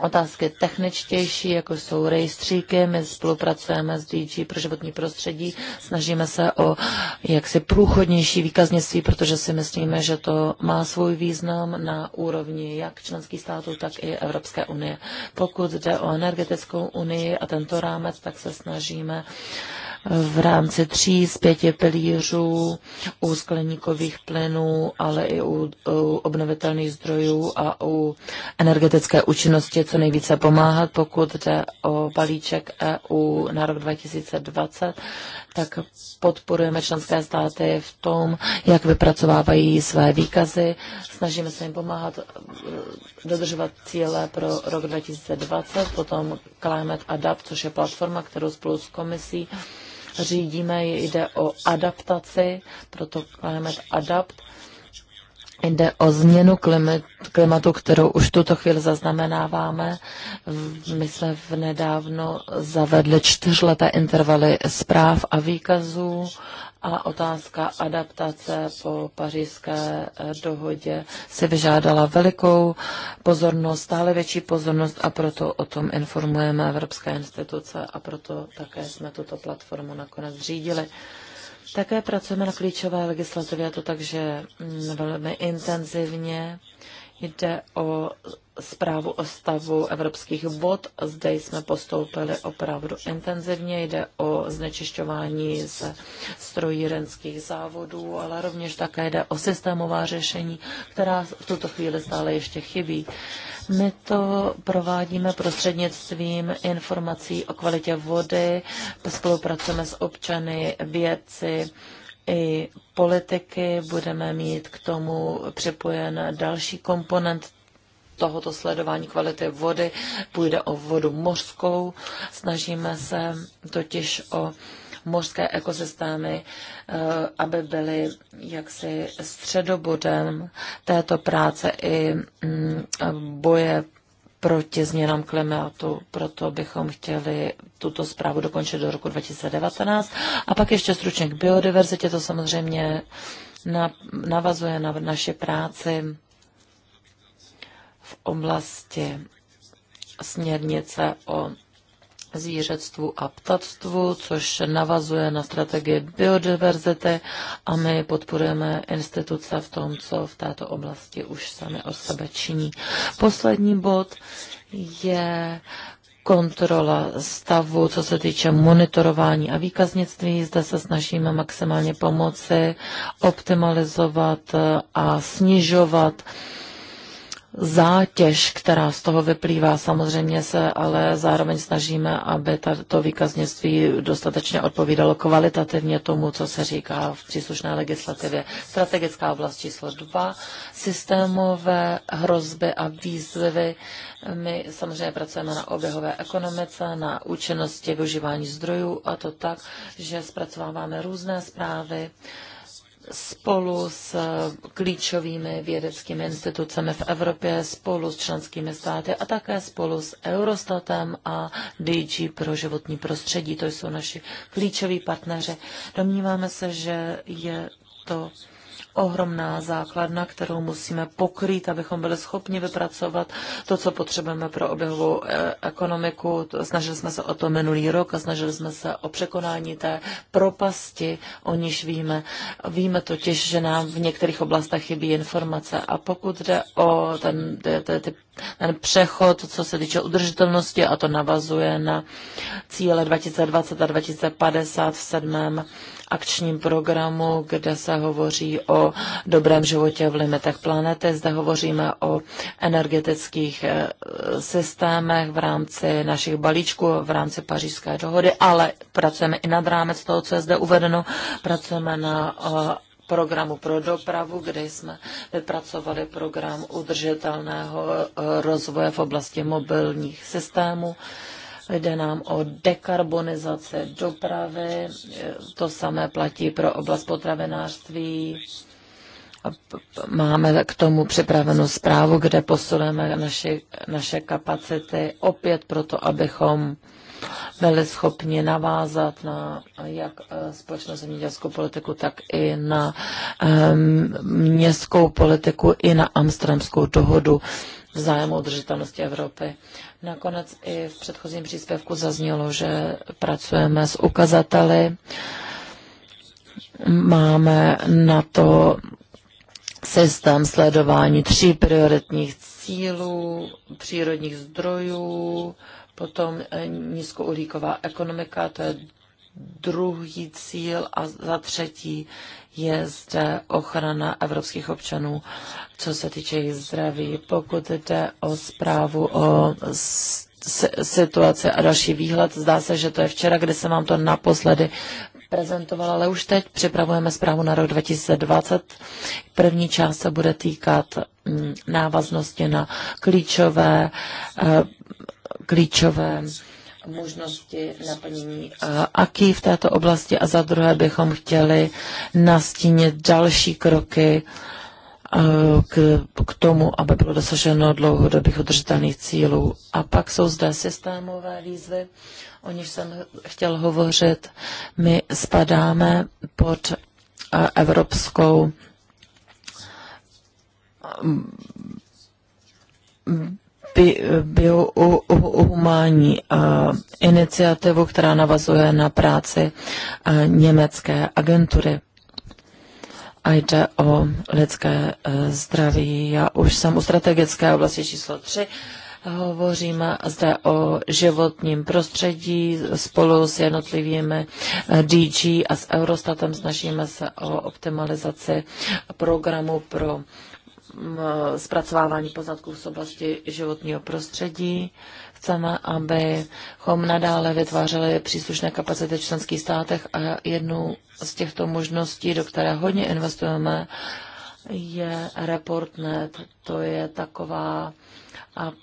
otázky techničtější, jako jsou rejstříky. My spolupracujeme s DG pro životní prostředí, snažíme se o jaksi průchodnější výkaznictví, protože si myslíme, že to má svůj význam na úrovni jak členských států, tak i Evropské unie. Pokud jde o energetickou unii a tento rámec, tak se snažíme uh, v rámci tří z pěti pilířů u skleníkových plynů, ale i u, u obnovitelných zdrojů a u energetické účinnosti co nejvíce pomáhat. Pokud jde o balíček EU na rok 2020, tak podporujeme členské státy v tom, jak vypracovávají své výkazy. Snažíme se jim pomáhat eh, dodržovat cíle pro rok 2020, potom Climate Adapt, což je platforma, kterou spolu s komisí řídíme, jde o adaptaci, proto Climate Adapt. Jde o změnu klimatu, kterou už tuto chvíli zaznamenáváme. My jsme v nedávno zavedli čtyřleté intervaly zpráv a výkazů a otázka adaptace po pařížské eh, dohodě se vyžádala velikou pozornost, stále větší pozornost a proto o tom informujeme Evropské instituce a proto také jsme tuto platformu nakonec řídili. Také pracujeme na klíčové legislativě a to takže mm, velmi intenzivně jde o zprávu o stavu evropských vod. Zde jsme postoupili opravdu intenzivně. Jde o znečišťování z strojírenských závodů, ale rovněž také jde o systémová řešení, která v tuto chvíli stále ještě chybí. My to provádíme prostřednictvím informací o kvalitě vody, spolupracujeme s občany, vědci, i politiky. Budeme mít k tomu připojen další komponent tohoto sledování kvality vody. Půjde o vodu mořskou. Snažíme se totiž o mořské ekosystémy, eh, aby byly jaksi středobodem této práce i mm, boje proti změnám klimatu. Proto bychom chtěli tuto zprávu dokončit do roku 2019. A pak ještě stručně k biodiverzitě. To samozřejmě navazuje na naši práci oblasti směrnice o zvířectvu a ptactvu, což navazuje na strategii biodiverzity a my podporujeme instituce v tom, co v této oblasti už sami o sebe činí. Poslední bod je kontrola stavu, co se týče monitorování a výkaznictví. Zde se snažíme maximálně pomoci optimalizovat a snižovat zátěž, která z toho vyplývá. Samozřejmě se ale zároveň snažíme, aby to výkaznictví dostatečně odpovídalo kvalitativně tomu, co se říká v příslušné legislativě. Strategická oblast číslo dva, systémové hrozby a výzvy. My samozřejmě pracujeme na oběhové ekonomice, na účinnosti využívání zdrojů a to tak, že zpracováváme různé zprávy, spolu s eh, klíčovými vědeckými institucemi v Evropě, spolu s členskými státy a také spolu s Eurostatem a DG pro životní prostředí. To jsou naši klíčoví partneři. Domníváme se, že je to ohromná základna, kterou musíme pokrýt, abychom byli schopni vypracovat to, co potřebujeme pro oběhovou eh, ekonomiku. Snažili jsme se o to minulý rok a snažili jsme se o překonání té propasti, o níž víme. Víme totiž, že nám v některých oblastech chybí informace. A pokud jde o ten, ty, ty, ten přechod, co se týče udržitelnosti, a to navazuje na cíle 2020 a 2050 v sedmém akčním programu, kde se hovoří o dobrém životě v limitech planety. Zde hovoříme o energetických eh, systémech v rámci našich balíčků, v rámci pařížské dohody, ale pracujeme i nad rámec toho, co je zde uvedeno. Pracujeme na eh, programu pro dopravu, kde jsme vypracovali program udržitelného eh, rozvoje v oblasti mobilních systémů. Jde nám o dekarbonizaci dopravy, to samé platí pro oblast potravinářství. Máme k tomu připravenou zprávu, kde posuneme naše naše kapacity opět proto, abychom byli schopni navázat na jak eh, společnou zemědělskou politiku, tak i na um, městskou politiku, i na Amsterdamskou dohodu v zájmu udržitelnosti Evropy. Nakonec i v předchozím příspěvku zaznělo, že pracujeme s ukazateli, máme na to systém sledování tří prioritních cílů, přírodních zdrojů, potom nízkouhlíková ekonomika, to je druhý cíl a za třetí je zde ochrana evropských občanů, co se týče jejich zdraví. Pokud jde o zprávu o situace a další výhled, zdá se, že to je včera, kde jsem vám to naposledy prezentovala, ale už teď připravujeme zprávu na rok 2020. První část se bude týkat mm, návaznosti na klíčové, eh, klíčové možnosti naplnění eh, aký v této oblasti a za druhé bychom chtěli nastínit další kroky eh, k, k tomu, aby bylo dosaženo dlouhodobých udržitelných cílů. A pak jsou zde systémové výzvy, o nich jsem chtěl hovořit. My spadáme pod eh, evropskou mm, o a iniciativu, která navazuje na práci německé agentury. A jde o lidské e, zdraví. Já už jsem u strategické oblasti číslo 3. Hovoříme zde o životním prostředí spolu s jednotlivými e, DG a s Eurostatem. Snažíme se o optimalizaci programu pro Eh, zpracovávání poznatků z oblasti životního prostředí. Chceme, abychom nadále vytvářeli příslušné kapacity v členských státech a jednu z těchto možností, do které hodně investujeme, je Reportnet. To je taková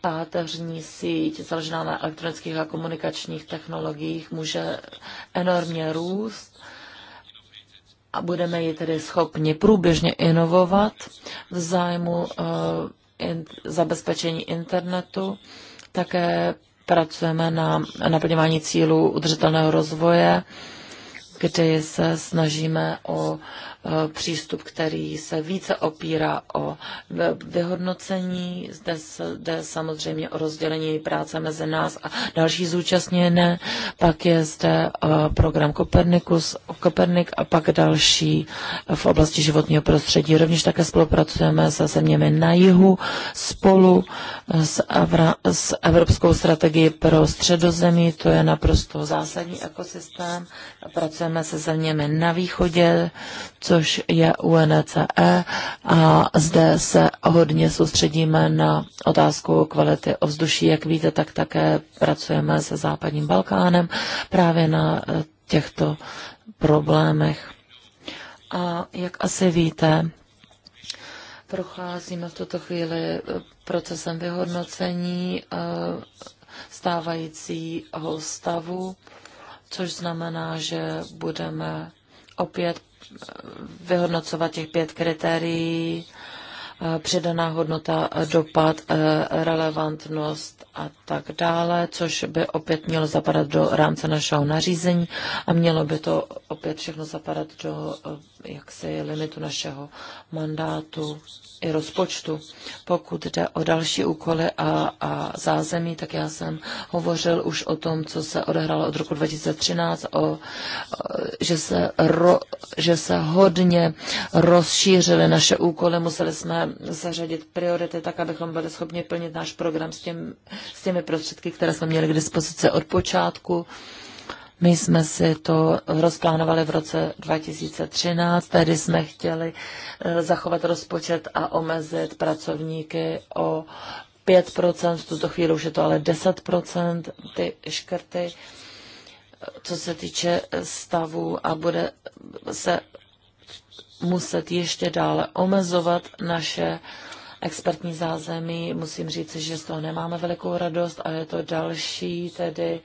páteřní síť založená na elektronických a komunikačních technologiích. Může enormně růst a budeme ji tedy schopni průběžně inovovat v zájmu eh, in, zabezpečení internetu. Také pracujeme na naplňování cílů udržitelného rozvoje, kde se snažíme o Eh, přístup, který se více opírá o vyhodnocení. Zde jde samozřejmě o rozdělení práce mezi nás a další zúčastněné. Pak je zde eh, program Kopernikus, Kopernik a pak další eh, v oblasti životního prostředí. Rovněž také spolupracujeme se zeměmi na jihu spolu s, Evra, s Evropskou strategií pro středozemí. To je naprosto zásadní ekosystém. Pracujeme se zeměmi na východě, co což je UNCE a zde se hodně soustředíme na otázku kvality ovzduší. Jak víte, tak také pracujeme se západním Balkánem právě na eh, těchto problémech. A jak asi víte, procházíme v tuto chvíli eh, procesem vyhodnocení eh, stávajícího stavu, což znamená, že budeme opět vyhodnocovat těch pět kritérií, eh, přidaná hodnota, eh, dopad, eh, relevantnost a tak dále, což by opět mělo zapadat do rámce našeho nařízení a mělo by to opět všechno zapadat do jaksi limitu našeho mandátu i rozpočtu. Pokud jde o další úkoly a, a zázemí, tak já jsem hovořil už o tom, co se odehrálo od roku 2013, o, že, se ro, že se hodně rozšířily naše úkoly, museli jsme zařadit priority tak, abychom byli schopni plnit náš program s, těm, s těmi prostředky, které jsme měli k dispozici od počátku. My jsme si to rozplánovali v roce 2013, tedy jsme chtěli eh, zachovat rozpočet a omezit pracovníky o 5%, v tuto chvíli už je to ale 10%, ty škrty, co se týče stavu a bude se muset ještě dále omezovat naše expertní zázemí. Musím říct, že z toho nemáme velikou radost a je to další tedy uh,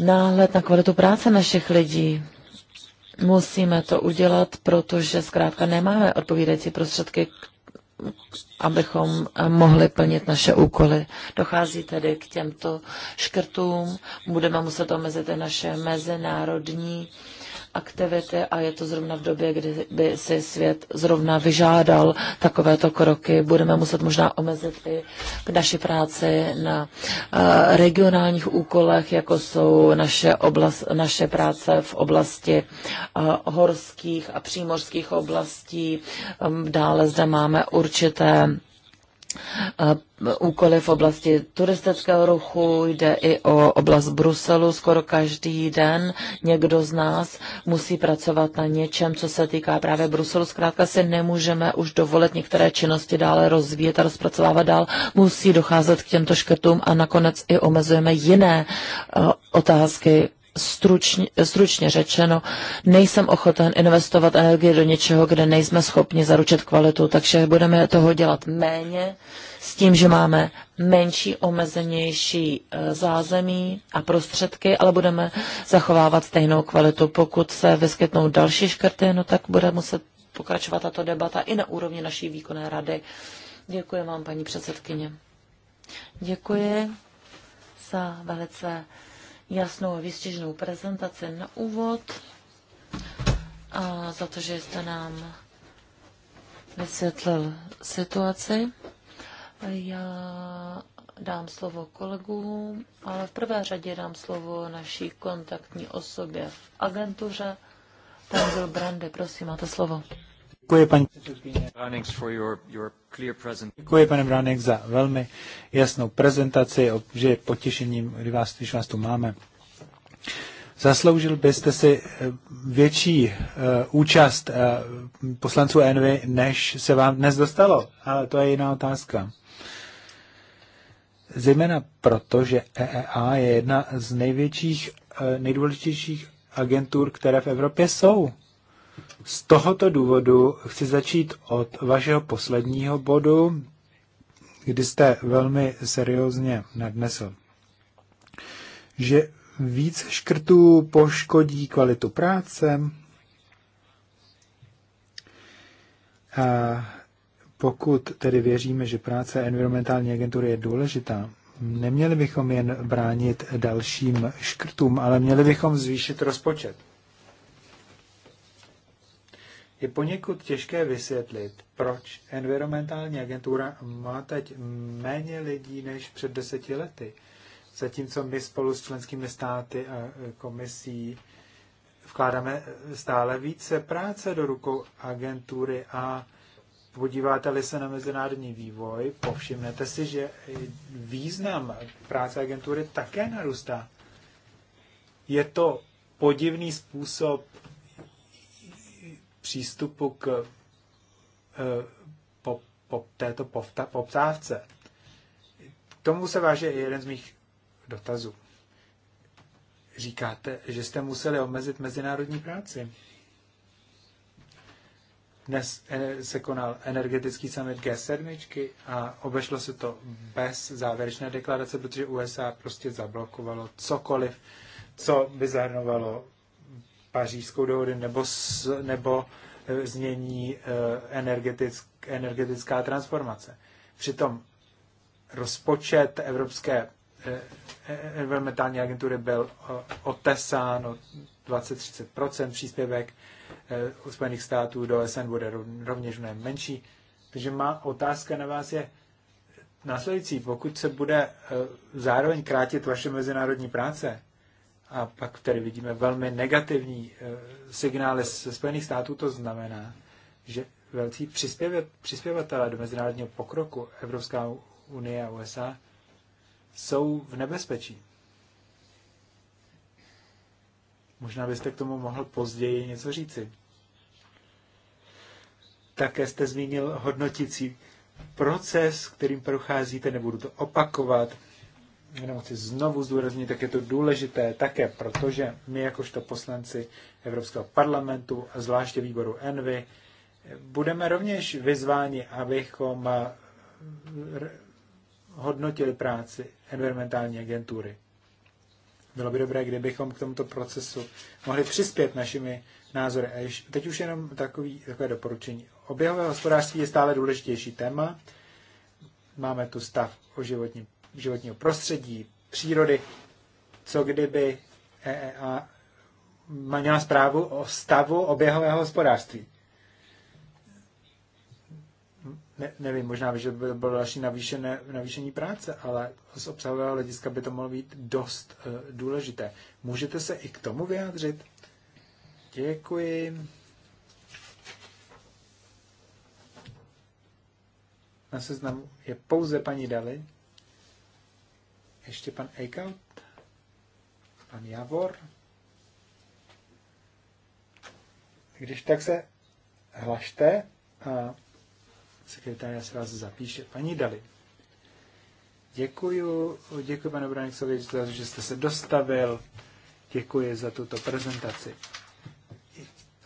náhled na kvalitu práce našich lidí. Musíme to udělat, protože zkrátka nemáme odpovídající prostředky, abychom mohli plnit naše úkoly. Dochází tedy k těmto škrtům, budeme muset omezit i naše mezinárodní uh, aktivity a je to zrovna v době, kdy by si svět zrovna vyžádal takovéto kroky. Budeme muset možná omezit i naši práci na eh, regionálních úkolech, jako jsou naše, oblast, naše práce v oblasti eh, horských a přímořských oblastí. Ehm, dále zde máme určité úkoly v oblasti turistického ruchu, jde i o oblast Bruselu. Skoro každý den někdo z nás musí pracovat na něčem, co se týká právě Bruselu. Zkrátka si nemůžeme už dovolit některé činnosti dále rozvíjet a rozpracovávat dál. Musí docházet k těmto škrtům a nakonec i omezujeme jiné otázky stručně, stručně řečeno, nejsem ochoten investovat energii do něčeho, kde nejsme schopni zaručit kvalitu, takže budeme toho dělat méně s tím, že máme menší, omezenější eh, zázemí a prostředky, ale budeme zachovávat stejnou kvalitu. Pokud se vyskytnou další škrty, no tak bude muset pokračovat tato debata i na úrovni naší výkonné rady. Děkuji vám, paní předsedkyně. Děkuji za velice jasnou a výstižnou prezentaci na úvod a za to, že jste nám vysvětlil situaci. Já dám slovo kolegům, ale v prvé řadě dám slovo naší kontaktní osobě v agentuře. Tam byl Brande, prosím, máte slovo. Děkuji, paní předsedkyně. Děkuji, pane Bránek, za velmi jasnou prezentaci, že je potěšením, kdy vás, když vás tu máme. Zasloužil byste si eh, větší uh, účast uh, poslanců Envy, než se vám dnes dostalo, ale to je jiná otázka. Zejména proto, že EEA je jedna z největších, uh, nejdůležitějších agentur, které v Evropě jsou. Z tohoto důvodu chci začít od vašeho posledního bodu, kdy jste velmi seriózně nadnesl, že víc škrtů poškodí kvalitu práce. A pokud tedy věříme, že práce environmentální agentury je důležitá, neměli bychom jen bránit dalším škrtům, ale měli bychom zvýšit rozpočet je poněkud těžké vysvětlit, proč environmentální agentura má teď méně lidí než před deseti lety. Zatímco my spolu s členskými státy a e, komisí vkládáme e, stále více práce do rukou agentury a podíváte-li se na mezinárodní vývoj, povšimnete si, že význam práce agentury také narůstá. Je to podivný způsob přístupu k eh, po, po této poptávce. K tomu se váže i jeden z mých dotazů. Říkáte, že jste museli omezit mezinárodní práci. Dnes eh, se konal energetický summit G7 a obešlo se to bez závěrečné deklarace, protože USA prostě zablokovalo cokoliv, co by zahrnovalo pařížskou dohodu nebo, s, nebo e, změní e, energetick, energetická transformace. Přitom rozpočet Evropské e, environmentální agentury byl otesán o 20-30 příspěvek Spojených států do SN bude rovněž mnohem menší. Takže má otázka na vás je následující. Pokud se bude zároveň krátit vaše mezinárodní práce, a pak tady vidíme velmi negativní eh, signály ze Spojených států. To znamená, že velcí přispěvatelé do mezinárodního pokroku Evropská unie a USA jsou v nebezpečí. Možná byste k tomu mohl později něco říci. Také jste zmínil hodnotící proces, kterým procházíte, nebudu to opakovat jenom chci znovu zdůraznit, tak je to důležité také, protože my jakožto poslanci Evropského parlamentu a zvláště výboru Envy eh, budeme rovněž vyzváni, abychom eh, hodnotili práci environmentální agentury. Bylo by dobré, kdybychom k tomuto procesu mohli přispět našimi názory. A teď už jenom takový, takové doporučení. Oběhové hospodářství je stále důležitější téma. Máme tu stav o životním životního prostředí, přírody, co kdyby EEA měla zprávu o stavu oběhového hospodářství. Ne, nevím, možná, že by to bylo další navýšené, navýšení práce, ale z obsahového hlediska by to mohlo být dost uh, důležité. Můžete se i k tomu vyjádřit? Děkuji. Na seznamu je pouze paní Dali. Ještě pan Eichelt, pan Javor. Když tak se hlašte a sekretář se vás zapíše. Paní Dali. Děkuji, děkuji panu Braniksovi, že jste se dostavil. Děkuji za tuto prezentaci.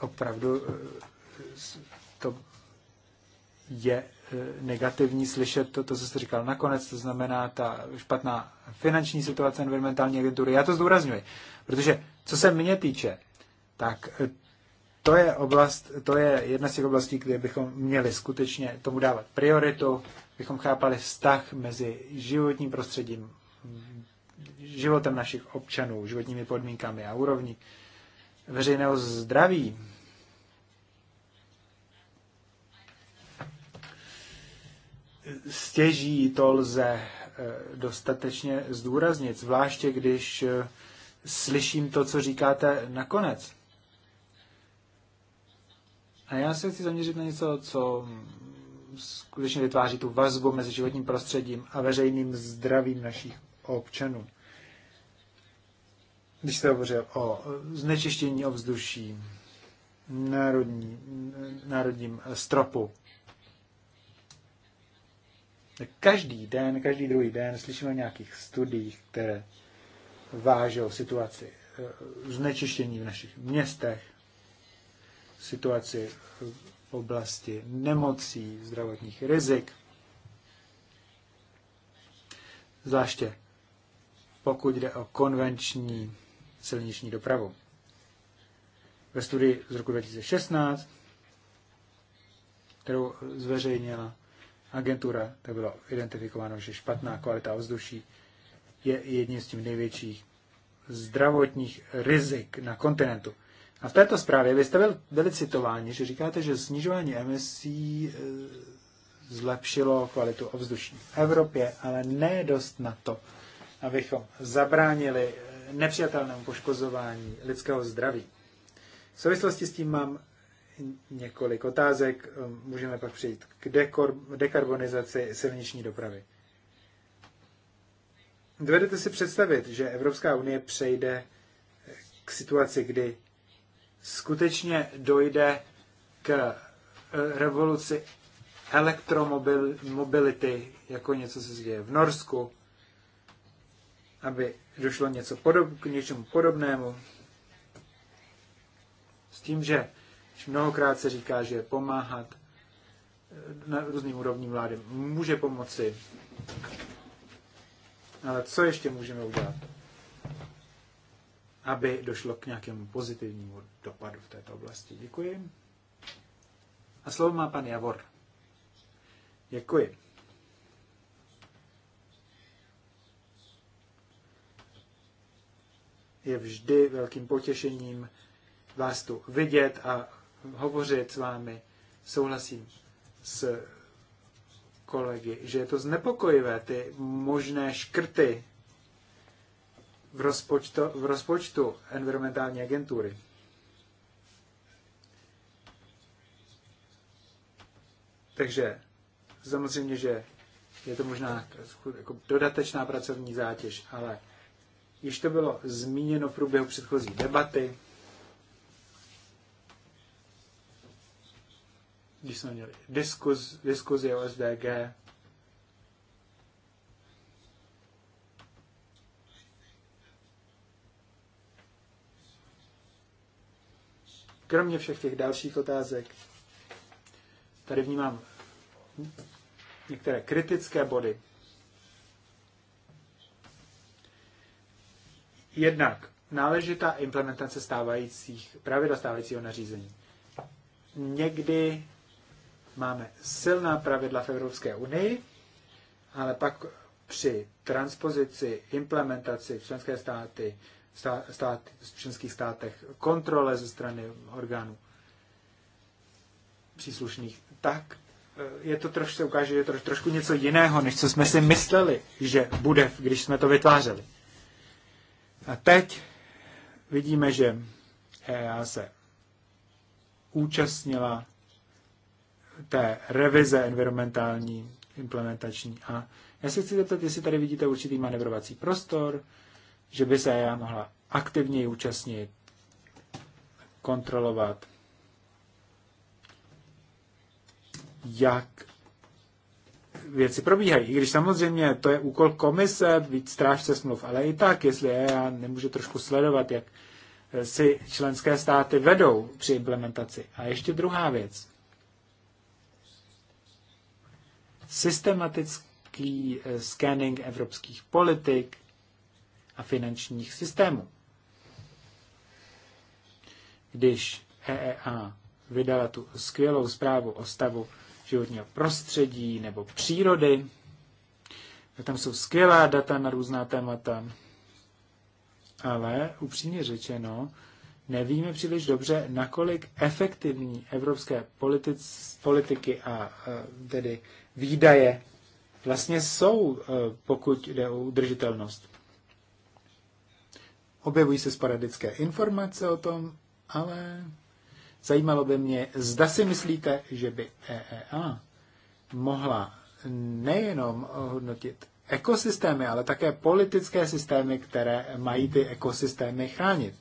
Opravdu eh, to je Eh, negativní slyšet to, to, co jste říkal nakonec, to znamená ta špatná finanční situace environmentální agentury. Já to zdůrazňuji, protože co se mě týče, tak eh, to je oblast, to je jedna z těch oblastí, kde bychom měli skutečně tomu dávat prioritu, bychom chápali vztah mezi životním prostředím, životem našich občanů, životními podmínkami a úrovní veřejného zdraví, stěží to lze eh, dostatečně zdůraznit, zvláště když eh, slyším to, co říkáte nakonec. A já se chci zaměřit na něco, co mm, skutečně vytváří tu vazbu mezi životním prostředím a veřejným zdravím našich občanů. Když jste hovořil o znečištění ovzduší, národní, národním stropu, Každý den, každý druhý den slyšíme o nějakých studiích, které vážou situaci eh, znečištění v našich městech, situaci v oblasti nemocí, zdravotních rizik. Zvláště pokud jde o konvenční silniční dopravu. Ve studii z roku 2016, kterou zveřejnila agentura, tak bylo identifikováno, že špatná kvalita ovzduší je jedním z těch největších zdravotních rizik na kontinentu. A v této zprávě vy jste byli citováni, že říkáte, že snižování emisí eh, zlepšilo kvalitu ovzduší v Evropě, ale ne dost na to, abychom zabránili eh, nepřijatelnému poškozování lidského zdraví. V souvislosti s tím mám několik otázek, můžeme pak přijít k dekarbonizaci silniční dopravy. Dovedete si představit, že Evropská unie přejde k situaci, kdy skutečně dojde k eh, revoluci elektromobility, jako něco se děje v Norsku, aby došlo něco podob, k něčemu podobnému. S tím, že Mnohokrát se říká, že pomáhat eh, na různým úrovním vlády může pomoci. Ale co ještě můžeme udělat, aby došlo k nějakému pozitivnímu dopadu v této oblasti? Děkuji. A slovo má pan Javor. Děkuji. Je vždy velkým potěšením vás tu vidět a hovořit s vámi. Souhlasím s kolegy, že je to znepokojivé, ty možné škrty v rozpočtu, v rozpočtu environmentální agentury. Takže samozřejmě, že je to možná jako dodatečná pracovní zátěž, ale již to bylo zmíněno v průběhu předchozí debaty, když jsme měli diskuz, diskuzi o SDG. Kromě všech těch dalších otázek, tady vnímám některé kritické body. Jednak náležitá implementace stávajících, pravidla stávajícího nařízení. Někdy Máme silná pravidla v Evropské unii, ale pak při transpozici, implementaci členské státy, stát, v členských státech, kontrole ze strany orgánů příslušných, tak eh, je to trošku se ukáže, že je to trošku něco jiného, než co jsme si mysleli, že bude, když jsme to vytvářeli. A teď vidíme, že EA se účastnila té revize environmentální, implementační. A já se chci zeptat, jestli tady vidíte určitý manevrovací prostor, že by se já mohla aktivněji účastnit, kontrolovat, jak věci probíhají. I když samozřejmě to je úkol komise, být strážce smluv, ale i tak, jestli já nemůže trošku sledovat, jak si členské státy vedou při implementaci. A ještě druhá věc. systematický eh, scanning evropských politik a finančních systémů. Když EEA vydala tu skvělou zprávu o stavu životního prostředí nebo přírody, no tam jsou skvělá data na různá témata, ale upřímně řečeno, nevíme příliš dobře, nakolik efektivní evropské politici, politiky a eh, tedy výdaje vlastně jsou, eh, pokud jde o udržitelnost. Objevují se sporadické informace o tom, ale zajímalo by mě, zda si myslíte, že by EEA mohla nejenom hodnotit ekosystémy, ale také politické systémy, které mají ty ekosystémy chránit.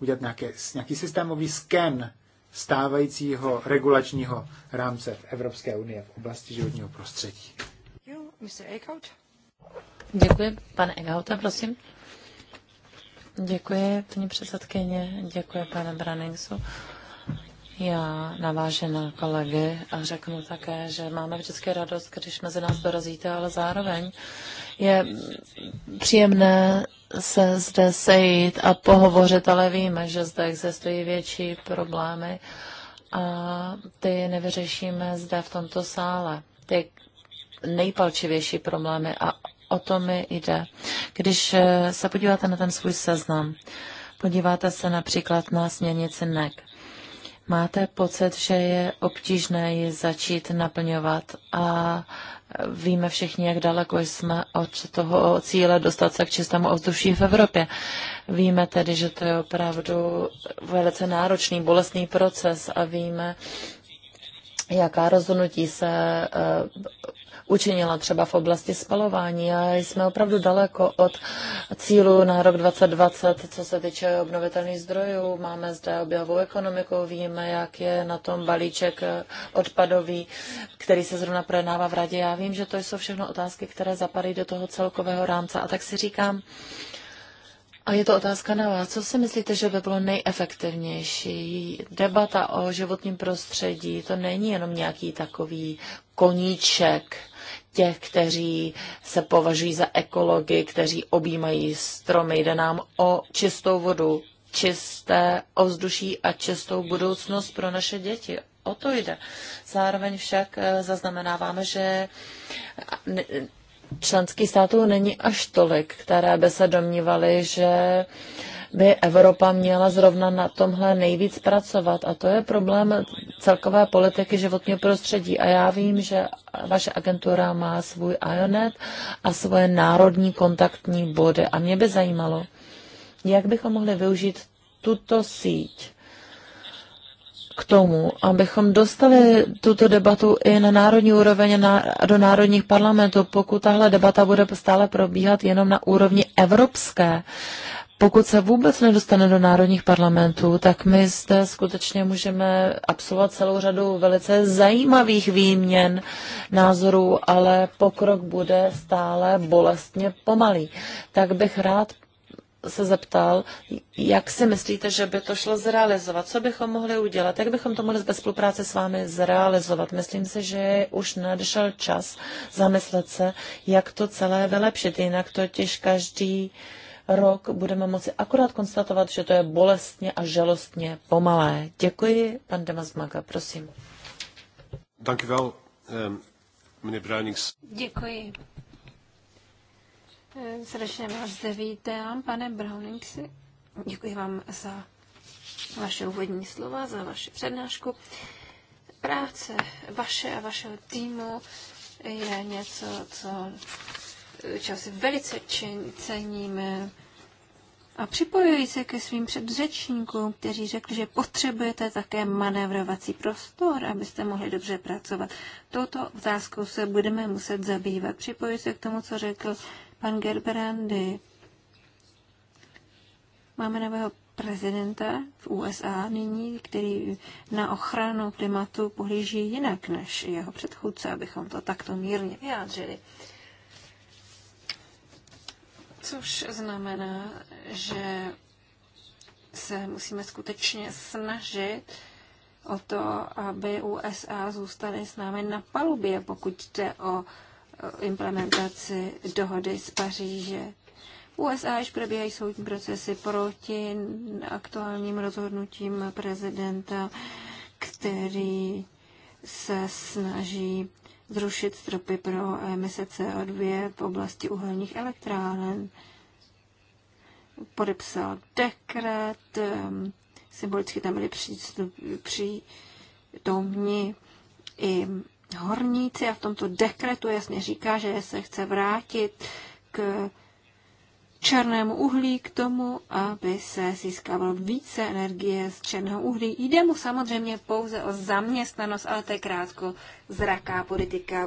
Udělat nějaké, nějaký systémový sken stávajícího regulačního rámce v Evropské unie v oblasti životního prostředí. Děkuji, pane Egauta, prosím. Děkuji, paní předsedkyně, děkuji, pane Branningsu. Já navážu na kolegy a řeknu také, že máme vždycky radost, když mezi nás dorazíte, ale zároveň je příjemné se zde sejít a pohovořit, ale víme, že zde existují větší problémy a ty nevyřešíme zde v tomto sále. Ty nejpalčivější problémy a o to mi jde. Když eh, se podíváte na ten svůj seznam, podíváte se například na směrnici NEC, Máte pocit, že je obtížné ji začít naplňovat a víme všichni, jak daleko jsme od toho cíle dostat se k čistému ovzduší v Evropě. Víme tedy, že to je opravdu velice náročný, bolestný proces a víme, jaká rozhodnutí se eh, učinila třeba v oblasti spalování a jsme opravdu daleko od cílu na rok 2020, co se týče obnovitelných zdrojů. Máme zde oběhovou ekonomiku, víme, jak je na tom balíček odpadový, který se zrovna projednává v radě. Já vím, že to jsou všechno otázky, které zapadají do toho celkového rámce a tak si říkám, a je to otázka na vás. Co si myslíte, že by bylo nejefektivnější? Debata o životním prostředí, to není jenom nějaký takový koníček, těch, kteří se považují za ekology, kteří objímají stromy. Jde nám o čistou vodu, čisté ovzduší a čistou budoucnost pro naše děti. O to jde. Zároveň však eh, zaznamenáváme, že členských států není až tolik, které by se domnívaly, že by Evropa měla zrovna na tomhle nejvíc pracovat. A to je problém celkové politiky životního prostředí. A já vím, že vaše agentura má svůj IONET a svoje národní kontaktní body. A mě by zajímalo, jak bychom mohli využít tuto síť k tomu, abychom dostali tuto debatu i na národní úroveň na, do národních parlamentů, pokud tahle debata bude stále probíhat jenom na úrovni evropské, pokud se vůbec nedostane do národních parlamentů, tak my zde skutečně můžeme absolvovat celou řadu velice zajímavých výměn názorů, ale pokrok bude stále bolestně pomalý. Tak bych rád se zeptal, jak si myslíte, že by to šlo zrealizovat, co bychom mohli udělat, jak bychom to mohli ve spolupráci s vámi zrealizovat. Myslím si, že už nadešel čas zamyslet se, jak to celé vylepšit, jinak totiž každý rok budeme moci akorát konstatovat, že to je bolestně a žalostně pomalé. Děkuji, pan Demasmaga, prosím. Ehm, Děkuji Děkuji, Srdečně vás zde vítám, pane Browningsi. Děkuji vám za vaše úvodní slova, za vaši přednášku. Práce vaše a vašeho týmu je něco, co, čeho si velice ceníme. A připojuji se ke svým předřečníkům, kteří řekli, že potřebujete také manévrovací prostor, abyste mohli dobře pracovat. Touto otázkou se budeme muset zabývat. Připojuji se k tomu, co řekl pan Gerbrandy. Máme nového prezidenta v USA nyní, který na ochranu klimatu pohlíží jinak než jeho předchůdce, abychom to takto mírně vyjádřili. Což znamená, že se musíme skutečně snažit o to, aby USA zůstaly s námi na palubě, pokud jde o implementaci dohody z Paříže. V USA již probíhají soudní procesy proti aktuálním rozhodnutím prezidenta, který se snaží zrušit stropy pro emise CO2 v oblasti uhelných elektráren. Podepsal dekret, ehm, symbolicky tam byli přítomní i horníci a v tomto dekretu jasně říká, že se chce vrátit k černému uhlí k tomu, aby se získávalo více energie z černého uhlí. Jde mu samozřejmě pouze o zaměstnanost, ale to je krátko zraká politika.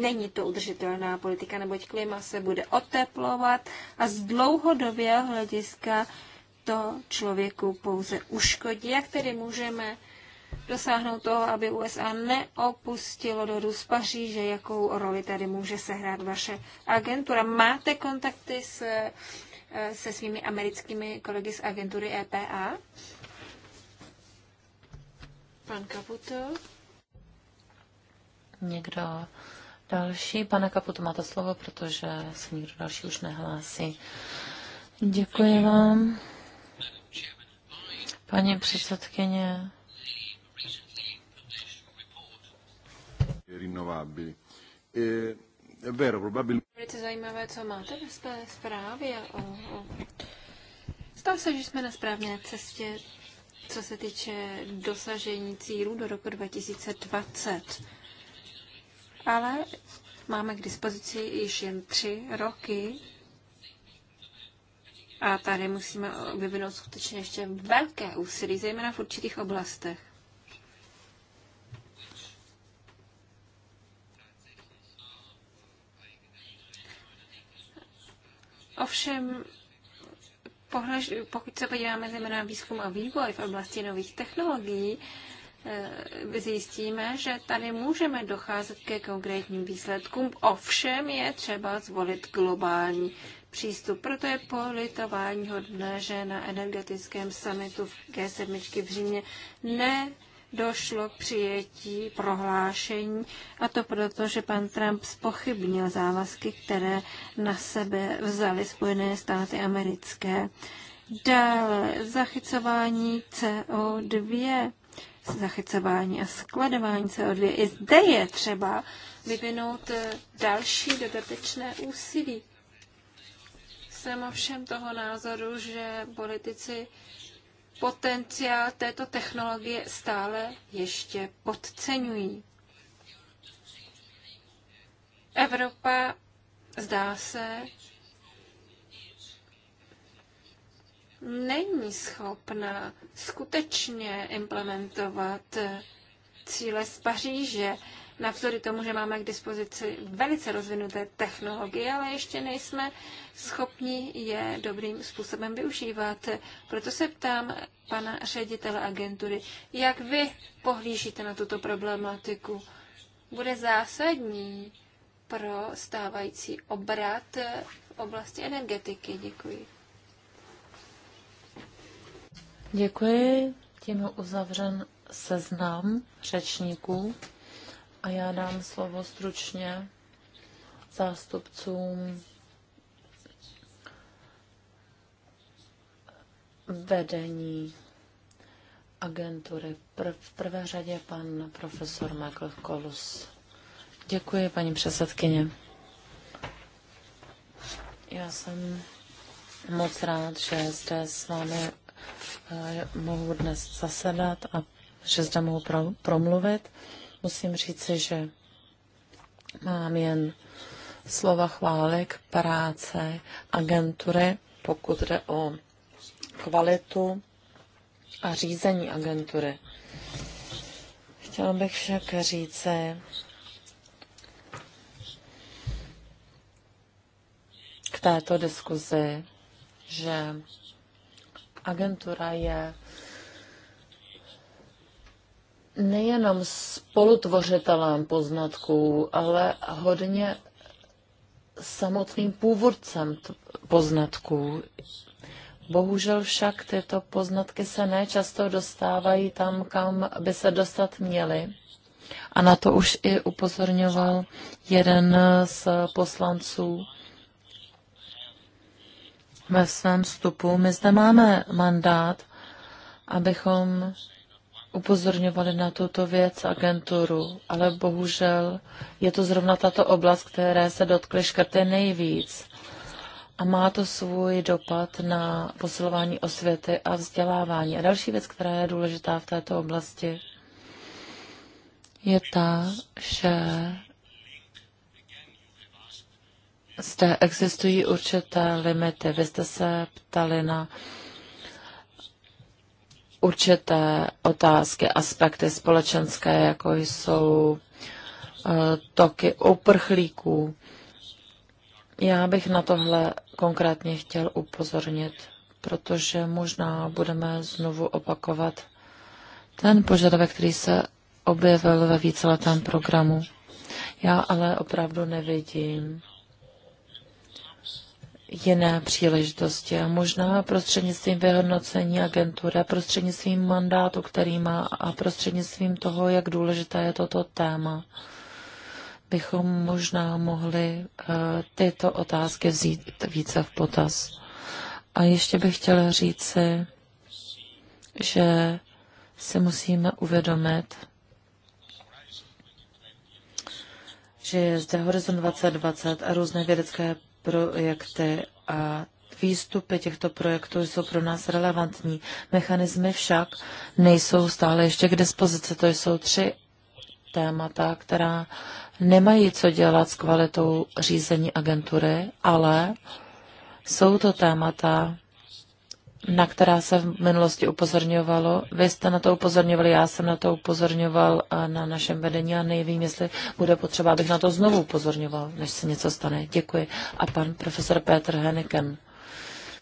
Není to udržitelná politika, neboť klima se bude oteplovat a z dlouhodobého hlediska to člověku pouze uškodí. Jak tedy můžeme dosáhnout toho, aby USA neopustilo do z Paříže, jakou roli tady může sehrát vaše agentura. Máte kontakty s, eh, se svými americkými kolegy z agentury EPA? Pan Kaputo? Někdo další? Pane Kaputo, máte slovo, protože se nikdo další už nehlásí. Děkuji vám. Paní předsedkyně, rinnovabili. E, è vero, probabilmente... Velice zajímavé, co máte ve své zprávě. O, o... Stalo se, že jsme na správné cestě, co se týče dosažení cílů do roku 2020. Ale máme k dispozici již jen tři roky a tady musíme vyvinout skutečně ještě velké úsilí, zejména v určitých oblastech. Ovšem, pokud se podíváme zejména na výzkum a vývoj v oblasti nových technologií, eh, zjistíme, že tady můžeme docházet ke konkrétním výsledkům, ovšem je třeba zvolit globální přístup. Proto je politování hodné, že na energetickém summitu v G7 v Římě ne došlo k přijetí prohlášení, a to proto, že pan Trump spochybnil závazky, které na sebe vzaly Spojené státy americké. Dále zachycování CO2, zachycování a skladování CO2. I zde je třeba vyvinout eh, další dodatečné úsilí. Jsem ovšem toho názoru, že politici potenciál této technologie stále ještě podceňují. Evropa, zdá se, není schopna skutečně implementovat cíle z Paříže navzory tomu, že máme k dispozici velice rozvinuté technologie, ale ještě nejsme schopni je dobrým způsobem využívat. Proto se ptám pana ředitele agentury, jak vy pohlížíte na tuto problematiku? Bude zásadní pro stávající obrat v oblasti energetiky. Děkuji. Děkuji. Tím uzavřen seznam řečníků a já dám slovo stručně zástupcům vedení agentury. Pr- v prvé řadě pan profesor Michael Kolus. Děkuji, paní předsedkyně. Já jsem moc rád, že zde s vámi eh, mohu dnes zasedat a že zde mohu promluvit musím říci, že mám jen slova chválek práce agentury, pokud jde o kvalitu a řízení agentury. Chtěla bych však říci, k této diskuzi, že agentura je nejenom spolutvořitelem poznatků, ale hodně samotným původcem poznatků. Bohužel však tyto poznatky se nečasto dostávají tam, kam by se dostat měly. A na to už i upozorňoval jeden z poslanců ve svém vstupu. My zde máme mandát, abychom upozorňovali na tuto věc agenturu, ale bohužel je to zrovna tato oblast, které se dotkly škrty nejvíc. A má to svůj dopad na posilování osvěty a vzdělávání. A další věc, která je důležitá v této oblasti, je ta, že zde existují určité limity. Vy jste se ptali na uh, určité otázky, aspekty společenské, jako jsou eh, toky uprchlíků. Já bych na tohle konkrétně chtěl upozornit, protože možná budeme znovu opakovat ten požadavek, který se objevil ve víceletém programu. Já ale opravdu nevidím jiné příležitosti. A možná prostřednictvím vyhodnocení agentury, prostřednictvím mandátu, který má a prostřednictvím toho, jak důležité je toto téma, bychom možná mohli eh, tyto otázky vzít více v potaz. A ještě bych chtěla říci, že si musíme uvědomit, že je zde Horizon 2020 a různé vědecké projekty a výstupy těchto projektů jsou pro nás relevantní. Mechanismy však nejsou stále ještě k dispozici. To jsou tři témata, která nemají co dělat s kvalitou řízení agentury, ale jsou to témata, na která se v minulosti upozorňovalo. Vy jste na to upozorňovali, já jsem na to upozorňoval eh, na našem vedení a nevím, jestli bude potřeba, abych na to znovu upozorňoval, než se něco stane. Děkuji. A pan profesor Petr Heneken.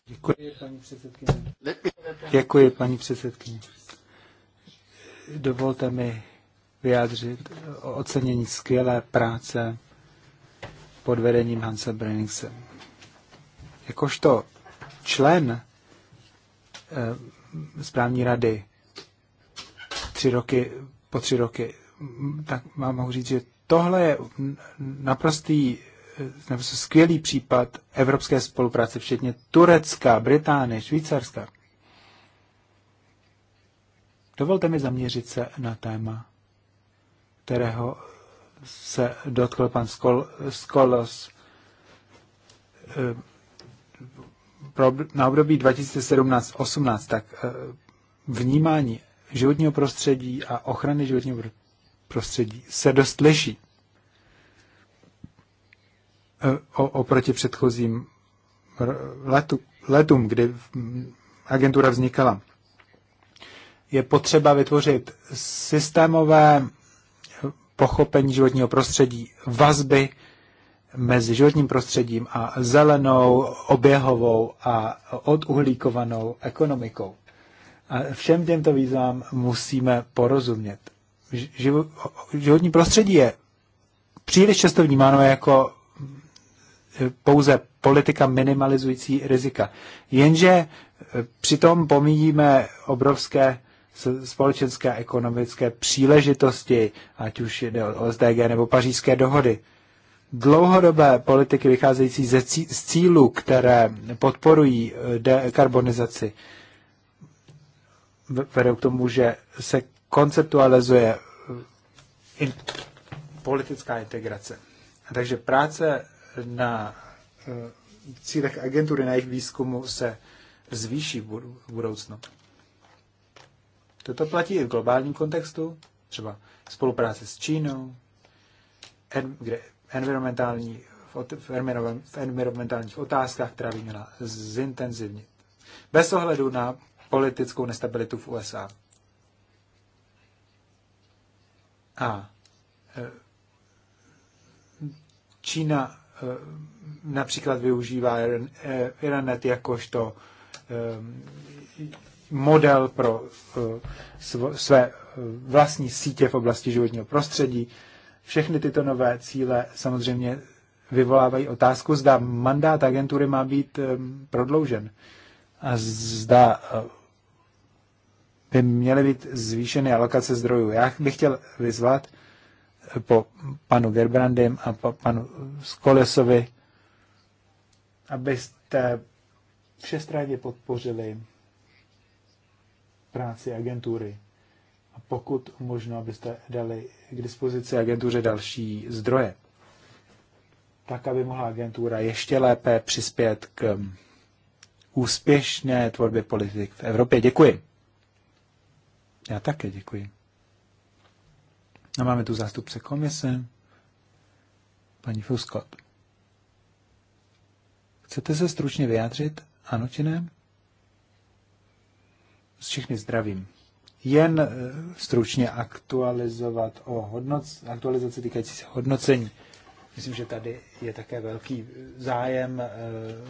Děkuji, paní předsedkyně. Děkuji, paní předsedkyně. Dovolte mi vyjádřit ocenění skvělé práce pod vedením Hansa Brenningse. Jakožto člen Eh, správní rady tři roky, po tři roky, tak vám mohu říct, že tohle je naprostý eh, naprosto skvělý případ evropské spolupráce, včetně Turecka, Británie, Švýcarska. Dovolte mi zaměřit se na téma, kterého se dotkl pan Skol, Skolos eh, pro, na období 2017-18, tak eh, vnímání životního prostředí a ochrany životního prostředí se dost liší eh, oproti předchozím letu, letům, kdy agentura vznikala. Je potřeba vytvořit systémové pochopení životního prostředí, vazby mezi životním prostředím a zelenou, oběhovou a oduhlíkovanou ekonomikou. A všem těmto výzvám musíme porozumět. životní prostředí je příliš často vnímáno jako eh, pouze politika minimalizující rizika. Jenže eh, přitom pomíjíme obrovské společenské a ekonomické příležitosti, ať už jde o SDG nebo pařížské dohody dlouhodobé politiky vycházející ze z cílů, které podporují eh, dekarbonizaci, vedou k tomu, že se konceptualizuje eh, in, politická integrace. takže práce na eh, cílech agentury, na jejich výzkumu se zvýší v budoucnu. Toto platí i v globálním kontextu, třeba spolupráce s Čínou, kde environmentální, v, v environmentálních otázkách, která by měla zintenzivnit. Bez ohledu na politickou nestabilitu v USA. A e, Čína e, například využívá e, Iranet jakožto model pro své vlastní sítě v oblasti životního prostředí. Všechny tyto nové cíle samozřejmě vyvolávají otázku, zda mandát agentury má být prodloužen a zda eh, by měly být zvýšeny alokace zdrojů. Já bych chtěl vyzvat eh, po panu Gerbrandem a po panu Skolesovi, abyste všestranně podpořili práci agentury. A pokud možno, abyste dali k dispozici agentuře další zdroje, tak aby mohla agentura ještě lépe přispět k úspěšné tvorbě politik v Evropě. Děkuji. Já také děkuji. A máme tu zástupce komise, paní Fuskot. Chcete se stručně vyjádřit? Ano, či ne? Všichni zdravím jen eh, stručně aktualizovat o hodnoc, aktualizaci týkající se hodnocení. Myslím, že tady je také velký zájem eh,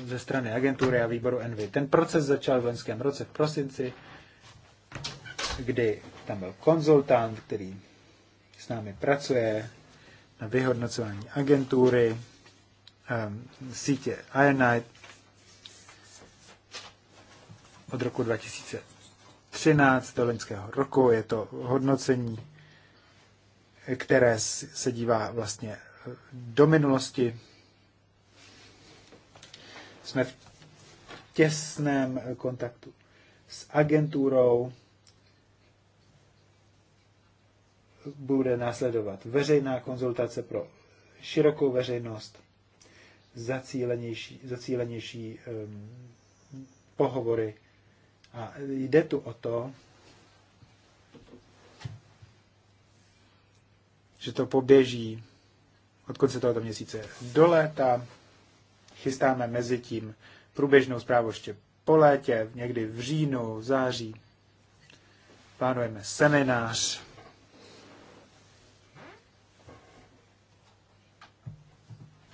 ze strany agentury a výboru Envy. Ten proces začal v loňském roce v prosinci, kdy tam byl konzultant, který s námi pracuje na vyhodnocování agentury, eh, sítě Ironite od roku 2000 13 loňského roku. Je to hodnocení, které se dívá vlastně eh, do minulosti. Jsme v těsném kontaktu s agenturou. Bude následovat veřejná konzultace pro širokou veřejnost, zacílenější, zacílenější um, pohovory a jde tu o to, že to poběží od konce tohoto měsíce do léta. Chystáme mezi tím průběžnou zprávu ještě po létě, někdy v říjnu, v září. Plánujeme seminář.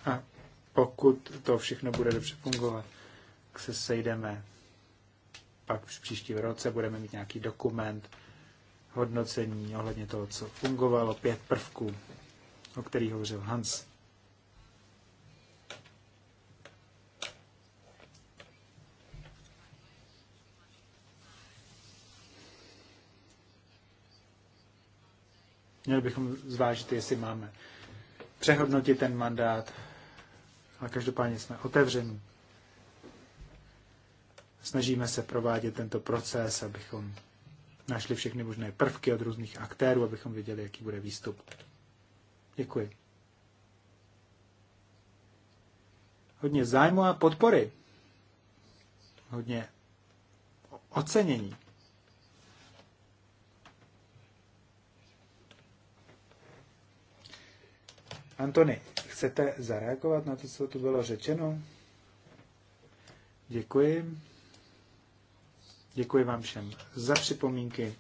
A pokud to všechno bude dobře fungovat, tak se sejdeme pak v příštím roce budeme mít nějaký dokument, hodnocení ohledně toho, co fungovalo, pět prvků, o kterých hovořil Hans. Měli bychom zvážit, jestli máme přehodnotit ten mandát, ale každopádně jsme otevření Snažíme se provádět tento proces, abychom našli všechny možné prvky od různých aktérů, abychom věděli, jaký bude výstup. Děkuji. Hodně zájmu a podpory. Hodně ocenění. Antony, chcete zareagovat na to, co tu bylo řečeno? Děkuji. Děkuji vám všem za připomínky,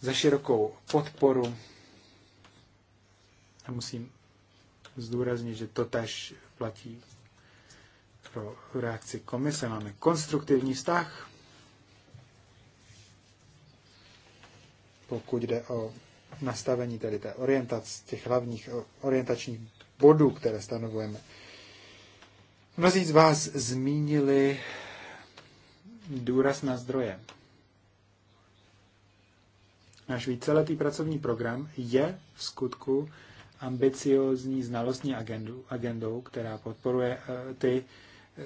za širokou podporu. A musím zdůraznit, že to tež platí pro reakci komise. Máme konstruktivní vztah, pokud jde o nastavení tedy té orientac, těch hlavních orientačních bodů, které stanovujeme. Mnozí z vás zmínili důraz na zdroje. Náš víceletý pracovní program je v skutku ambiciozní znalostní agendu, agendou, která podporuje eh, ty eh,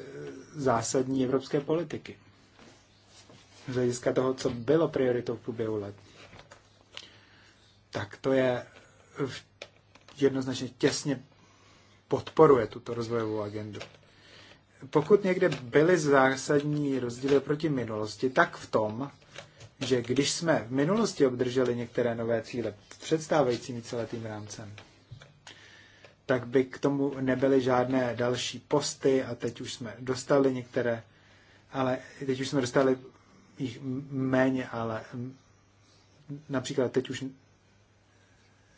zásadní evropské politiky. Z hlediska toho, co bylo prioritou v průběhu let. Tak to je eh, jednoznačně těsně podporuje tuto rozvojovou agendu pokud někde byly zásadní rozdíly proti minulosti, tak v tom, že když jsme v minulosti obdrželi některé nové cíle předstávajícím víceletým rámcem, tak by k tomu nebyly žádné další posty a teď už jsme dostali některé, ale teď už jsme dostali jich méně, ale například teď už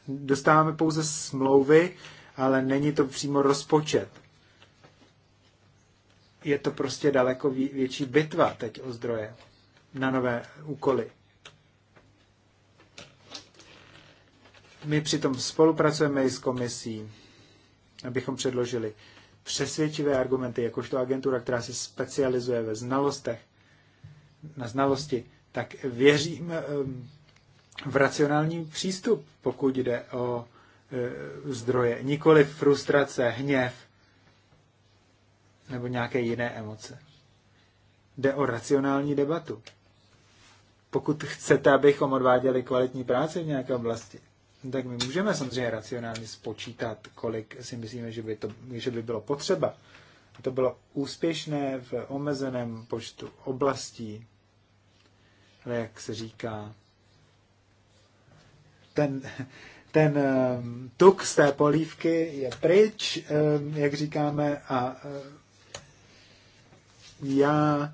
dostáváme pouze smlouvy, ale není to přímo rozpočet je to prostě daleko větší bitva teď o zdroje na nové úkoly. My přitom spolupracujeme i s komisí, abychom předložili přesvědčivé argumenty, jakožto agentura, která se specializuje ve znalostech, na znalosti, tak věřím ehm, v racionální přístup, pokud jde o e, zdroje. Nikoli frustrace, hněv, nebo nějaké jiné emoce. Jde o racionální debatu. Pokud chcete, abychom odváděli kvalitní práci v nějaké oblasti, tak my můžeme samozřejmě racionálně spočítat, kolik si myslíme, že by, to, že by bylo potřeba. A to bylo úspěšné v omezeném počtu oblastí, ale jak se říká, ten, ten um, tuk z té polívky je pryč, um, jak říkáme, a já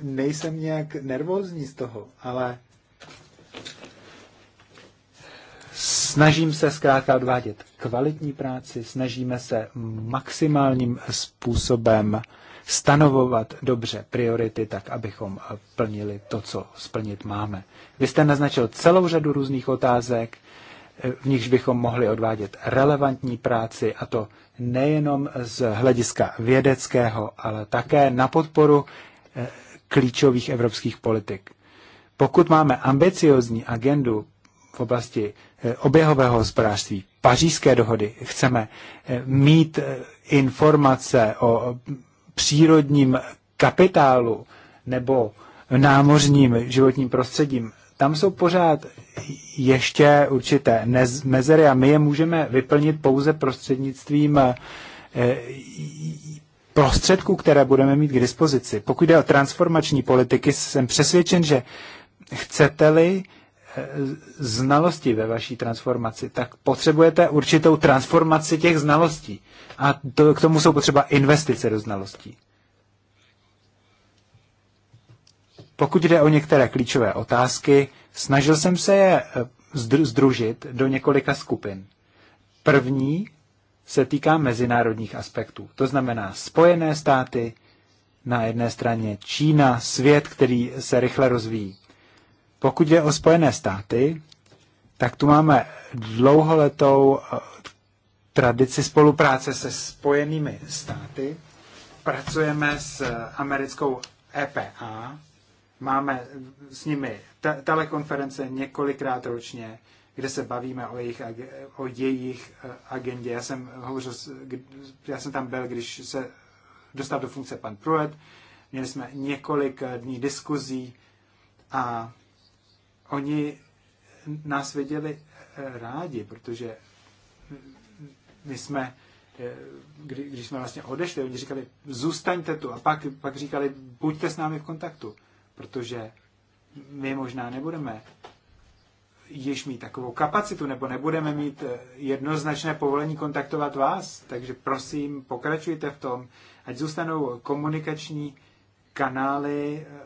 nejsem nějak nervózní z toho, ale snažím se zkrátka odvádět kvalitní práci, snažíme se maximálním způsobem stanovovat dobře priority tak, abychom plnili to, co splnit máme. Vy jste naznačil celou řadu různých otázek, v nichž bychom mohli odvádět relevantní práci, a to nejenom z hlediska vědeckého, ale také na podporu eh, klíčových evropských politik. Pokud máme ambiciozní agendu v oblasti eh, oběhového hospodářství, pařížské dohody, chceme eh, mít informace o přírodním kapitálu nebo námořním životním prostředím, tam jsou pořád ještě určité nez, mezery a my je můžeme vyplnit pouze prostřednictvím eh, prostředků, které budeme mít k dispozici. Pokud jde o transformační politiky, jsem přesvědčen, že chcete-li eh, znalosti ve vaší transformaci, tak potřebujete určitou transformaci těch znalostí. A to, k tomu jsou potřeba investice do znalostí. Pokud jde o některé klíčové otázky, snažil jsem se je eh, združit do několika skupin. První se týká mezinárodních aspektů. To znamená Spojené státy, na jedné straně Čína, svět, který se rychle rozvíjí. Pokud jde o Spojené státy, tak tu máme dlouholetou eh, tradici spolupráce se Spojenými státy. Pracujeme s eh, americkou EPA, Máme s nimi te- telekonference několikrát ročně, kde se bavíme o jejich, o jejich e, agendě. Já jsem, hovořil, já jsem tam byl, když se dostal do funkce pan Pruet. Měli jsme několik e, dní diskuzí a oni nás věděli e, rádi, protože my jsme, když jsme vlastně odešli, oni říkali, zůstaňte tu a pak, pak říkali, buďte s námi v kontaktu protože my možná nebudeme již mít takovou kapacitu, nebo nebudeme mít eh, jednoznačné povolení kontaktovat vás. Takže prosím, pokračujte v tom, ať zůstanou komunikační kanály eh,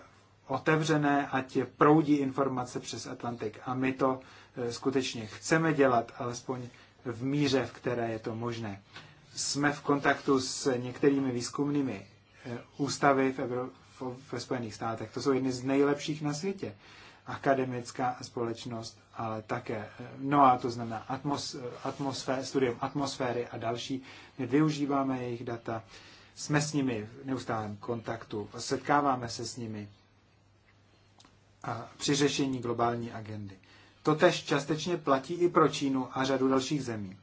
otevřené, ať proudí informace přes Atlantik. A my to eh, skutečně chceme dělat, alespoň v míře, v které je to možné. Jsme v kontaktu s některými výzkumnými ústavy v, ve Spojených státech. To jsou jedny z nejlepších na světě. Akademická společnost, ale také NOA, to znamená atmos, atmosfér, studium atmosféry a další. My využíváme jejich data, jsme s nimi v neustálém kontaktu, setkáváme se s nimi a při řešení globální agendy. To tež částečně platí i pro Čínu a řadu dalších zemí.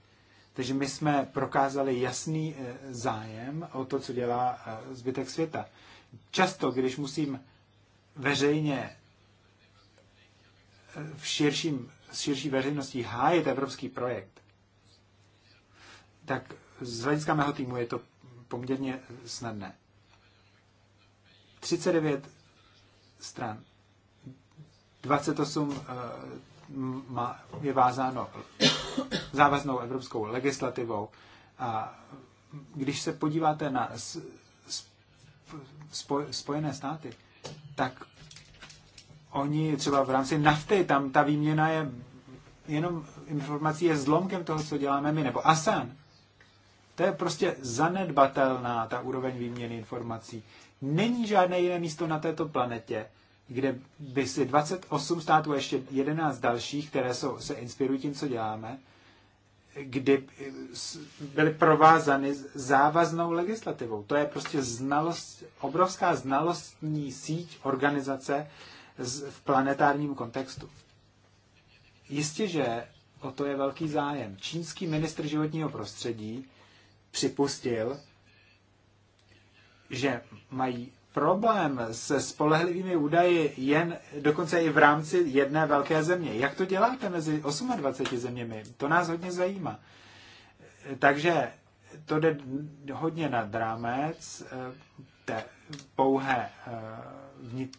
Takže my jsme prokázali jasný eh, zájem o to, co dělá eh, zbytek světa často, když musím veřejně eh, v širším, s širší veřejností hájet evropský projekt, tak z hlediska mého týmu je to poměrně snadné. 39 stran, 28 eh, je vázáno závaznou evropskou legislativou a když se podíváte na Spojené státy, tak oni třeba v rámci nafty, tam ta výměna je jenom informací je zlomkem toho, co děláme my, nebo ASAN. To je prostě zanedbatelná ta úroveň výměny informací. Není žádné jiné místo na této planetě, kde by si 28 států a ještě 11 dalších, které jsou, se inspirují tím, co děláme, kdy byly provázany závaznou legislativou. To je prostě znalost, obrovská znalostní síť organizace v planetárním kontextu. Jistě, že o to je velký zájem. Čínský ministr životního prostředí připustil, že mají problém se spolehlivými údaji jen dokonce i v rámci jedné velké země. Jak to děláte mezi 28 zeměmi? To nás hodně zajímá. Takže to jde hodně na drámec eh, té pouhé eh, vnit,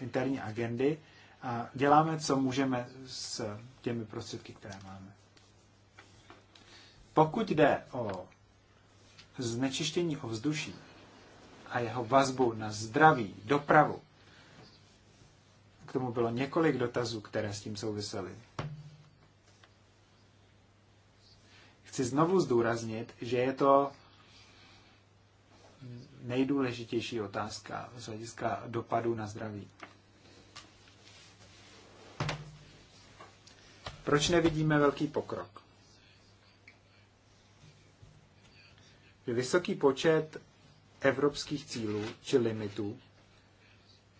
interní agendy a děláme, co můžeme s těmi prostředky, které máme. Pokud jde o znečištění ovzduší, a jeho vazbu na zdraví, dopravu. K tomu bylo několik dotazů, které s tím souvisely. Chci znovu zdůraznit, že je to nejdůležitější otázka z hlediska dopadu na zdraví. Proč nevidíme velký pokrok? Vysoký počet evropských cílů či limitů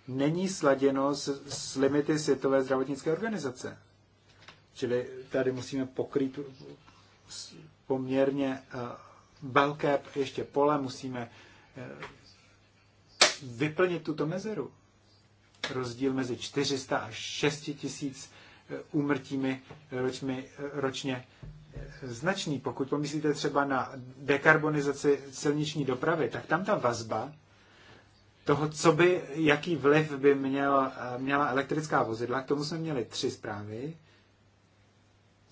není sladěno s, s limity Světové zdravotnické organizace. Čili tady musíme pokrýt poměrně velké eh, ještě pole, musíme eh, vyplnit tuto mezeru. Rozdíl mezi 400 až 6 tisíc eh, úmrtími ročmi, ročně značný. Pokud pomyslíte třeba na dekarbonizaci silniční dopravy, tak tam ta vazba toho, co by, jaký vliv by měl, měla elektrická vozidla, k tomu jsme měli tři zprávy.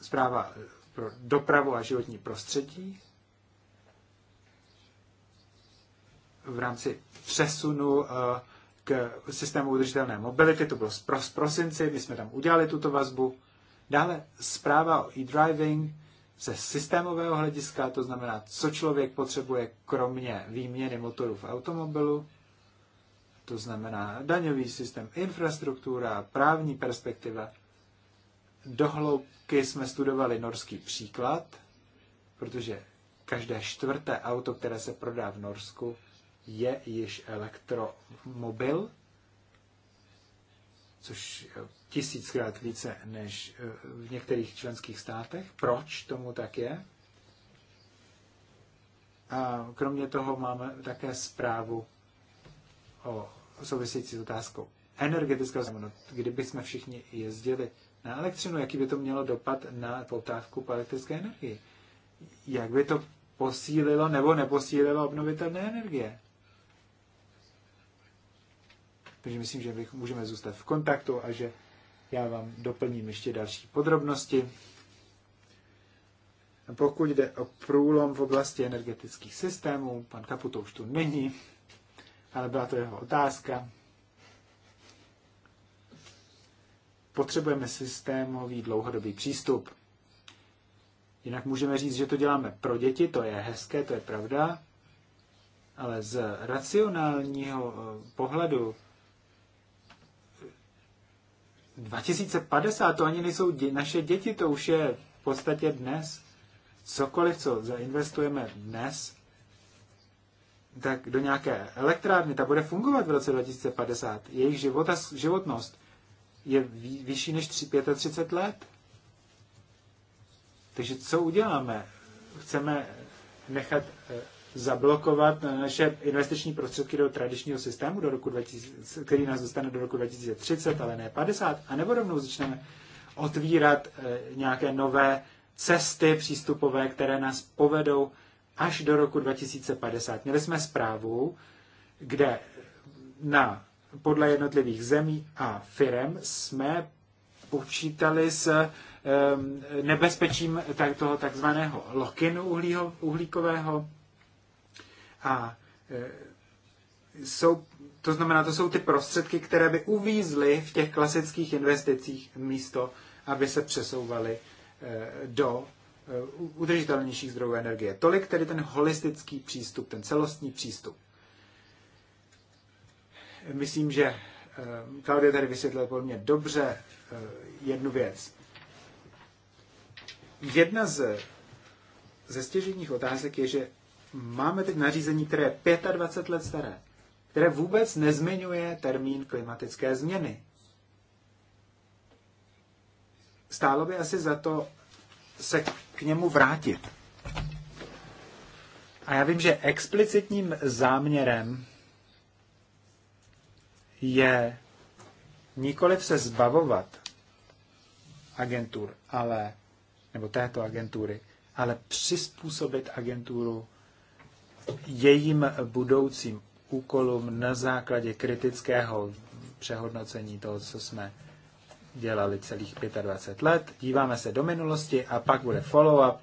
Zpráva pro dopravu a životní prostředí v rámci přesunu eh, k systému udržitelné mobility, to bylo z prosinci, my jsme tam udělali tuto vazbu. Dále zpráva o e-driving, ze systémového hlediska, to znamená, co člověk potřebuje kromě výměny motoru v automobilu, to znamená daňový systém, infrastruktura, právní perspektiva. Dohloubky jsme studovali norský příklad, protože každé čtvrté auto, které se prodá v Norsku, je již elektromobil, což tisíckrát více než eh, v některých členských státech. Proč tomu tak je? A kromě toho máme také zprávu o související s otázkou energetického zájmu. No, kdyby jsme všichni jezdili na elektřinu, jaký by to mělo dopad na poptávku po elektrické energii? Jak by to posílilo nebo neposílilo obnovitelné energie? Takže myslím, že můžeme zůstat v kontaktu a že já vám doplním ještě další podrobnosti. Pokud jde o průlom v oblasti energetických systémů, pan Kaputo už tu není, ale byla to jeho otázka. Potřebujeme systémový dlouhodobý přístup. Jinak můžeme říct, že to děláme pro děti, to je hezké, to je pravda, ale z racionálního eh, pohledu 2050 to ani nejsou dě- naše děti, to už je v podstatě dnes. Cokoliv, co zainvestujeme dnes, tak do nějaké elektrárny, ta bude fungovat v roce 2050. Jejich života, životnost je vyšší než 3, 35 let. Takže co uděláme? Chceme nechat eh, zablokovat naše investiční prostředky do tradičního systému, do roku 2000, který nás dostane do roku 2030, ale ne 50, a nebo rovnou začneme otvírat eh, nějaké nové cesty přístupové, které nás povedou až do roku 2050. Měli jsme zprávu, kde na, podle jednotlivých zemí a firem jsme počítali s eh, nebezpečím tak toho takzvaného lokinu uhlího, uhlíkového, a e, jsou, to znamená, to jsou ty prostředky, které by uvízly v těch klasických investicích místo, aby se přesouvaly e, do e, udržitelnějších zdrojů energie. Tolik tedy ten holistický přístup, ten celostní přístup. Myslím, že Klaudia tady vysvětlil podle mě dobře jednu věc. Jedna z, ze stěžejních otázek je, že máme teď nařízení, které je 25 let staré, které vůbec nezmiňuje termín klimatické změny. Stálo by asi za to se k němu vrátit. A já vím, že explicitním záměrem je nikoliv se zbavovat agentur, ale, nebo této agentury, ale přizpůsobit agenturu jejím budoucím úkolům na základě kritického přehodnocení toho, co jsme dělali celých 25 let. Díváme se do minulosti a pak bude follow-up,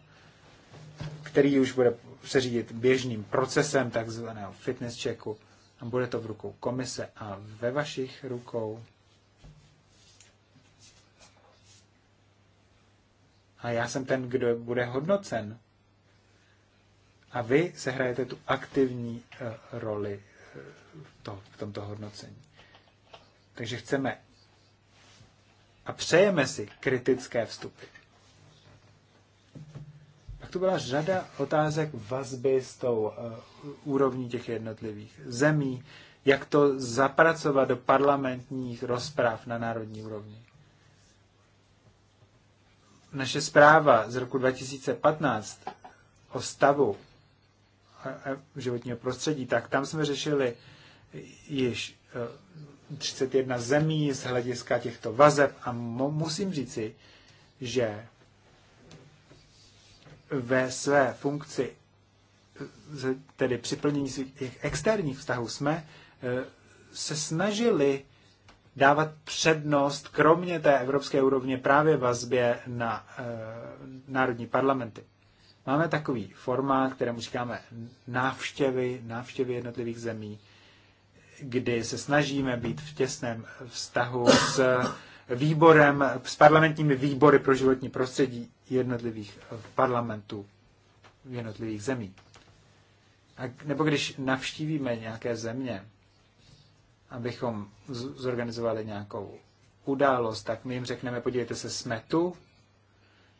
který už bude se řídit běžným procesem takzvaného fitness checku. A bude to v rukou komise a ve vašich rukou. A já jsem ten, kdo bude hodnocen a vy sehrajete tu aktivní eh, roli eh, to, v tomto hodnocení. Takže chceme a přejeme si kritické vstupy. Pak tu byla řada otázek vazby s tou uh, úrovní těch jednotlivých zemí, jak to zapracovat do parlamentních rozpráv na národní úrovni. Naše zpráva z roku 2015 o stavu životního prostředí, tak tam jsme řešili již 31 eh, zemí z hlediska těchto vazeb a musím říci, že ve své funkci, eh, tedy při plnění těch externích vztahů, jsme eh, se snažili dávat přednost, kromě té evropské úrovně, právě vazbě na e, národní parlamenty. Máme takový formát, kterému říkáme návštěvy, návštěvy jednotlivých zemí, kdy se snažíme být v těsném vztahu s výborem, s parlamentními výbory pro životní prostředí jednotlivých parlamentů jednotlivých zemí. A, nebo když navštívíme nějaké země, abychom zorganizovali nějakou událost, tak my jim řekneme, podívejte se, jsme tu,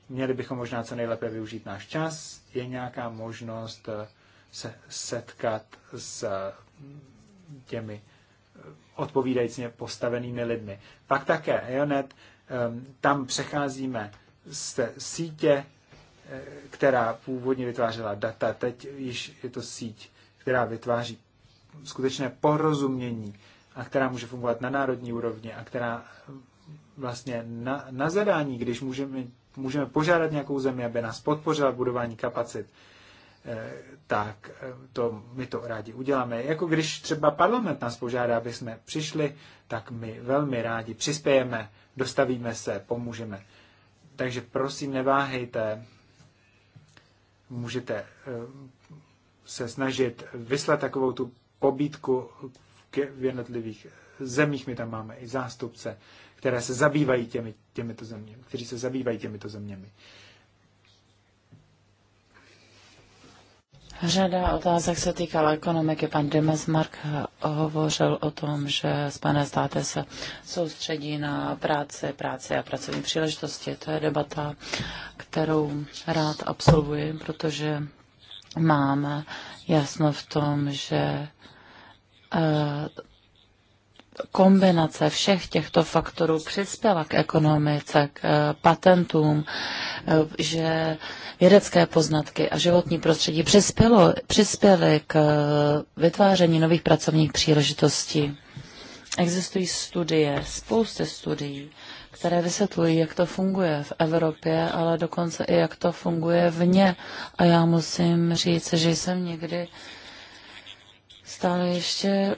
Měli bychom možná co nejlépe využít náš čas. Je nějaká možnost eh, se setkat s mm, těmi eh, odpovídajícně postavenými lidmi. Pak také EONET, ehm, tam přecházíme z sítě, eh, která původně vytvářela data, teď již je to síť, která vytváří skutečné porozumění a která může fungovat na národní úrovni a která ehm, vlastně na, na zadání, když můžeme můžeme požádat nějakou zemi, aby nás podpořila v budování kapacit, eh, tak eh, to, my to rádi uděláme. Jako když třeba parlament nás požádá, aby jsme přišli, tak my velmi rádi přispějeme, dostavíme se, pomůžeme. Takže prosím, neváhejte, můžete eh, se snažit vyslat takovou tu pobídku v jednotlivých zemích, my tam máme i zástupce, které se zabývají těmi, těmito zeměmi, kteří se zabývají těmito zeměmi. Řada otázek se týkala ekonomiky. Pan Mark hovořil o tom, že Spojené státy se soustředí na práci, práci a pracovní příležitosti. To je debata, kterou rád absolvuji, protože máme jasno v tom, že eh, kombinace všech těchto faktorů přispěla k ekonomice, k eh, patentům, eh, že vědecké poznatky a životní prostředí přispělo, přispěly k eh, vytváření nových pracovních příležitostí. Existují studie, spousty studií, které vysvětlují, jak to funguje v Evropě, ale dokonce i jak to funguje vně. A já musím říct, že jsem někdy stále ještě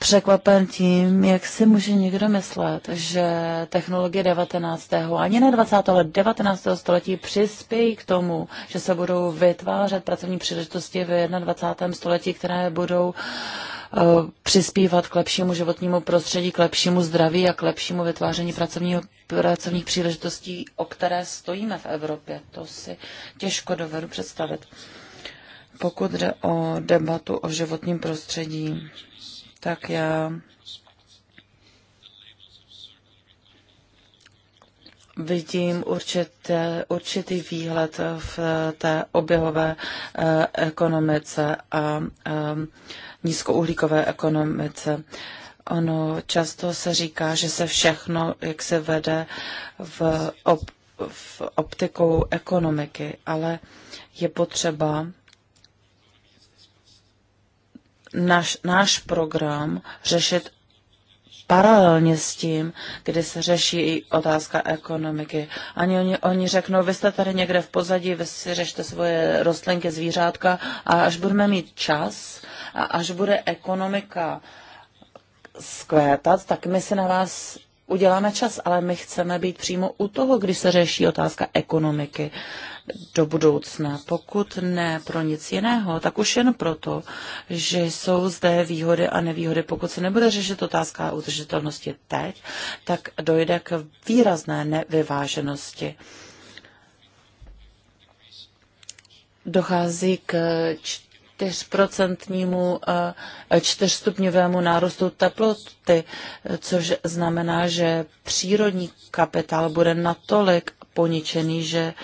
překvapen tím, jak si může někdo myslet, že technologie 19. ani ne 20. let 19. století přispějí k tomu, že se budou vytvářet pracovní příležitosti v 21. století, které budou eh, přispívat k lepšímu životnímu prostředí, k lepšímu zdraví a k lepšímu vytváření pracovního, pracovních příležitostí, o které stojíme v Evropě. To si těžko dovedu představit. Pokud jde o debatu o životním prostředí, tak já vidím určité, určitý výhled v té oběhové eh, ekonomice a eh, nízkouhlíkové ekonomice. Ono často se říká, že se všechno, jak se vede v, op, v optikou ekonomiky, ale je potřeba naš, náš program řešit paralelně s tím, kdy se řeší i otázka ekonomiky. Ani oni, oni řeknou, vy jste tady někde v pozadí, vy si řešte svoje rostlinky, zvířátka a až budeme mít čas a až bude ekonomika zkvétat, tak my se na vás uděláme čas, ale my chceme být přímo u toho, kdy se řeší otázka ekonomiky do budoucna. Pokud ne pro nic jiného, tak už jen proto, že jsou zde výhody a nevýhody. Pokud se nebude řešit otázka udržitelnosti teď, tak dojde k výrazné nevyváženosti. Dochází k čtyřprocentnímu eh, čtyřstupňovému nárostu teploty, což znamená, že přírodní kapitál bude natolik poničený, že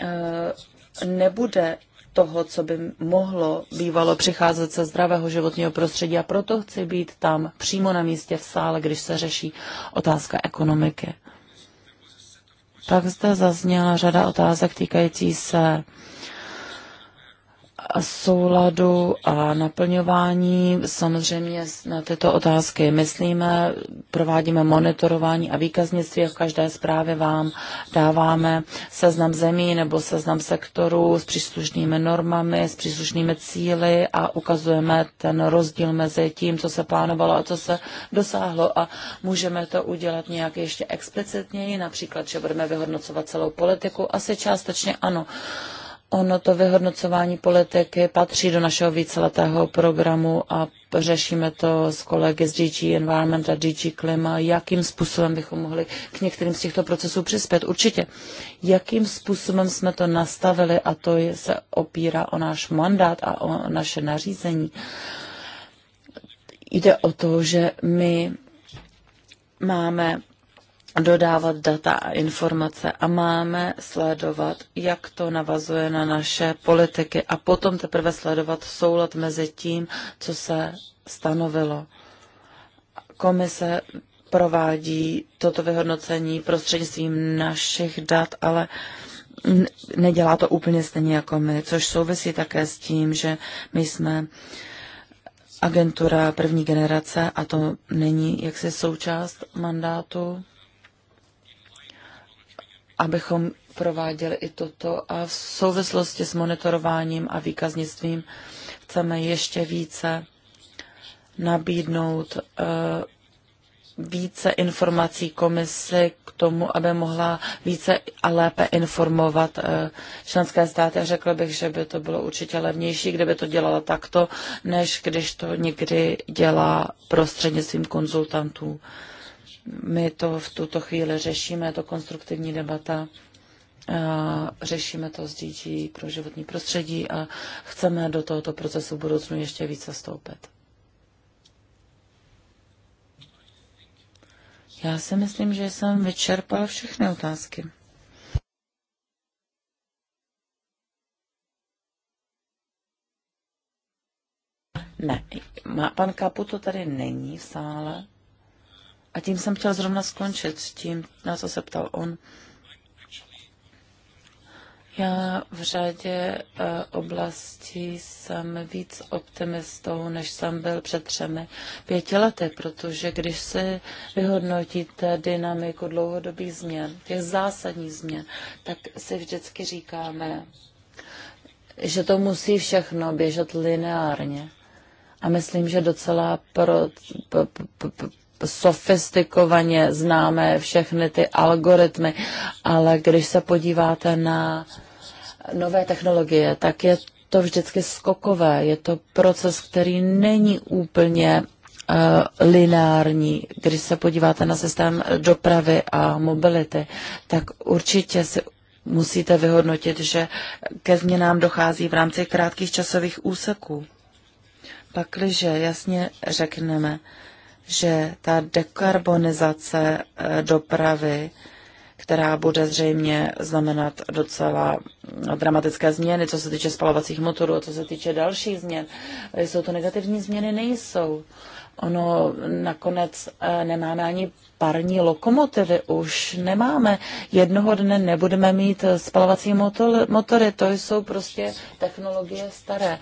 eh, nebude toho, co by mohlo bývalo přicházet ze zdravého životního prostředí a proto chci být tam přímo na místě v sále, když se řeší otázka ekonomiky. Pak zde zazněla řada otázek týkající se souladu a naplňování. Samozřejmě na tyto otázky myslíme, provádíme monitorování a výkaznictví a v každé zprávě vám dáváme seznam zemí nebo seznam sektorů s příslušnými normami, s příslušnými cíly a ukazujeme ten rozdíl mezi tím, co se plánovalo a co se dosáhlo a můžeme to udělat nějak ještě explicitněji, například, že budeme vyhodnocovat celou politiku, asi částečně ano. Uh, Ono to vyhodnocování politiky patří do našeho víceletého programu a řešíme to s kolegy z DG Environment a DG Klima, jakým způsobem bychom mohli k některým z těchto procesů přispět. Určitě, jakým způsobem jsme to nastavili a to se opírá o náš mandát a o naše nařízení. Jde o to, že my máme dodávat data a informace a máme sledovat, jak to navazuje na naše politiky a potom teprve sledovat soulad mezi tím, co se stanovilo. Komise provádí toto vyhodnocení prostřednictvím našich dat, ale nedělá to úplně stejně jako my, což souvisí také s tím, že my jsme agentura první generace a to není jaksi součást mandátu abychom prováděli i toto a v souvislosti s monitorováním a výkaznictvím chceme ještě více nabídnout eh, více informací komisi k tomu, aby mohla více a lépe informovat eh, členské státy. řekl bych, že by to bylo určitě levnější, kdyby to dělala takto, než když to někdy dělá prostřednictvím konzultantů. My to v tuto chvíli řešíme, je to konstruktivní debata. A řešíme to s DG pro životní prostředí a chceme do tohoto procesu v budoucnu ještě více stoupit. Já si myslím, že jsem vyčerpal všechny otázky. Ne, má pan Kaputo tady není v sále. A tím jsem chtěl zrovna skončit, s tím, na co se ptal on. Já v řadě eh, oblastí jsem víc optimistou, než jsem byl před třemi pěti lety, protože když si vyhodnotíte dynamiku dlouhodobých změn, těch zásadních změn, tak si vždycky říkáme, že to musí všechno běžet lineárně. A myslím, že docela pro, sofistikovaně známe všechny ty algoritmy, ale když se podíváte na nové technologie, tak je to vždycky skokové. Je to proces, který není úplně uh, lineární. Když se podíváte na systém dopravy a mobility, tak určitě si musíte vyhodnotit, že ke změnám dochází v rámci krátkých časových úseků. Pakliže jasně řekneme, že ta dekarbonizace eh, dopravy, která bude zřejmě znamenat docela mm, dramatické změny, co se týče spalovacích motorů a co se týče dalších změn. Eh, jsou to negativní změny? Nejsou. Ono nakonec eh, nemáme ani parní lokomotivy, už nemáme. Jednoho dne nebudeme mít spalovací motory, to jsou prostě technologie staré. Uh,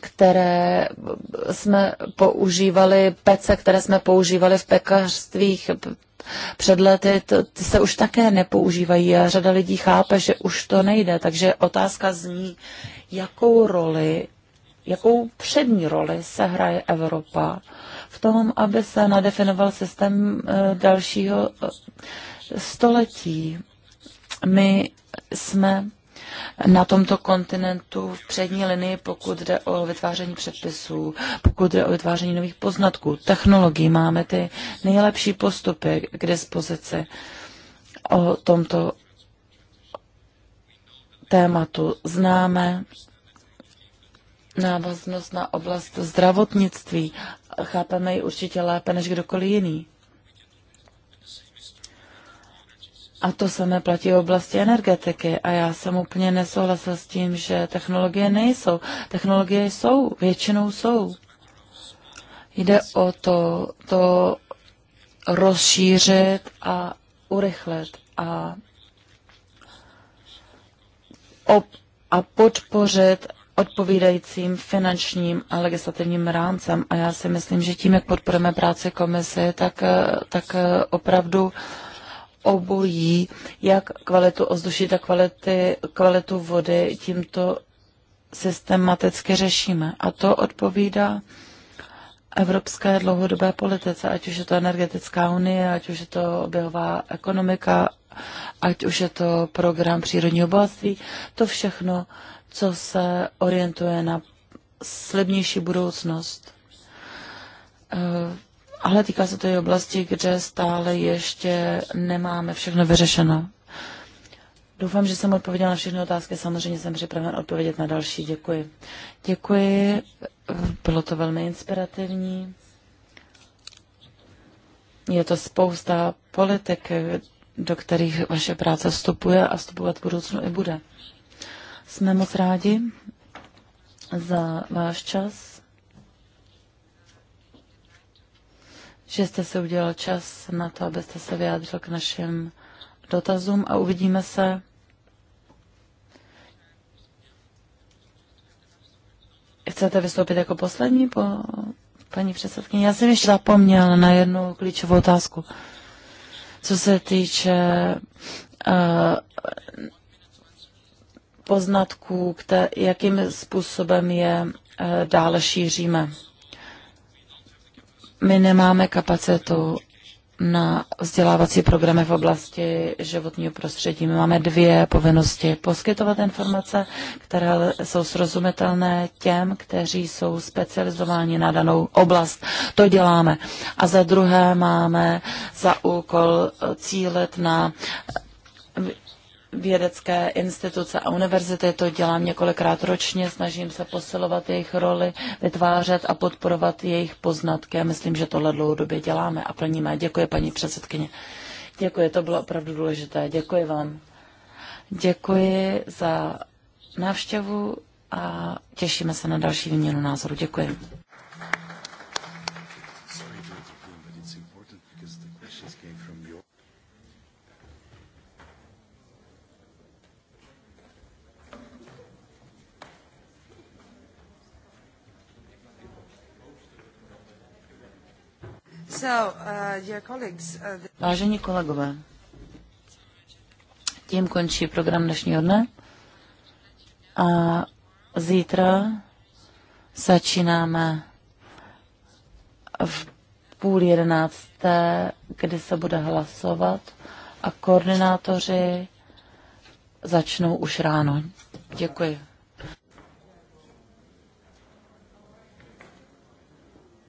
které jsme používali, pece, které jsme používali v pekařstvích před lety, to, ty se už také nepoužívají a řada lidí chápe, že už to nejde. Takže otázka zní, jakou roli, jakou přední roli se hraje Evropa v tom, aby se nadefinoval systém eh, dalšího eh, století. My jsme na tomto kontinentu v přední linii, pokud jde o vytváření předpisů, pokud jde o vytváření nových poznatků, technologií. Máme ty nejlepší postupy k dispozici o tomto tématu. Známe návaznost na oblast zdravotnictví. Chápeme ji určitě lépe než kdokoliv jiný. A to samé platí v oblasti energetiky. A já jsem úplně nesouhlasil s tím, že technologie nejsou. Technologie jsou, většinou jsou. Jde o to, to rozšířit a urychlit a, op, a podpořit odpovídajícím finančním a legislativním rámcem. A já si myslím, že tím, jak podporujeme práci komise, tak, tak opravdu uh, obojí, jak kvalitu ozduší, tak kvality, kvalitu vody tímto systematicky řešíme. A to odpovídá evropské dlouhodobé politice, ať už je to energetická unie, ať už je to oběhová ekonomika, ať už je to program přírodního bohatství, to všechno, co se orientuje na slibnější budoucnost. Eh, ale týká se to i oblasti, kde stále ještě nemáme všechno vyřešeno. Doufám, že jsem odpověděla na všechny otázky. Samozřejmě jsem připraven odpovědět na další. Děkuji. Děkuji. Bylo to velmi inspirativní. Je to spousta politik, do kterých vaše práce vstupuje a vstupovat v budoucnu i bude. Jsme moc rádi za váš čas. že jste si udělal čas na to, abyste se vyjádřil k našim dotazům a uvidíme se. Chcete vystoupit jako poslední, po, paní předsedkyně? Já jsem ještě zapomněl na jednu klíčovou otázku. Co se týče uh, poznatků, jakým způsobem je uh, dále šíříme. My nemáme kapacitu na vzdělávací programy v oblasti životního prostředí. My máme dvě povinnosti. Poskytovat informace, které jsou srozumitelné těm, kteří jsou specializováni na danou oblast. To děláme. A za druhé máme za úkol cílet na vědecké instituce a univerzity, to dělám několikrát ročně, snažím se posilovat jejich roli, vytvářet a podporovat jejich poznatky Já myslím, že tohle dlouhodobě děláme a plníme. Děkuji, paní předsedkyně. Děkuji, to bylo opravdu důležité. Děkuji vám. Děkuji za návštěvu a těšíme se na další výměnu názoru. Děkuji. Uh, uh, Vážení kolegové, tím končí program dnešního dne a zítra začínáme v půl jedenácté, kdy se bude hlasovat a koordinátoři začnou už ráno. Děkuji.